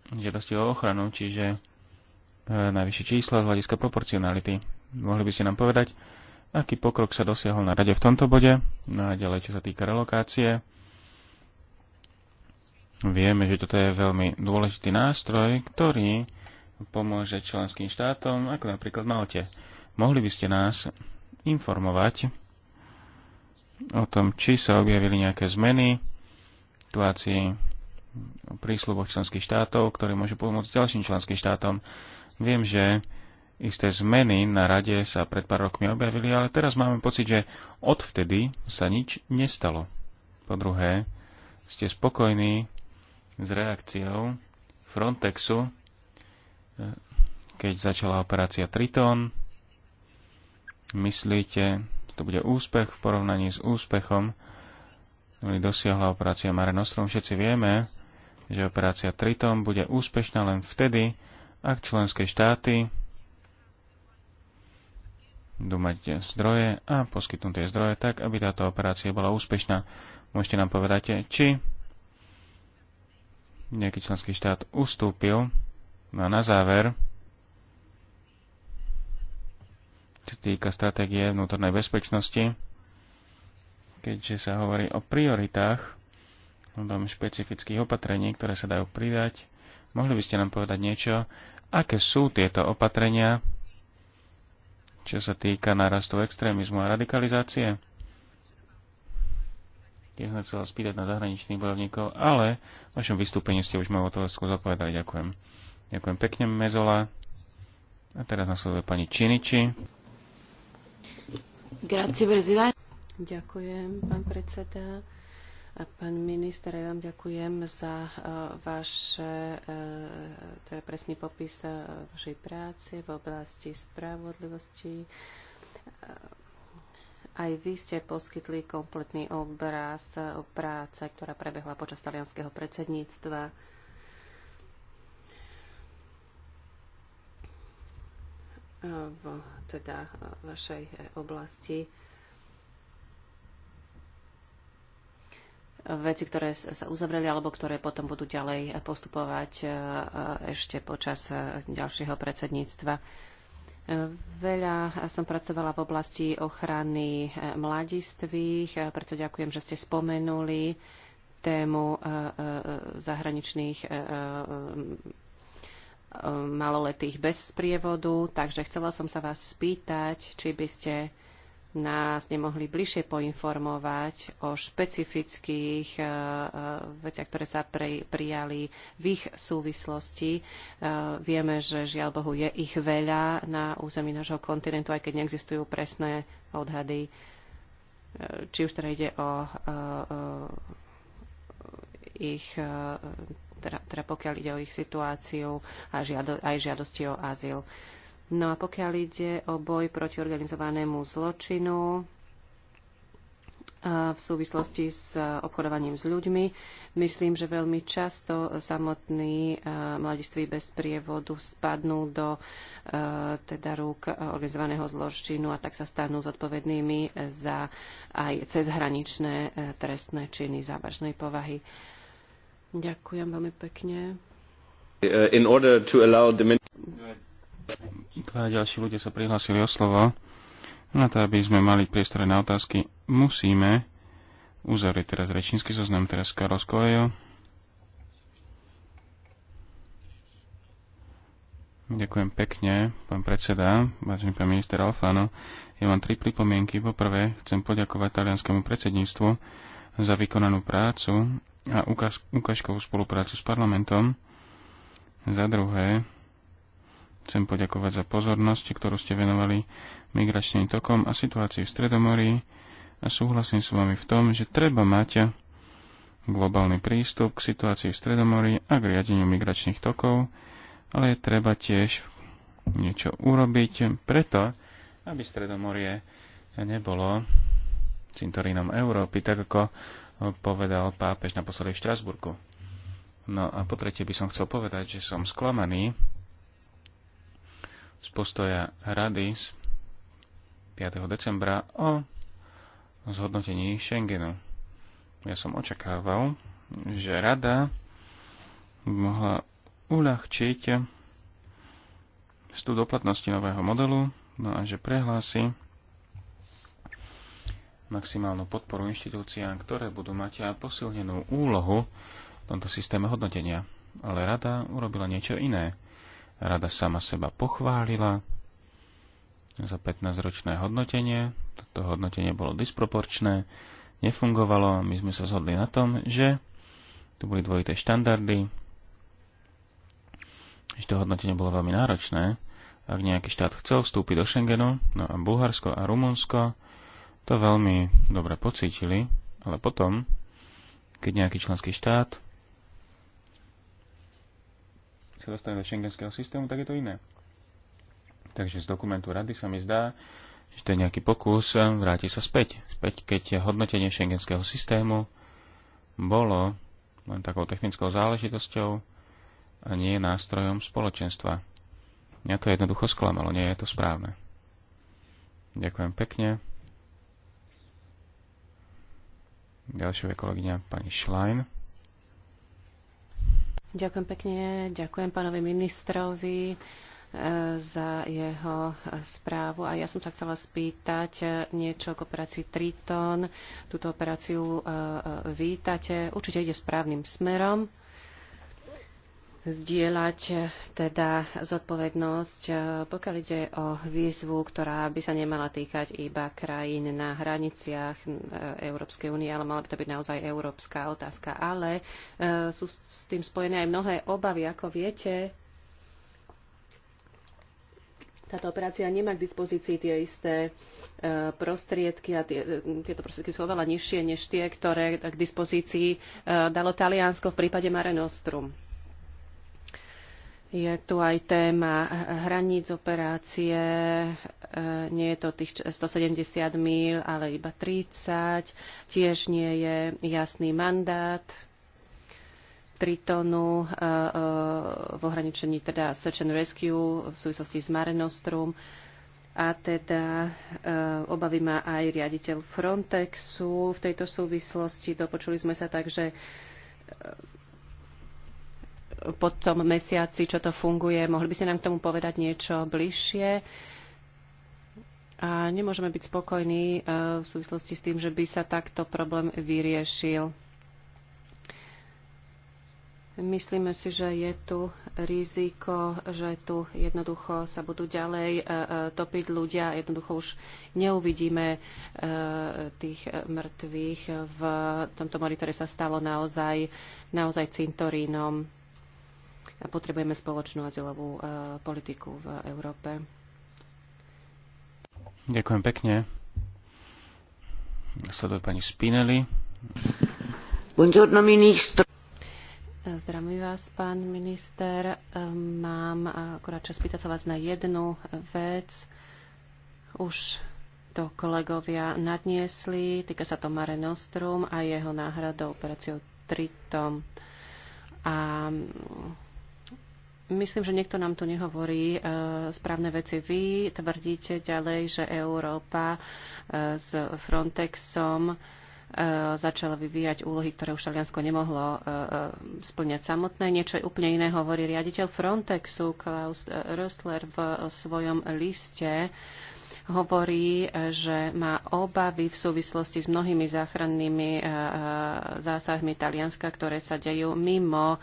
žiadosti o ochranu, čiže e, najvyššie čísla z hľadiska proporcionality. Mohli by ste nám povedať, aký pokrok sa dosiahol na rade v tomto bode, no a ďalej, čo sa týka relokácie, Vieme, že toto je veľmi dôležitý nástroj, ktorý pomôže členským štátom, ako napríklad Malte. Mohli by ste nás informovať o tom, či sa objavili nejaké zmeny v situácii prísluboch členských štátov, ktoré môžu pomôcť ďalším členským štátom. Viem, že isté zmeny na rade sa pred pár rokmi objavili, ale teraz máme pocit, že odvtedy sa nič nestalo. Po druhé, ste spokojní s reakciou Frontexu, e, keď začala operácia Triton. Myslíte, že to bude úspech v porovnaní s úspechom, ktorý no, dosiahla operácia Mare Nostrum? Všetci vieme, že operácia Triton bude úspešná len vtedy, ak členské štáty budú mať zdroje a poskytnú tie zdroje tak, aby táto operácia bola úspešná. Môžete nám povedať, či nejaký členský štát ustúpil. No a na záver, čo týka stratégie vnútornej bezpečnosti, keďže sa hovorí o prioritách, tom špecifických opatrení, ktoré sa dajú pridať. Mohli by ste nám povedať niečo, aké sú tieto opatrenia, čo sa týka narastu extrémizmu a radikalizácie? kde sa chcela spýtať na zahraničných bojovníkov, ale v vašom vystúpení ste už moju otázku zapovedali. Ďakujem. Ďakujem pekne, Mezola. A teraz nasleduje pani Činiči. Grazie, Ďakujem, pán predseda. A pán minister, ja vám ďakujem za eh, váš eh, teda presný popis eh, vašej práce v oblasti spravodlivosti aj vy ste poskytli kompletný obraz práce, ktorá prebehla počas talianského predsedníctva. v teda vašej oblasti. veci, ktoré sa uzavreli alebo ktoré potom budú ďalej postupovať e, e, ešte počas e, ďalšieho predsedníctva. Veľa som pracovala v oblasti ochrany eh, mladistvých, eh, preto ďakujem, že ste spomenuli tému eh, zahraničných maloletých bez sprievodu. Takže chcela som sa vás spýtať, či by ste nás nemohli bližšie poinformovať o špecifických eh, eh, veciach, ktoré sa prijali v ich súvislosti. Eh, vieme, že žiaľ Bohu je ich veľa na území nášho kontinentu, aj keď neexistujú presné odhady. Či už teda ide o ich, teda, teda pokiaľ ide o ich situáciu a žiado, aj žiadosti o azyl. Uh, No a pokiaľ ide o boj proti organizovanému zločinu v súvislosti s obchodovaním s ľuďmi, myslím, že veľmi často samotní mladiství bez prievodu spadnú do teda rúk organizovaného zločinu a tak sa stanú zodpovednými za aj cezhraničné trestné činy závažnej povahy. Ďakujem veľmi pekne. In order to allow the Dva ďalší ľudia sa prihlásili o slovo. Na to, aby sme mali priestor na otázky, musíme uzavrieť teraz rečnícky zoznam, teraz Karol Skojo. Ďakujem pekne, pán predseda, vážený pán minister Alfano. Ja mám tri pripomienky. Poprvé, chcem poďakovať talianskému predsedníctvu za vykonanú prácu a ukáž- ukážkovú spoluprácu s parlamentom. Za druhé, Chcem poďakovať za pozornosť, ktorú ste venovali migračným tokom a situácii v Stredomorí a súhlasím s vami v tom, že treba mať globálny prístup k situácii v Stredomorí a k riadeniu migračných tokov, ale je treba tiež niečo urobiť preto, aby Stredomorie nebolo cintorínom Európy, tak ako povedal pápež naposledy v Štrasburku. No a po tretie by som chcel povedať, že som sklamaný z postoja rady z 5. decembra o zhodnotení Schengenu. Ja som očakával, že rada by mohla uľahčiť vstup do nového modelu, no a že prehlási maximálnu podporu inštitúciám, ktoré budú mať a posilnenú úlohu v tomto systéme hodnotenia. Ale rada urobila niečo iné rada sama seba pochválila za 15-ročné hodnotenie. Toto hodnotenie bolo disproporčné, nefungovalo. My sme sa zhodli na tom, že tu boli dvojité štandardy, že to hodnotenie bolo veľmi náročné. Ak nejaký štát chcel vstúpiť do Schengenu, no a Bulharsko a Rumunsko to veľmi dobre pocítili, ale potom, keď nejaký členský štát sa dostali do šengenského systému, tak je to iné. Takže z dokumentu rady sa mi zdá, že to je nejaký pokus eh, vráti sa späť. Späť, keď hodnotenie šengenského systému bolo len takou technickou záležitosťou a nie nástrojom spoločenstva. Mňa to jednoducho sklamalo, nie je to správne. Ďakujem pekne. Ďalšia je kolegyňa pani Schlein. Ďakujem pekne, ďakujem pánovi ministrovi eh, za jeho eh, správu. A ja som sa chcela spýtať eh, niečo k operácii Triton. Túto operáciu vítate. Určite ide správnym smerom zdieľať eh, teda zodpovednosť, eh, pokiaľ ide o výzvu, ktorá by sa nemala týkať iba krajín na hraniciach eh, Európskej únie, ale mala by to byť naozaj európska otázka. Ale sú s tým spojené aj mnohé obavy. Ako viete, táto operácia nemá k dispozícii tie isté prostriedky a tie, tieto prostriedky sú oveľa nižšie než tie, ktoré k dispozícii dalo Taliansko v prípade Mare Nostrum je tu aj téma hraníc operácie. E, nie je to tých 170 míl, ale iba 30. Tiež nie je jasný mandát Tritonu e, e, v ohraničení teda Search and Rescue v súvislosti s Mare Nostrum. A teda obavy má aj riaditeľ Frontexu v tejto súvislosti. Dopočuli sme sa tak, že po tom mesiaci, čo to funguje. Mohli by ste nám k tomu povedať niečo bližšie? A nemôžeme byť spokojní e, v súvislosti s tým, že by sa takto problém vyriešil. Myslíme si, že je tu riziko, že tu jednoducho sa budú ďalej e, e, topiť ľudia. Jednoducho už neuvidíme tých mŕtvych v tomto mori, ktoré sa stalo naozaj, naozaj cintorínom potrebujeme spoločnú azylovú e, politiku v Európe. Ďakujem pekne. Sleduje pani Spinelli. Buongiorno, ministro. E, zdravím vás, pán minister. E, mám akorát čas pýtať sa vás na jednu vec. Už to kolegovia nadniesli. Týka sa to Mare Nostrum a jeho náhradou operáciou Tritom. A Myslím, že niekto nám tu nehovorí e, správne veci. Vy tvrdíte ďalej, že Európa e, s Frontexom e, začala vyvíjať úlohy, ktoré už Taliansko nemohlo e, e, splňať samotné. Niečo je úplne iné hovorí riaditeľ Frontexu Klaus e, Röstler v e, svojom liste. E, hovorí, že má obavy v súvislosti s mnohými záchrannými eh, eh, zásahmi Talianska, ktoré sa dejú mimo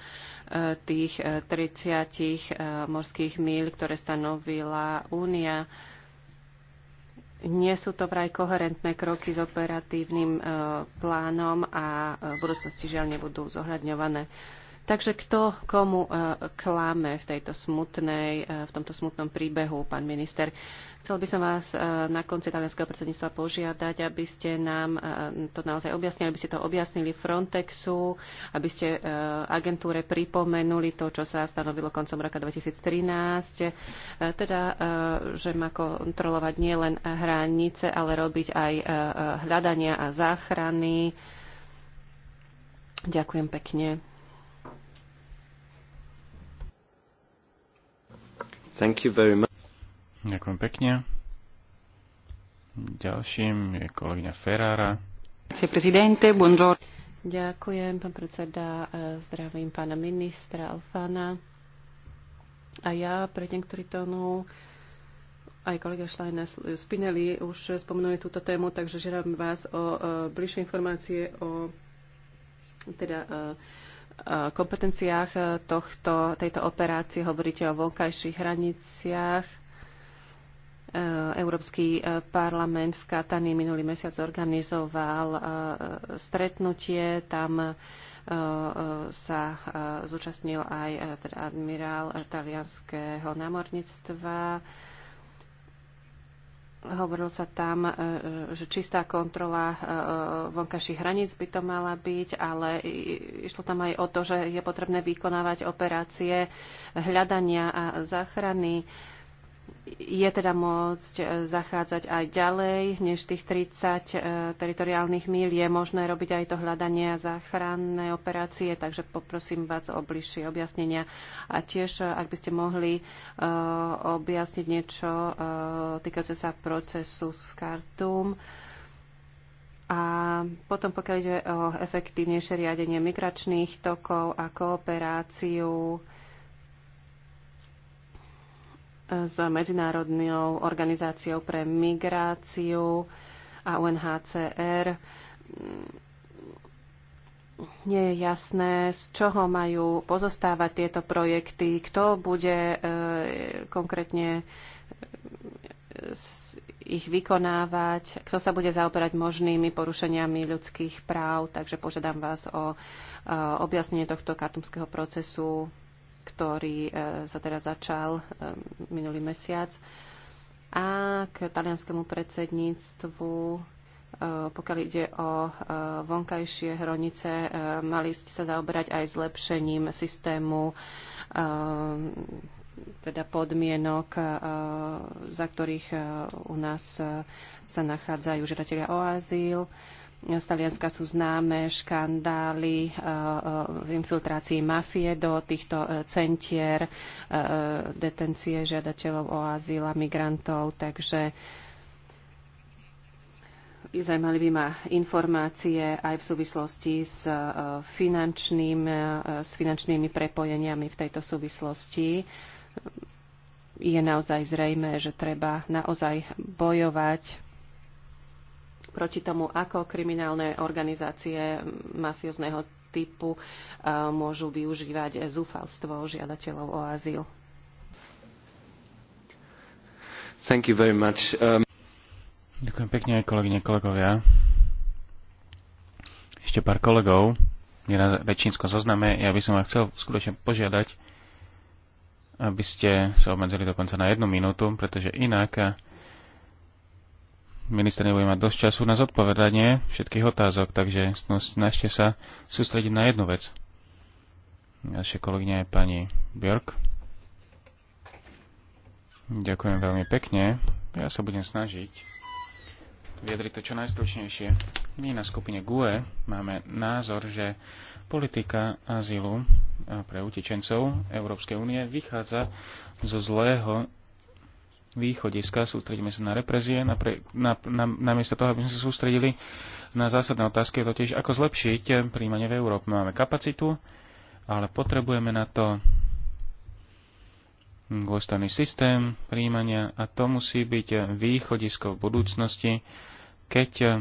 eh, tých 30 morských míl, ktoré stanovila Únia. Nie sú to vraj koherentné kroky s operatívnym plánom a v budúcnosti žiaľ nebudú zohľadňované. Takže kto komu e, klame v, tejto smutnej, e, v tomto smutnom príbehu, pán minister? Chcel by som vás e, na konci talianského predsedníctva požiadať, aby ste nám to naozaj objasnili, aby ste to objasnili Frontexu, aby ste agentúre pripomenuli to, čo sa stanovilo koncom roka 2013, teda, že má kontrolovať nielen hranice, ale robiť aj hľadania a záchrany. Ďakujem pekne. Thank you very much. Ďakujem pekne. Ďalším je kolegyňa Ferrara. Ďakujem, pán predseda. Zdravím pána ministra Alfána. A ja pre tým, ktorý tónu aj kolega Šlajna Spinelli už spomenuli túto tému, takže žiadam vás o e, bližšie informácie o teda e, kompetenciách eh, tohto, tejto operácie, hovoríte o vonkajších hraniciach. Eh, Európsky eh, parlament v Katani minulý mesiac organizoval stretnutie. Tam sa zúčastnil aj teda admirál talianského námorníctva Hovorilo sa tam, e, e, že čistá kontrola e, vonkajších hraníc by to mala byť, ale išlo tam aj o to, že je potrebné vykonávať operácie hľadania a záchrany je teda môcť e, zachádzať aj ďalej, než tých 30 e, teritoriálnych míl je možné robiť aj to hľadanie a záchranné operácie, takže poprosím vás o bližšie objasnenia. A tiež, e, ak by ste mohli objasniť niečo týkajúce sa procesu s kartum. A potom, pokiaľ ide o efektívnejšie riadenie migračných tokov a kooperáciu, s Medzinárodnou organizáciou pre migráciu a UNHCR. Nie je jasné, z čoho majú pozostávať tieto projekty, kto bude e, konkrétne e, ich vykonávať, kto sa bude zaoberať možnými porušeniami ľudských práv. Takže požiadam vás o e, objasnenie tohto kartumského procesu ktorý e, sa teraz začal e, minulý mesiac. A k talianskému predsedníctvu, e, pokiaľ ide o vonkajšie hranice, mali ste sa zaoberať aj zlepšením systému teda podmienok, za ktorých u nás sa nachádzajú žiadatelia o azyl. Z Talianska sú známe škandály eh, eh, v infiltrácii mafie do týchto eh, centier, detencie žiadateľov o azyl a migrantov, takže Zajímali by ma informácie aj v súvislosti s, finančným, s finančnými prepojeniami v tejto súvislosti. Je naozaj zrejme, že treba naozaj bojovať proti tomu, ako kriminálne organizácie mafiozného typu eh, môžu využívať zúfalstvo žiadateľov o azyl. Thank you very much. Um... Ďakujem pekne, kolegyne, kolegovia. Ešte pár kolegov je na rečínskom zozname. Ja by som vás chcel skutočne požiadať, aby ste sa obmedzili dokonca na jednu minútu, pretože inak minister nebude mať dosť času na zodpovedanie všetkých otázok, takže no, snažte sa sústrediť na jednu vec. Naše kolegyňa je pani Björk. Ďakujem veľmi pekne. Ja sa budem snažiť vyjadriť to čo najstručnejšie. My na skupine GUE máme názor, že politika azylu pre utečencov Európskej únie vychádza zo zlého východiska, sústredíme sa na reprezie, namiesto na, na, na, toho, aby sme sa sústredili na zásadné otázky, totiž ako zlepšiť príjmanie v Európe. Máme kapacitu, ale potrebujeme na to dôstojný systém príjmania a to musí byť východisko v budúcnosti, keď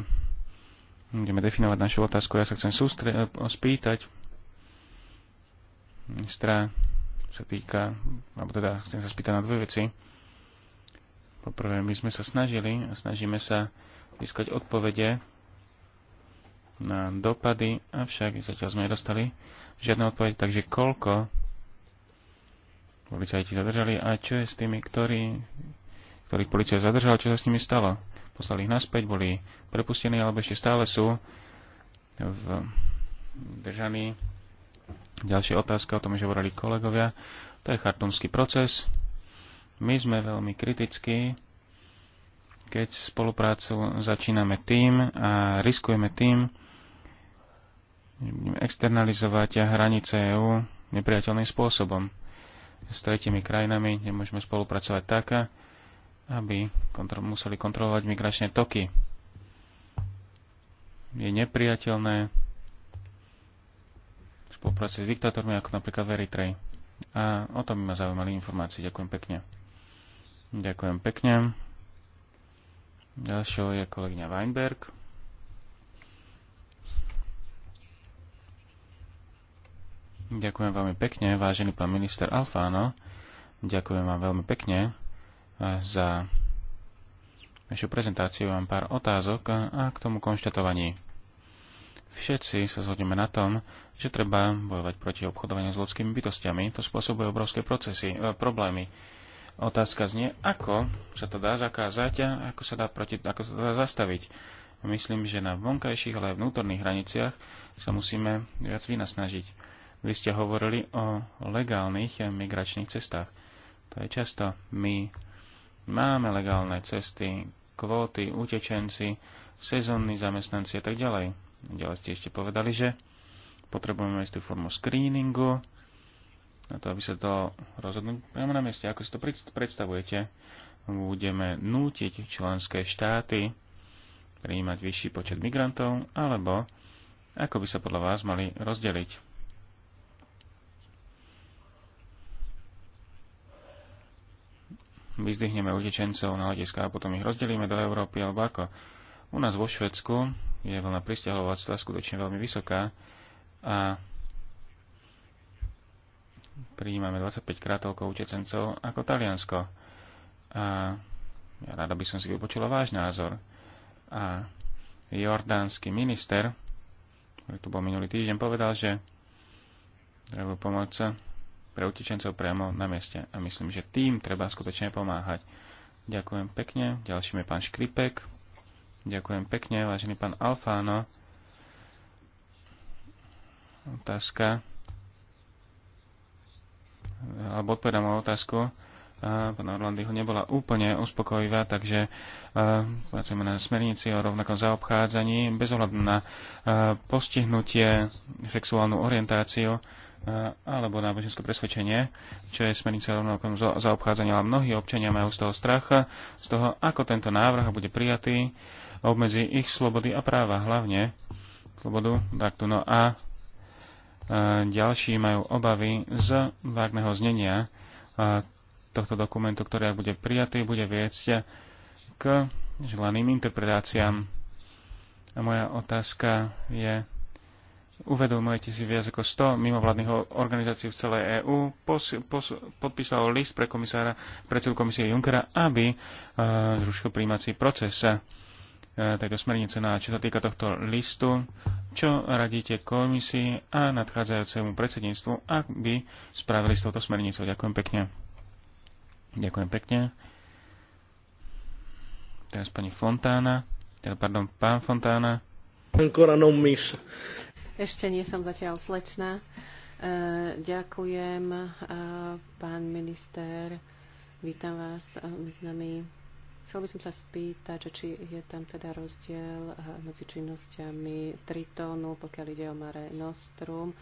budeme definovať našu otázku. Ja sa chcem sústre- spýtať ministra sa týka, alebo teda chcem sa spýtať na dve veci. Poprvé, my sme sa snažili a snažíme sa získať odpovede na dopady, avšak zatiaľ sme nedostali žiadne odpovede, takže koľko policajti zadržali a čo je s tými, ktorí, ktorých policia zadržala, čo sa s nimi stalo. Poslali ich naspäť, boli prepustení alebo ešte stále sú v držaní. Ďalšia otázka, o tom že hovorili kolegovia, to je chartumský proces. My sme veľmi kritickí, keď spoluprácu začíname tým a riskujeme tým, externalizovať hranice EÚ nepriateľným spôsobom. S tretimi krajinami nemôžeme spolupracovať tak, aby kontro- museli kontrolovať migračné toky. Je nepriateľné spolupracovať s diktátormi ako napríklad v Eritreji. A o tom by ma zaujímali informácie. Ďakujem pekne. Ďakujem pekne. Ďalšou je kolegyňa Weinberg. Ďakujem veľmi pekne, vážený pán minister Alfáno. Ďakujem vám veľmi pekne eh, za vašu prezentáciu. Mám pár otázok a k tomu konštatovaní. Všetci sa zhodneme na tom, že treba bojovať proti obchodovaniu s ľudskými bytostiami. To spôsobuje obrovské procesy, eh, problémy. Otázka znie, ako sa to dá zakázať a ako sa, dá proti, ako sa to dá zastaviť. Myslím, že na vonkajších, ale aj vnútorných hraniciach sa musíme viac vynasnažiť. Vy ste hovorili o legálnych migračných cestách. To je často. My máme legálne cesty, kvóty, utečenci, sezónni zamestnanci a tak ďalej. Ďalej ste ešte povedali, že potrebujeme istú formu screeningu, na to, aby sa to rozhodnúť, priamo na mieste. Ako si to predstavujete? Budeme nútiť členské štáty prijímať vyšší počet migrantov, alebo ako by sa podľa vás mali rozdeliť? Vyzdvihneme utečencov na letiska a potom ich rozdelíme do Európy, alebo ako? U nás vo Švedsku je vlna pristahovacia skutočne veľmi vysoká a prijímame 25 krát toľko utečencov ako Taliansko. A ja rada by som si vypočula váš názor. A jordánsky minister, ktorý tu bol minulý týždeň, povedal, že treba pomôcť pre utečencov priamo na mieste. A myslím, že tým treba skutočne pomáhať. Ďakujem pekne. Ďalším je pán Škripek. Ďakujem pekne, vážený pán Alfáno. Otázka alebo odpovedám moju otázku, pána Orlandyho nebola úplne uspokojivá, takže pracujeme na smernici o rovnakom zaobchádzaní bez ohľadu na postihnutie, sexuálnu orientáciu alebo náboženské presvedčenie, čo je smernica o rovnakom zaobchádzaní, ale mnohí občania majú z toho strach, z toho, ako tento návrh bude prijatý, obmedzi ich slobody a práva, hlavne slobodu takto. No a E, ďalší majú obavy z vágneho znenia e, tohto dokumentu, ktorý ak bude prijatý, bude viesť k želaným interpretáciám. A moja otázka je, uvedomujete si viac ako 100 mimovládnych organizácií v celej EÚ, pos, pos, podpísalo list pre komisára, predsedu komisie Junckera, aby uh, zrušil príjímací proces. Eh, tejto smernice. na no čo sa týka tohto listu, čo radíte komisii a nadchádzajúcemu predsedníctvu, ak by spravili s touto smernicou. Ďakujem pekne. Ďakujem pekne. Teraz pani Fontána, teda pardon, pán Fontána. Ešte nie som zatiaľ slečná. Eh, ďakujem, eh, pán minister. Vítam vás medzi nami. Chcel by som sa spýtať, že či je tam teda rozdiel eh, medzi činnosťami Tritónu, pokiaľ ide o Mare Nostrum. Eh,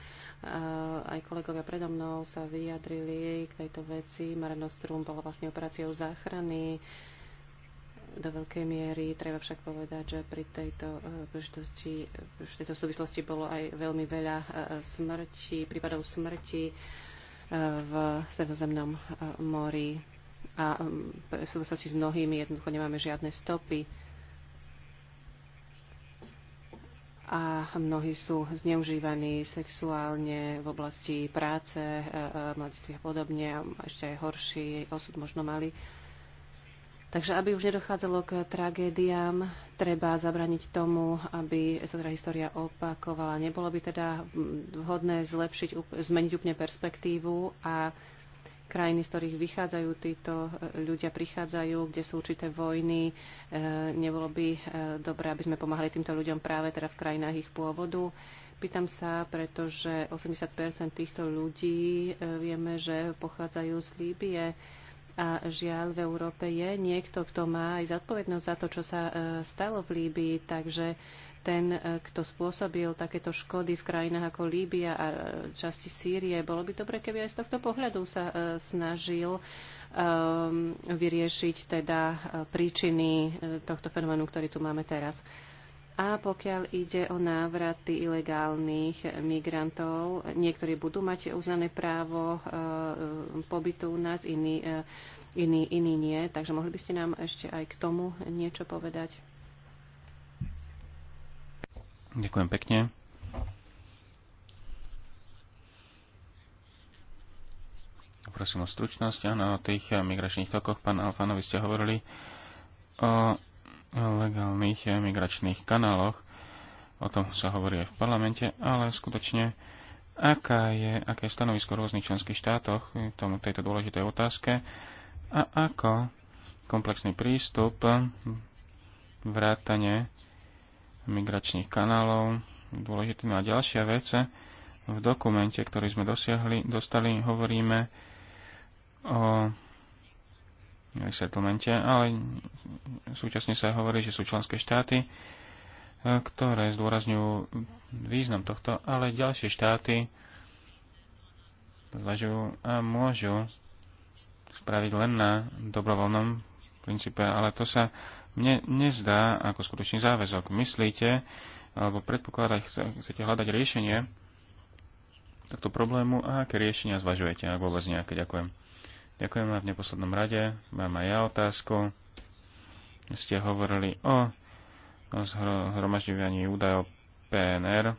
aj kolegovia predo mnou sa vyjadrili k tejto veci. Mare Nostrum bola vlastne operáciou záchrany do veľkej miery. Treba však povedať, že pri tejto, eh, príležitosti, v tejto súvislosti bolo aj veľmi veľa smrti, prípadov smrti v Stredozemnom mori a um, v súvislosti s mnohými jednoducho nemáme žiadne stopy. A mnohí sú zneužívaní sexuálne v oblasti práce, e, e, mladistvých a podobne, a ešte aj horší osud možno mali. Takže aby už nedochádzalo k tragédiám, treba zabraniť tomu, aby sa teda história opakovala. Nebolo by teda vhodné zlepšiť, zmeniť úplne perspektívu a krajiny, z ktorých vychádzajú títo e, ľudia, prichádzajú, kde sú určité vojny. E, nebolo by e, dobré, aby sme pomáhali týmto ľuďom práve teda v krajinách ich pôvodu. Pýtam sa, pretože 80 týchto ľudí vieme, že pochádzajú z Líbie. A žiaľ, v Európe je niekto, kto má aj zodpovednosť za to, čo sa stalo v Líbii, takže ten, e, kto spôsobil takéto škody v krajinách ako Líbia a e, časti Sýrie. Bolo by dobre, keby aj z tohto pohľadu sa e, snažil ehm, vyriešiť teda príčiny tohto fenoménu, ktorý tu máme teraz. A pokiaľ ide o návraty ilegálnych migrantov, niektorí budú mať uznané právo pobytu u nás, iní, iní, iní nie. Takže mohli by ste nám ešte aj k tomu niečo povedať? Ďakujem pekne. Prosím o stručnosť. Áno, o tých eh, migračných tokoch, pán Alfanovi, ste hovorili o legálnych eh, migračných kanáloch. O tom sa hovorí aj v parlamente, ale skutočne aká je, aké je stanovisko rôznych členských štátoch k tomu, tejto dôležitej otázke a ako komplexný prístup eh, vrátane migračných kanálov. dôležité no a ďalšia vec, eh, v dokumente, ktorý sme dosiahli, dostali, hovoríme o resettlemente, ale súčasne sa hovorí, že sú členské štáty, eh, ktoré zdôrazňujú význam tohto, ale ďalšie štáty zvažujú a môžu spraviť len na dobrovoľnom princípe, ale to sa mne nezdá ako skutočný záväzok. Myslíte, alebo predpokladáte, chcete hľadať riešenie takto problému a aké riešenia zvažujete, ak vôbec nejaké. Ďakujem. Ďakujem a v neposlednom rade mám aj ja otázku. Ste hovorili o zhromažďovaní údajov PNR.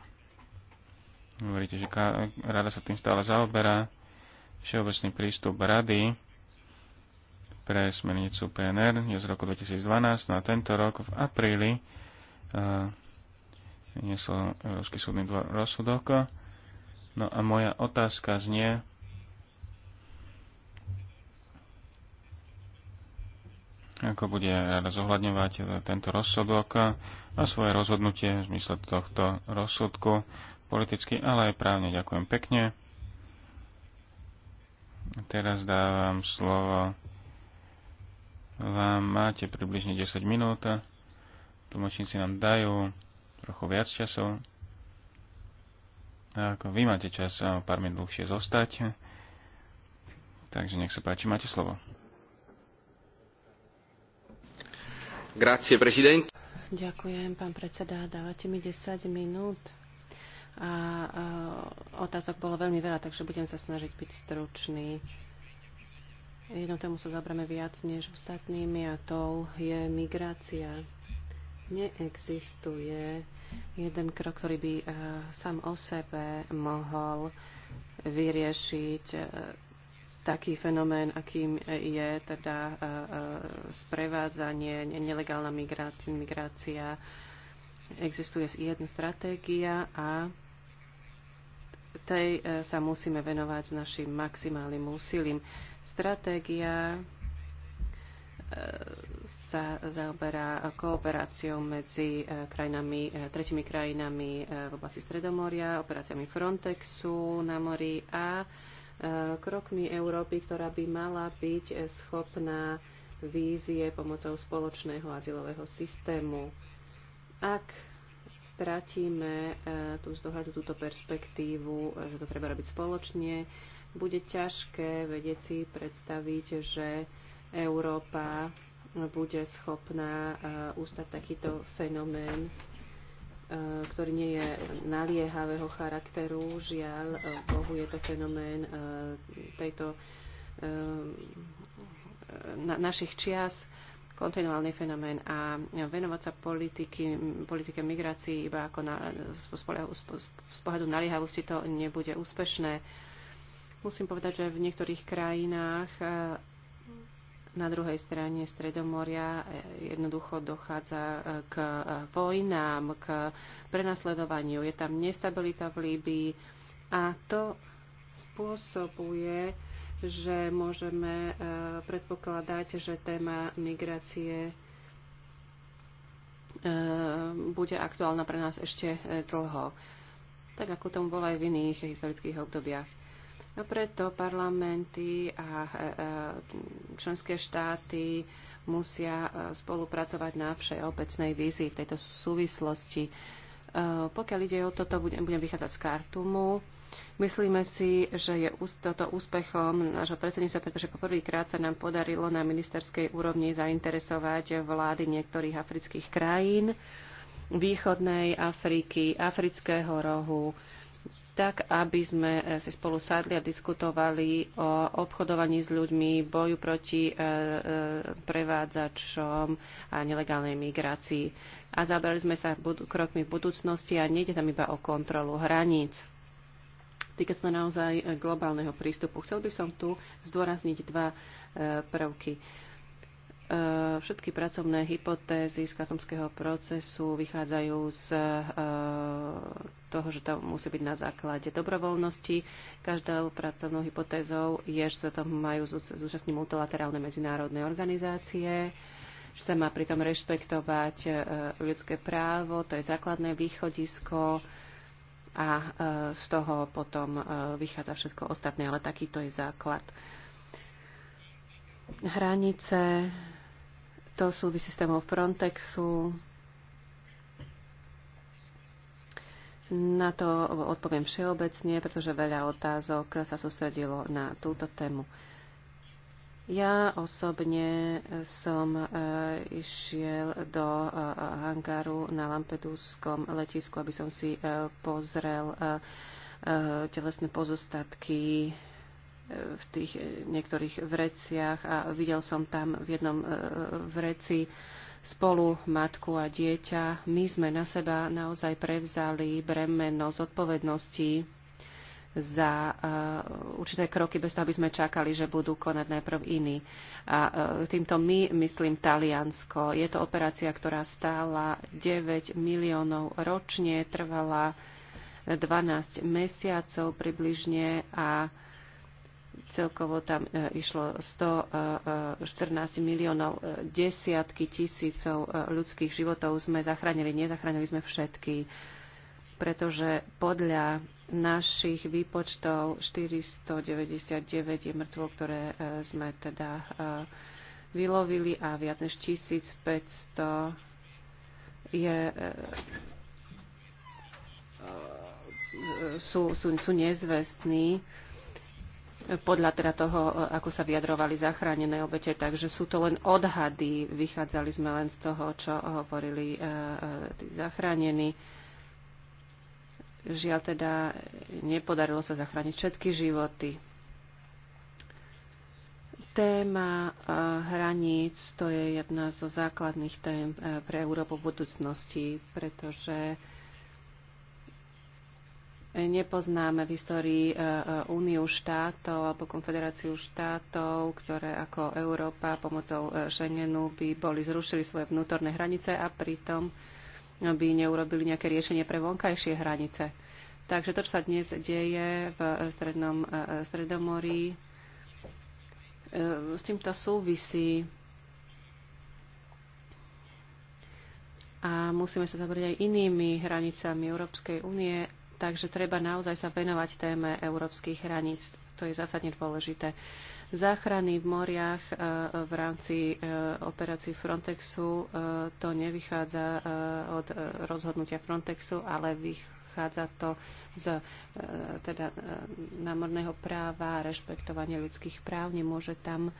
Hovoríte, že rada sa tým stále zaoberá. Všeobecný prístup rady pre smernicu PNR je z roku 2012, no a tento rok v apríli uh, uh, Európsky súdny dvor rozsudok. No a moja otázka znie, ako bude rada zohľadňovať tento rozsudok a svoje rozhodnutie v zmysle tohto rozsudku politicky, ale aj právne. Ďakujem pekne. Teraz dávam slovo vám máte približne 10 minút. Tlmočníci nám dajú trochu viac času. A ako vy máte čas o pár minút dlhšie zostať, takže nech sa páči, máte slovo. Grazie, prezident. Ďakujem, pán predseda. Dávate mi 10 minút a, a otázok bolo veľmi veľa, takže budem sa snažiť byť stručný. Jednou tému sa zabrame viac než ostatnými a to je migrácia. Neexistuje jeden krok, ktorý by uh, sám o sebe mohol vyriešiť uh, taký fenomén, akým je teda eh, sprevádzanie, nelegálna migrácia. Existuje jedna stratégia a tej e, sa musíme venovať s našim maximálnym úsilím. Stratégia e, sa zaoberá kooperáciou medzi e, krajinami, tretimi krajinami v oblasti Stredomoria, operáciami Frontexu na mori a krokmi Európy, ktorá by mala byť schopná vízie pomocou spoločného azylového systému. Ak stratíme e, tú z dohľadu túto perspektívu, e, že to treba robiť spoločne, bude ťažké vedieť si predstaviť, že Európa bude schopná e, ustať takýto fenomén, ktorý nie je naliehavého charakteru. Žiaľ, Bohu je to fenomén tejto našich čias kontinuálny fenomén a venovať sa politiky, politike migrácií iba ako na, z pohľadu naliehavosti to nebude úspešné. Musím povedať, že v niektorých krajinách e, na druhej strane Stredomoria e, jednoducho dochádza e, k vojnám, k prenasledovaniu. Je tam nestabilita v Líbii a to spôsobuje že môžeme e, predpokladať, že téma migrácie e, bude aktuálna pre nás ešte e, dlho, tak ako tomu bolo aj v iných historických obdobiach. A preto parlamenty a členské štáty musia spolupracovať na všeobecnej vízii v tejto súvislosti Eh, pokiaľ ide o toto, budem, budem vychádzať z Kartumu. Myslíme si, že je toto úspechom nášho predsednice, pretože poprvýkrát sa nám podarilo na ministerskej úrovni zainteresovať vlády niektorých afrických krajín, východnej Afriky, afrického rohu, tak aby sme eh, si spolu sadli a diskutovali o obchodovaní s ľuďmi, boju proti eh, eh, prevádzačom a nelegálnej migrácii. A zabrali sme sa krokmi v budúcnosti a nejde tam iba o kontrolu hraníc. Týka sa naozaj globálneho prístupu. Chcel by som tu zdôrazniť dva prvky E, všetky pracovné hypotézy z katomského procesu vychádzajú z e, toho, že to musí byť na základe dobrovoľnosti. Každou pracovnou hypotézou je, že sa to majú zúčastní multilaterálne medzinárodné organizácie, že sa má pritom rešpektovať e, ľudské právo, to je základné východisko a z toho potom vychádza všetko ostatné, ale takýto je základ. Hranice to súvisí s témou Frontexu. Na to odpoviem všeobecne, pretože veľa otázok sa sústredilo na túto tému. Ja osobne som e, išiel do e, hangáru na Lampedúskom letisku, aby som si e, pozrel telesné pozostatky v tých e, niektorých vreciach a videl som tam v jednom e, vreci spolu matku a dieťa. My sme na seba naozaj prevzali bremeno zodpovednosti za e, určité kroky, bez toho, aby sme čakali, že budú konať najprv iní. A týmto my myslím Taliansko. Je to operácia, ktorá stála 9 miliónov ročne, trvala 12 mesiacov približne a Celkovo tam e, išlo 114 e, e, miliónov, desiatky tisícov ľudských životov sme zachránili. Nezachránili sme všetky, pretože podľa našich výpočtov 499 je mŕtvo, ktoré sme teda vylovili a viac než 1500 je sú, sú, sú nezvestní podľa teda toho, e, ako sa vyjadrovali zachránené obete. Takže sú to len odhady. Vychádzali sme len z toho, čo hovorili e, e, tí zachránení. Žiaľ teda nepodarilo sa zachrániť všetky životy. Téma hraníc to je jedna zo základných tém pre Európu budúcnosti, pretože Nepoznáme v histórii e, e, Úniu štátov alebo Konfederáciu štátov, ktoré ako Európa pomocou e, Schengenu by boli zrušili svoje vnútorné hranice a pritom by neurobili nejaké riešenie pre vonkajšie hranice. Takže to, čo sa dnes deje v strednom Stredomorí, s týmto súvisí a musíme sa zabrieť aj inými hranicami Európskej únie Takže treba naozaj sa venovať téme európskych hraníc. To je zásadne dôležité. Záchrany v moriach e, v rámci e, operácií Frontexu e, to nevychádza od rozhodnutia Frontexu, ale vychádza to z teda, námorného práva, rešpektovania ľudských práv. Nemôže tam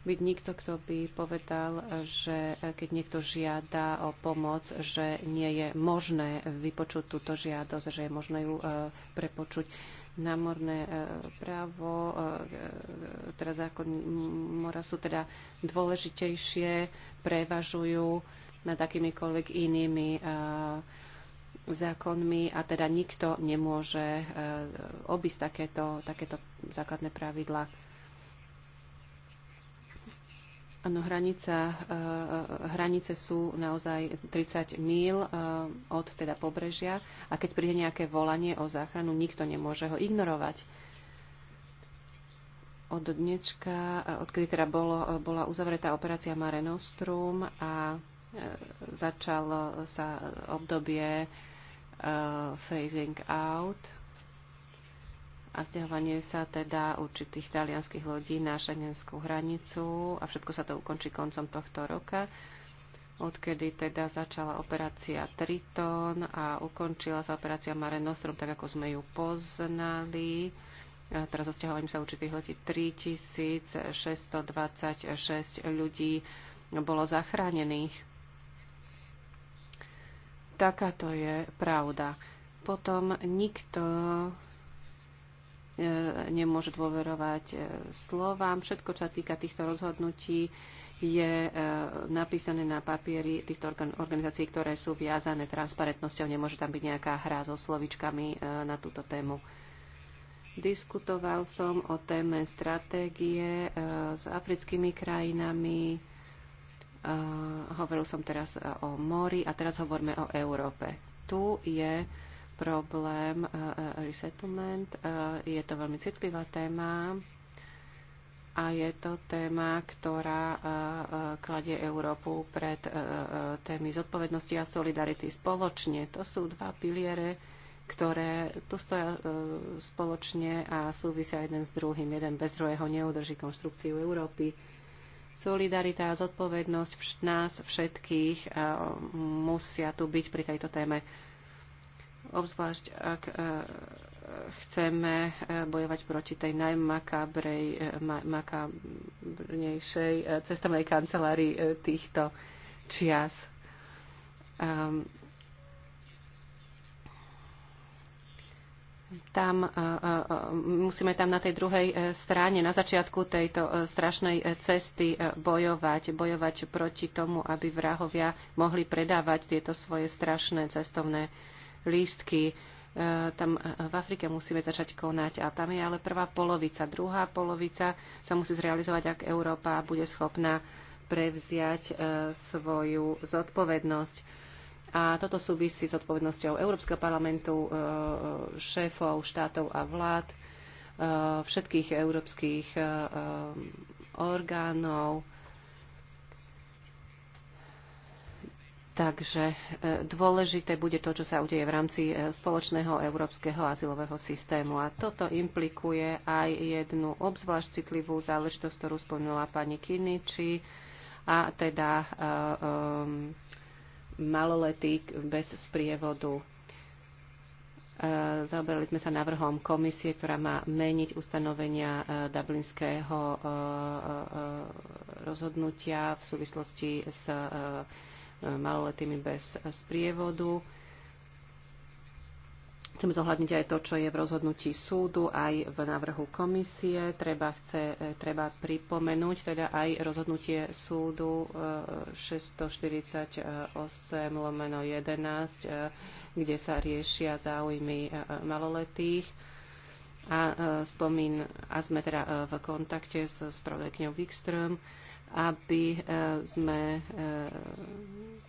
byť nikto, kto by povedal, že keď niekto žiada o pomoc, že nie je možné vypočuť túto žiadosť, že je možné ju e, prepočuť. Námorné e, právo, e, teda zákon mora sú teda dôležitejšie, prevažujú nad akýmikoľvek inými zákonmi a teda nikto nemôže obísť takéto, takéto základné pravidla. Áno, hranica, eh, eh, hranice sú naozaj 30 míl eh, od teda pobrežia a keď príde nejaké volanie o záchranu, nikto nemôže ho ignorovať. Od dnečka, odkedy teda bolo, bola uzavretá operácia Mare Nostrum a začalo sa obdobie phasing out a stiahovanie sa teda určitých talianských lodí na šengenskú hranicu a všetko sa to ukončí koncom tohto roka, odkedy teda začala operácia Triton a ukončila sa operácia Mare Nostrum, tak ako sme ju poznali. A teraz osťahovaním sa určitých letí 3626 ľudí bolo zachránených. Taká to je pravda. Potom nikto E, nemôže dôverovať e, slovám. Všetko, čo sa týka týchto rozhodnutí, je e, napísané na papieri týchto organizácií, ktoré sú viazané transparentnosťou. Nemôže tam byť nejaká hra so slovičkami na túto tému. Diskutoval som o téme stratégie s africkými krajinami. Hovoril som teraz o mori a teraz hovoríme o Európe. Tu je problém e, e, resettlement. E, je to veľmi citlivá téma a je to téma, ktorá kladie Európu pred témy zodpovednosti a solidarity spoločne. To sú dva piliere, ktoré tu stoja spoločne a súvisia jeden s druhým. Jeden bez druhého neudrží konštrukciu Európy. Solidarita a zodpovednosť vš nás všetkých musia tu byť pri tejto téme obzvlášť ak e, chceme e, bojovať proti tej najmakabrej, e, makabrnejšej cestovnej kancelárii týchto čias. Ehm, tam, musíme tam na tej druhej strane, na začiatku tejto strašnej cesty bojovať, bojovať proti tomu, aby vrahovia mohli predávať tieto svoje strašné cestovné lístky. E, tam v Afrike musíme začať konať a tam je ale prvá polovica. Druhá polovica sa musí zrealizovať, ak Európa bude schopná prevziať e, svoju zodpovednosť. A toto súvisí s odpovednosťou Európskeho parlamentu, e, šéfov, štátov a vlád, všetkých európskych orgánov, Takže e, dôležité bude to, čo sa udeje v rámci e, spoločného európskeho azylového systému. A toto implikuje aj jednu obzvlášť citlivú záležitosť, ktorú spomínala pani Kiniči, a teda um, e, maloletí bez sprievodu. Zaoberali sme sa návrhom komisie, ktorá má meniť ustanovenia dublinského rozhodnutia v súvislosti s maloletými bez sprievodu. Chcem zohľadniť aj to, čo je v rozhodnutí súdu, aj v návrhu komisie. Treba, chce, treba pripomenúť teda aj rozhodnutie súdu 648 eh, lomeno 11, eh, kde sa riešia záujmy eh, maloletých. A, spomín, a sme teda v kontakte s spravodajkňou Wikström, aby sme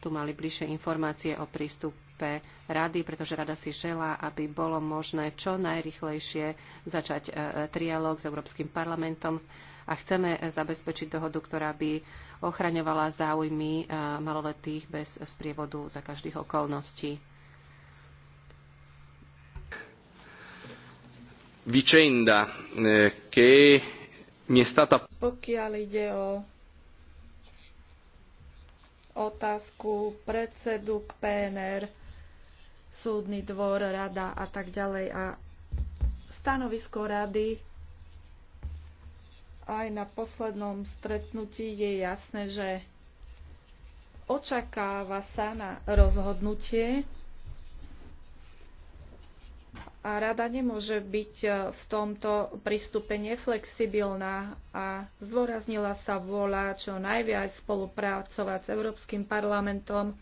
tu mali bližšie informácie o prístupe rady, pretože rada si želá, aby bolo možné čo najrychlejšie začať e, e, trialóg s Európskym parlamentom a chceme e, zabezpečiť dohodu, ktorá by ochraňovala záujmy maloletých bez sprievodu za každých okolností. Vicenda, che mi è stata... Pokiaľ ide o otázku predsedu k PNR, súdny dvor, rada a tak ďalej. A stanovisko rady aj na poslednom stretnutí je jasné, že očakáva sa na rozhodnutie a rada nemôže byť e, v tomto prístupe neflexibilná a zdôraznila sa vôľa čo najviac spolupracovať s Európskym parlamentom,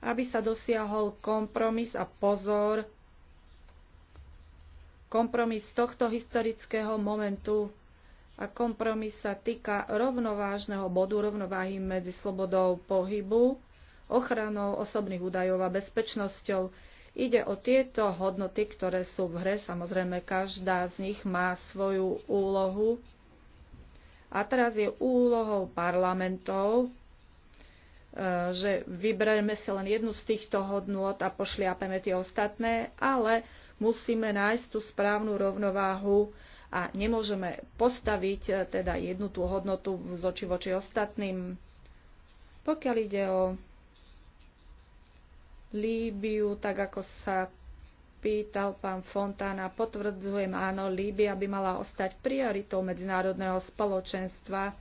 aby sa dosiahol kompromis a pozor, kompromis tohto historického momentu a kompromis sa týka rovnovážneho bodu rovnováhy medzi slobodou pohybu, ochranou osobných údajov a bezpečnosťou. Ide o tieto hodnoty, ktoré sú v hre. Samozrejme, každá z nich má svoju úlohu. A teraz je úlohou parlamentov, e, že vyberieme si len jednu z týchto hodnot a pošliapeme tie ostatné, ale musíme nájsť tú správnu rovnováhu a nemôžeme postaviť e, teda jednu tú hodnotu z oči voči ostatným. Pokiaľ ide o Líbiu, tak ako sa pýtal pán Fontána, potvrdzujem áno, Líbia by mala ostať prioritou medzinárodného spoločenstva.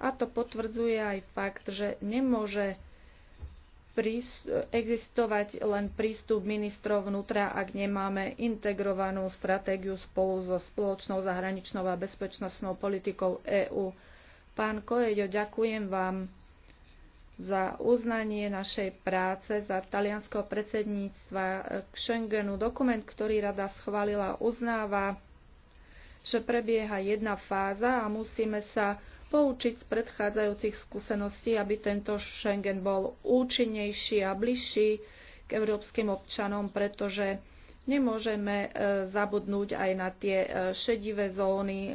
A to potvrdzuje aj fakt, že nemôže existovať len prístup ministrov vnútra, ak nemáme integrovanú stratégiu spolu so spoločnou zahraničnou a bezpečnostnou politikou EÚ. Pán Kojeďo, ďakujem vám za uznanie našej práce za talianského predsedníctva e, k Schengenu. Dokument, ktorý rada schválila, uznáva, že prebieha jedna fáza a musíme sa poučiť z predchádzajúcich skúseností, aby tento Schengen bol účinnejší a bližší k európskym občanom, pretože nemôžeme e, zabudnúť aj na tie e, šedivé zóny,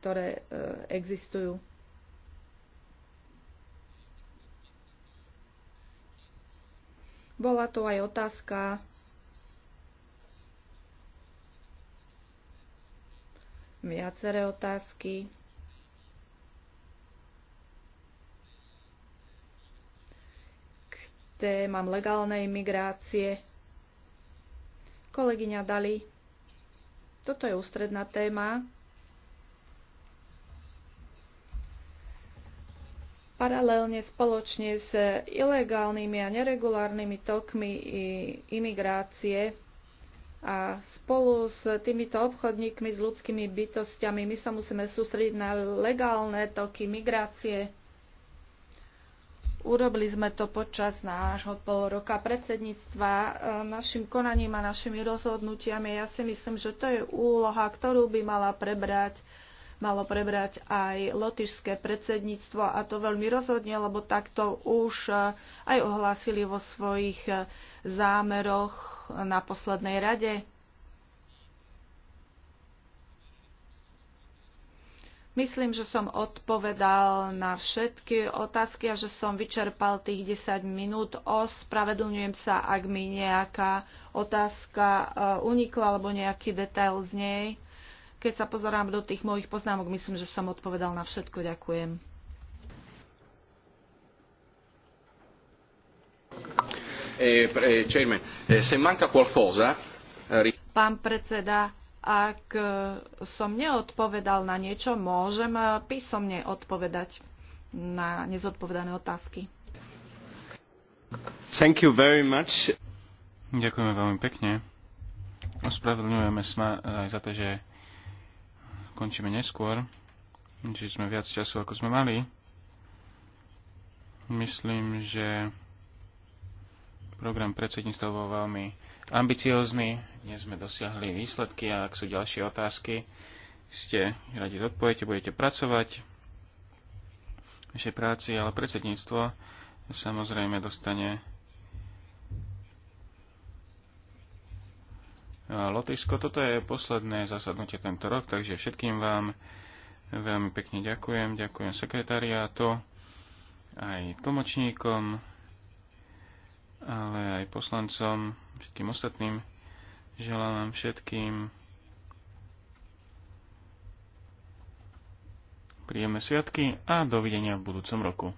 ktoré existujú. Bola to aj otázka viaceré otázky. K témam legálnej migrácie. Kolegyňa Dali, toto je ústredná téma paralelne spoločne s ilegálnymi a neregulárnymi tokmi imigrácie a spolu s týmito obchodníkmi, s ľudskými bytostiami, my sa musíme sústrediť na legálne toky migrácie. Urobili sme to počas nášho pol roka predsedníctva e, našim konaním a našimi rozhodnutiami. Ja si myslím, že to je úloha, ktorú by mala prebrať malo prebrať aj lotišské predsedníctvo a to veľmi rozhodne, lebo takto už e, aj ohlásili vo svojich e, zámeroch na poslednej rade. Myslím, že som odpovedal na všetky otázky a že som vyčerpal tých 10 minút. Ospravedlňujem sa, ak mi nejaká otázka e, unikla alebo nejaký detail z nej. Keď sa pozerám do tých mojich poznámok, myslím, že som odpovedal na všetko. Ďakujem. E, e, e, Pán predseda, ak som neodpovedal na niečo, môžem písomne odpovedať na nezodpovedané otázky. Thank you very much. Ďakujeme veľmi pekne. Ospravedlňujeme sa aj za to, že končíme neskôr, že sme viac času, ako sme mali. Myslím, že program predsedníctva bol veľmi ambiciózny. Dnes sme dosiahli výsledky a ak sú ďalšie otázky, ste radi zodpoviete, budete pracovať v našej práci, ale predsedníctvo samozrejme dostane Lotyšsko. Toto je posledné zasadnutie tento rok, takže všetkým vám veľmi pekne ďakujem. Ďakujem sekretariátu, aj tlmočníkom, ale aj poslancom, všetkým ostatným. Želám vám všetkým príjemné sviatky a dovidenia v budúcom roku.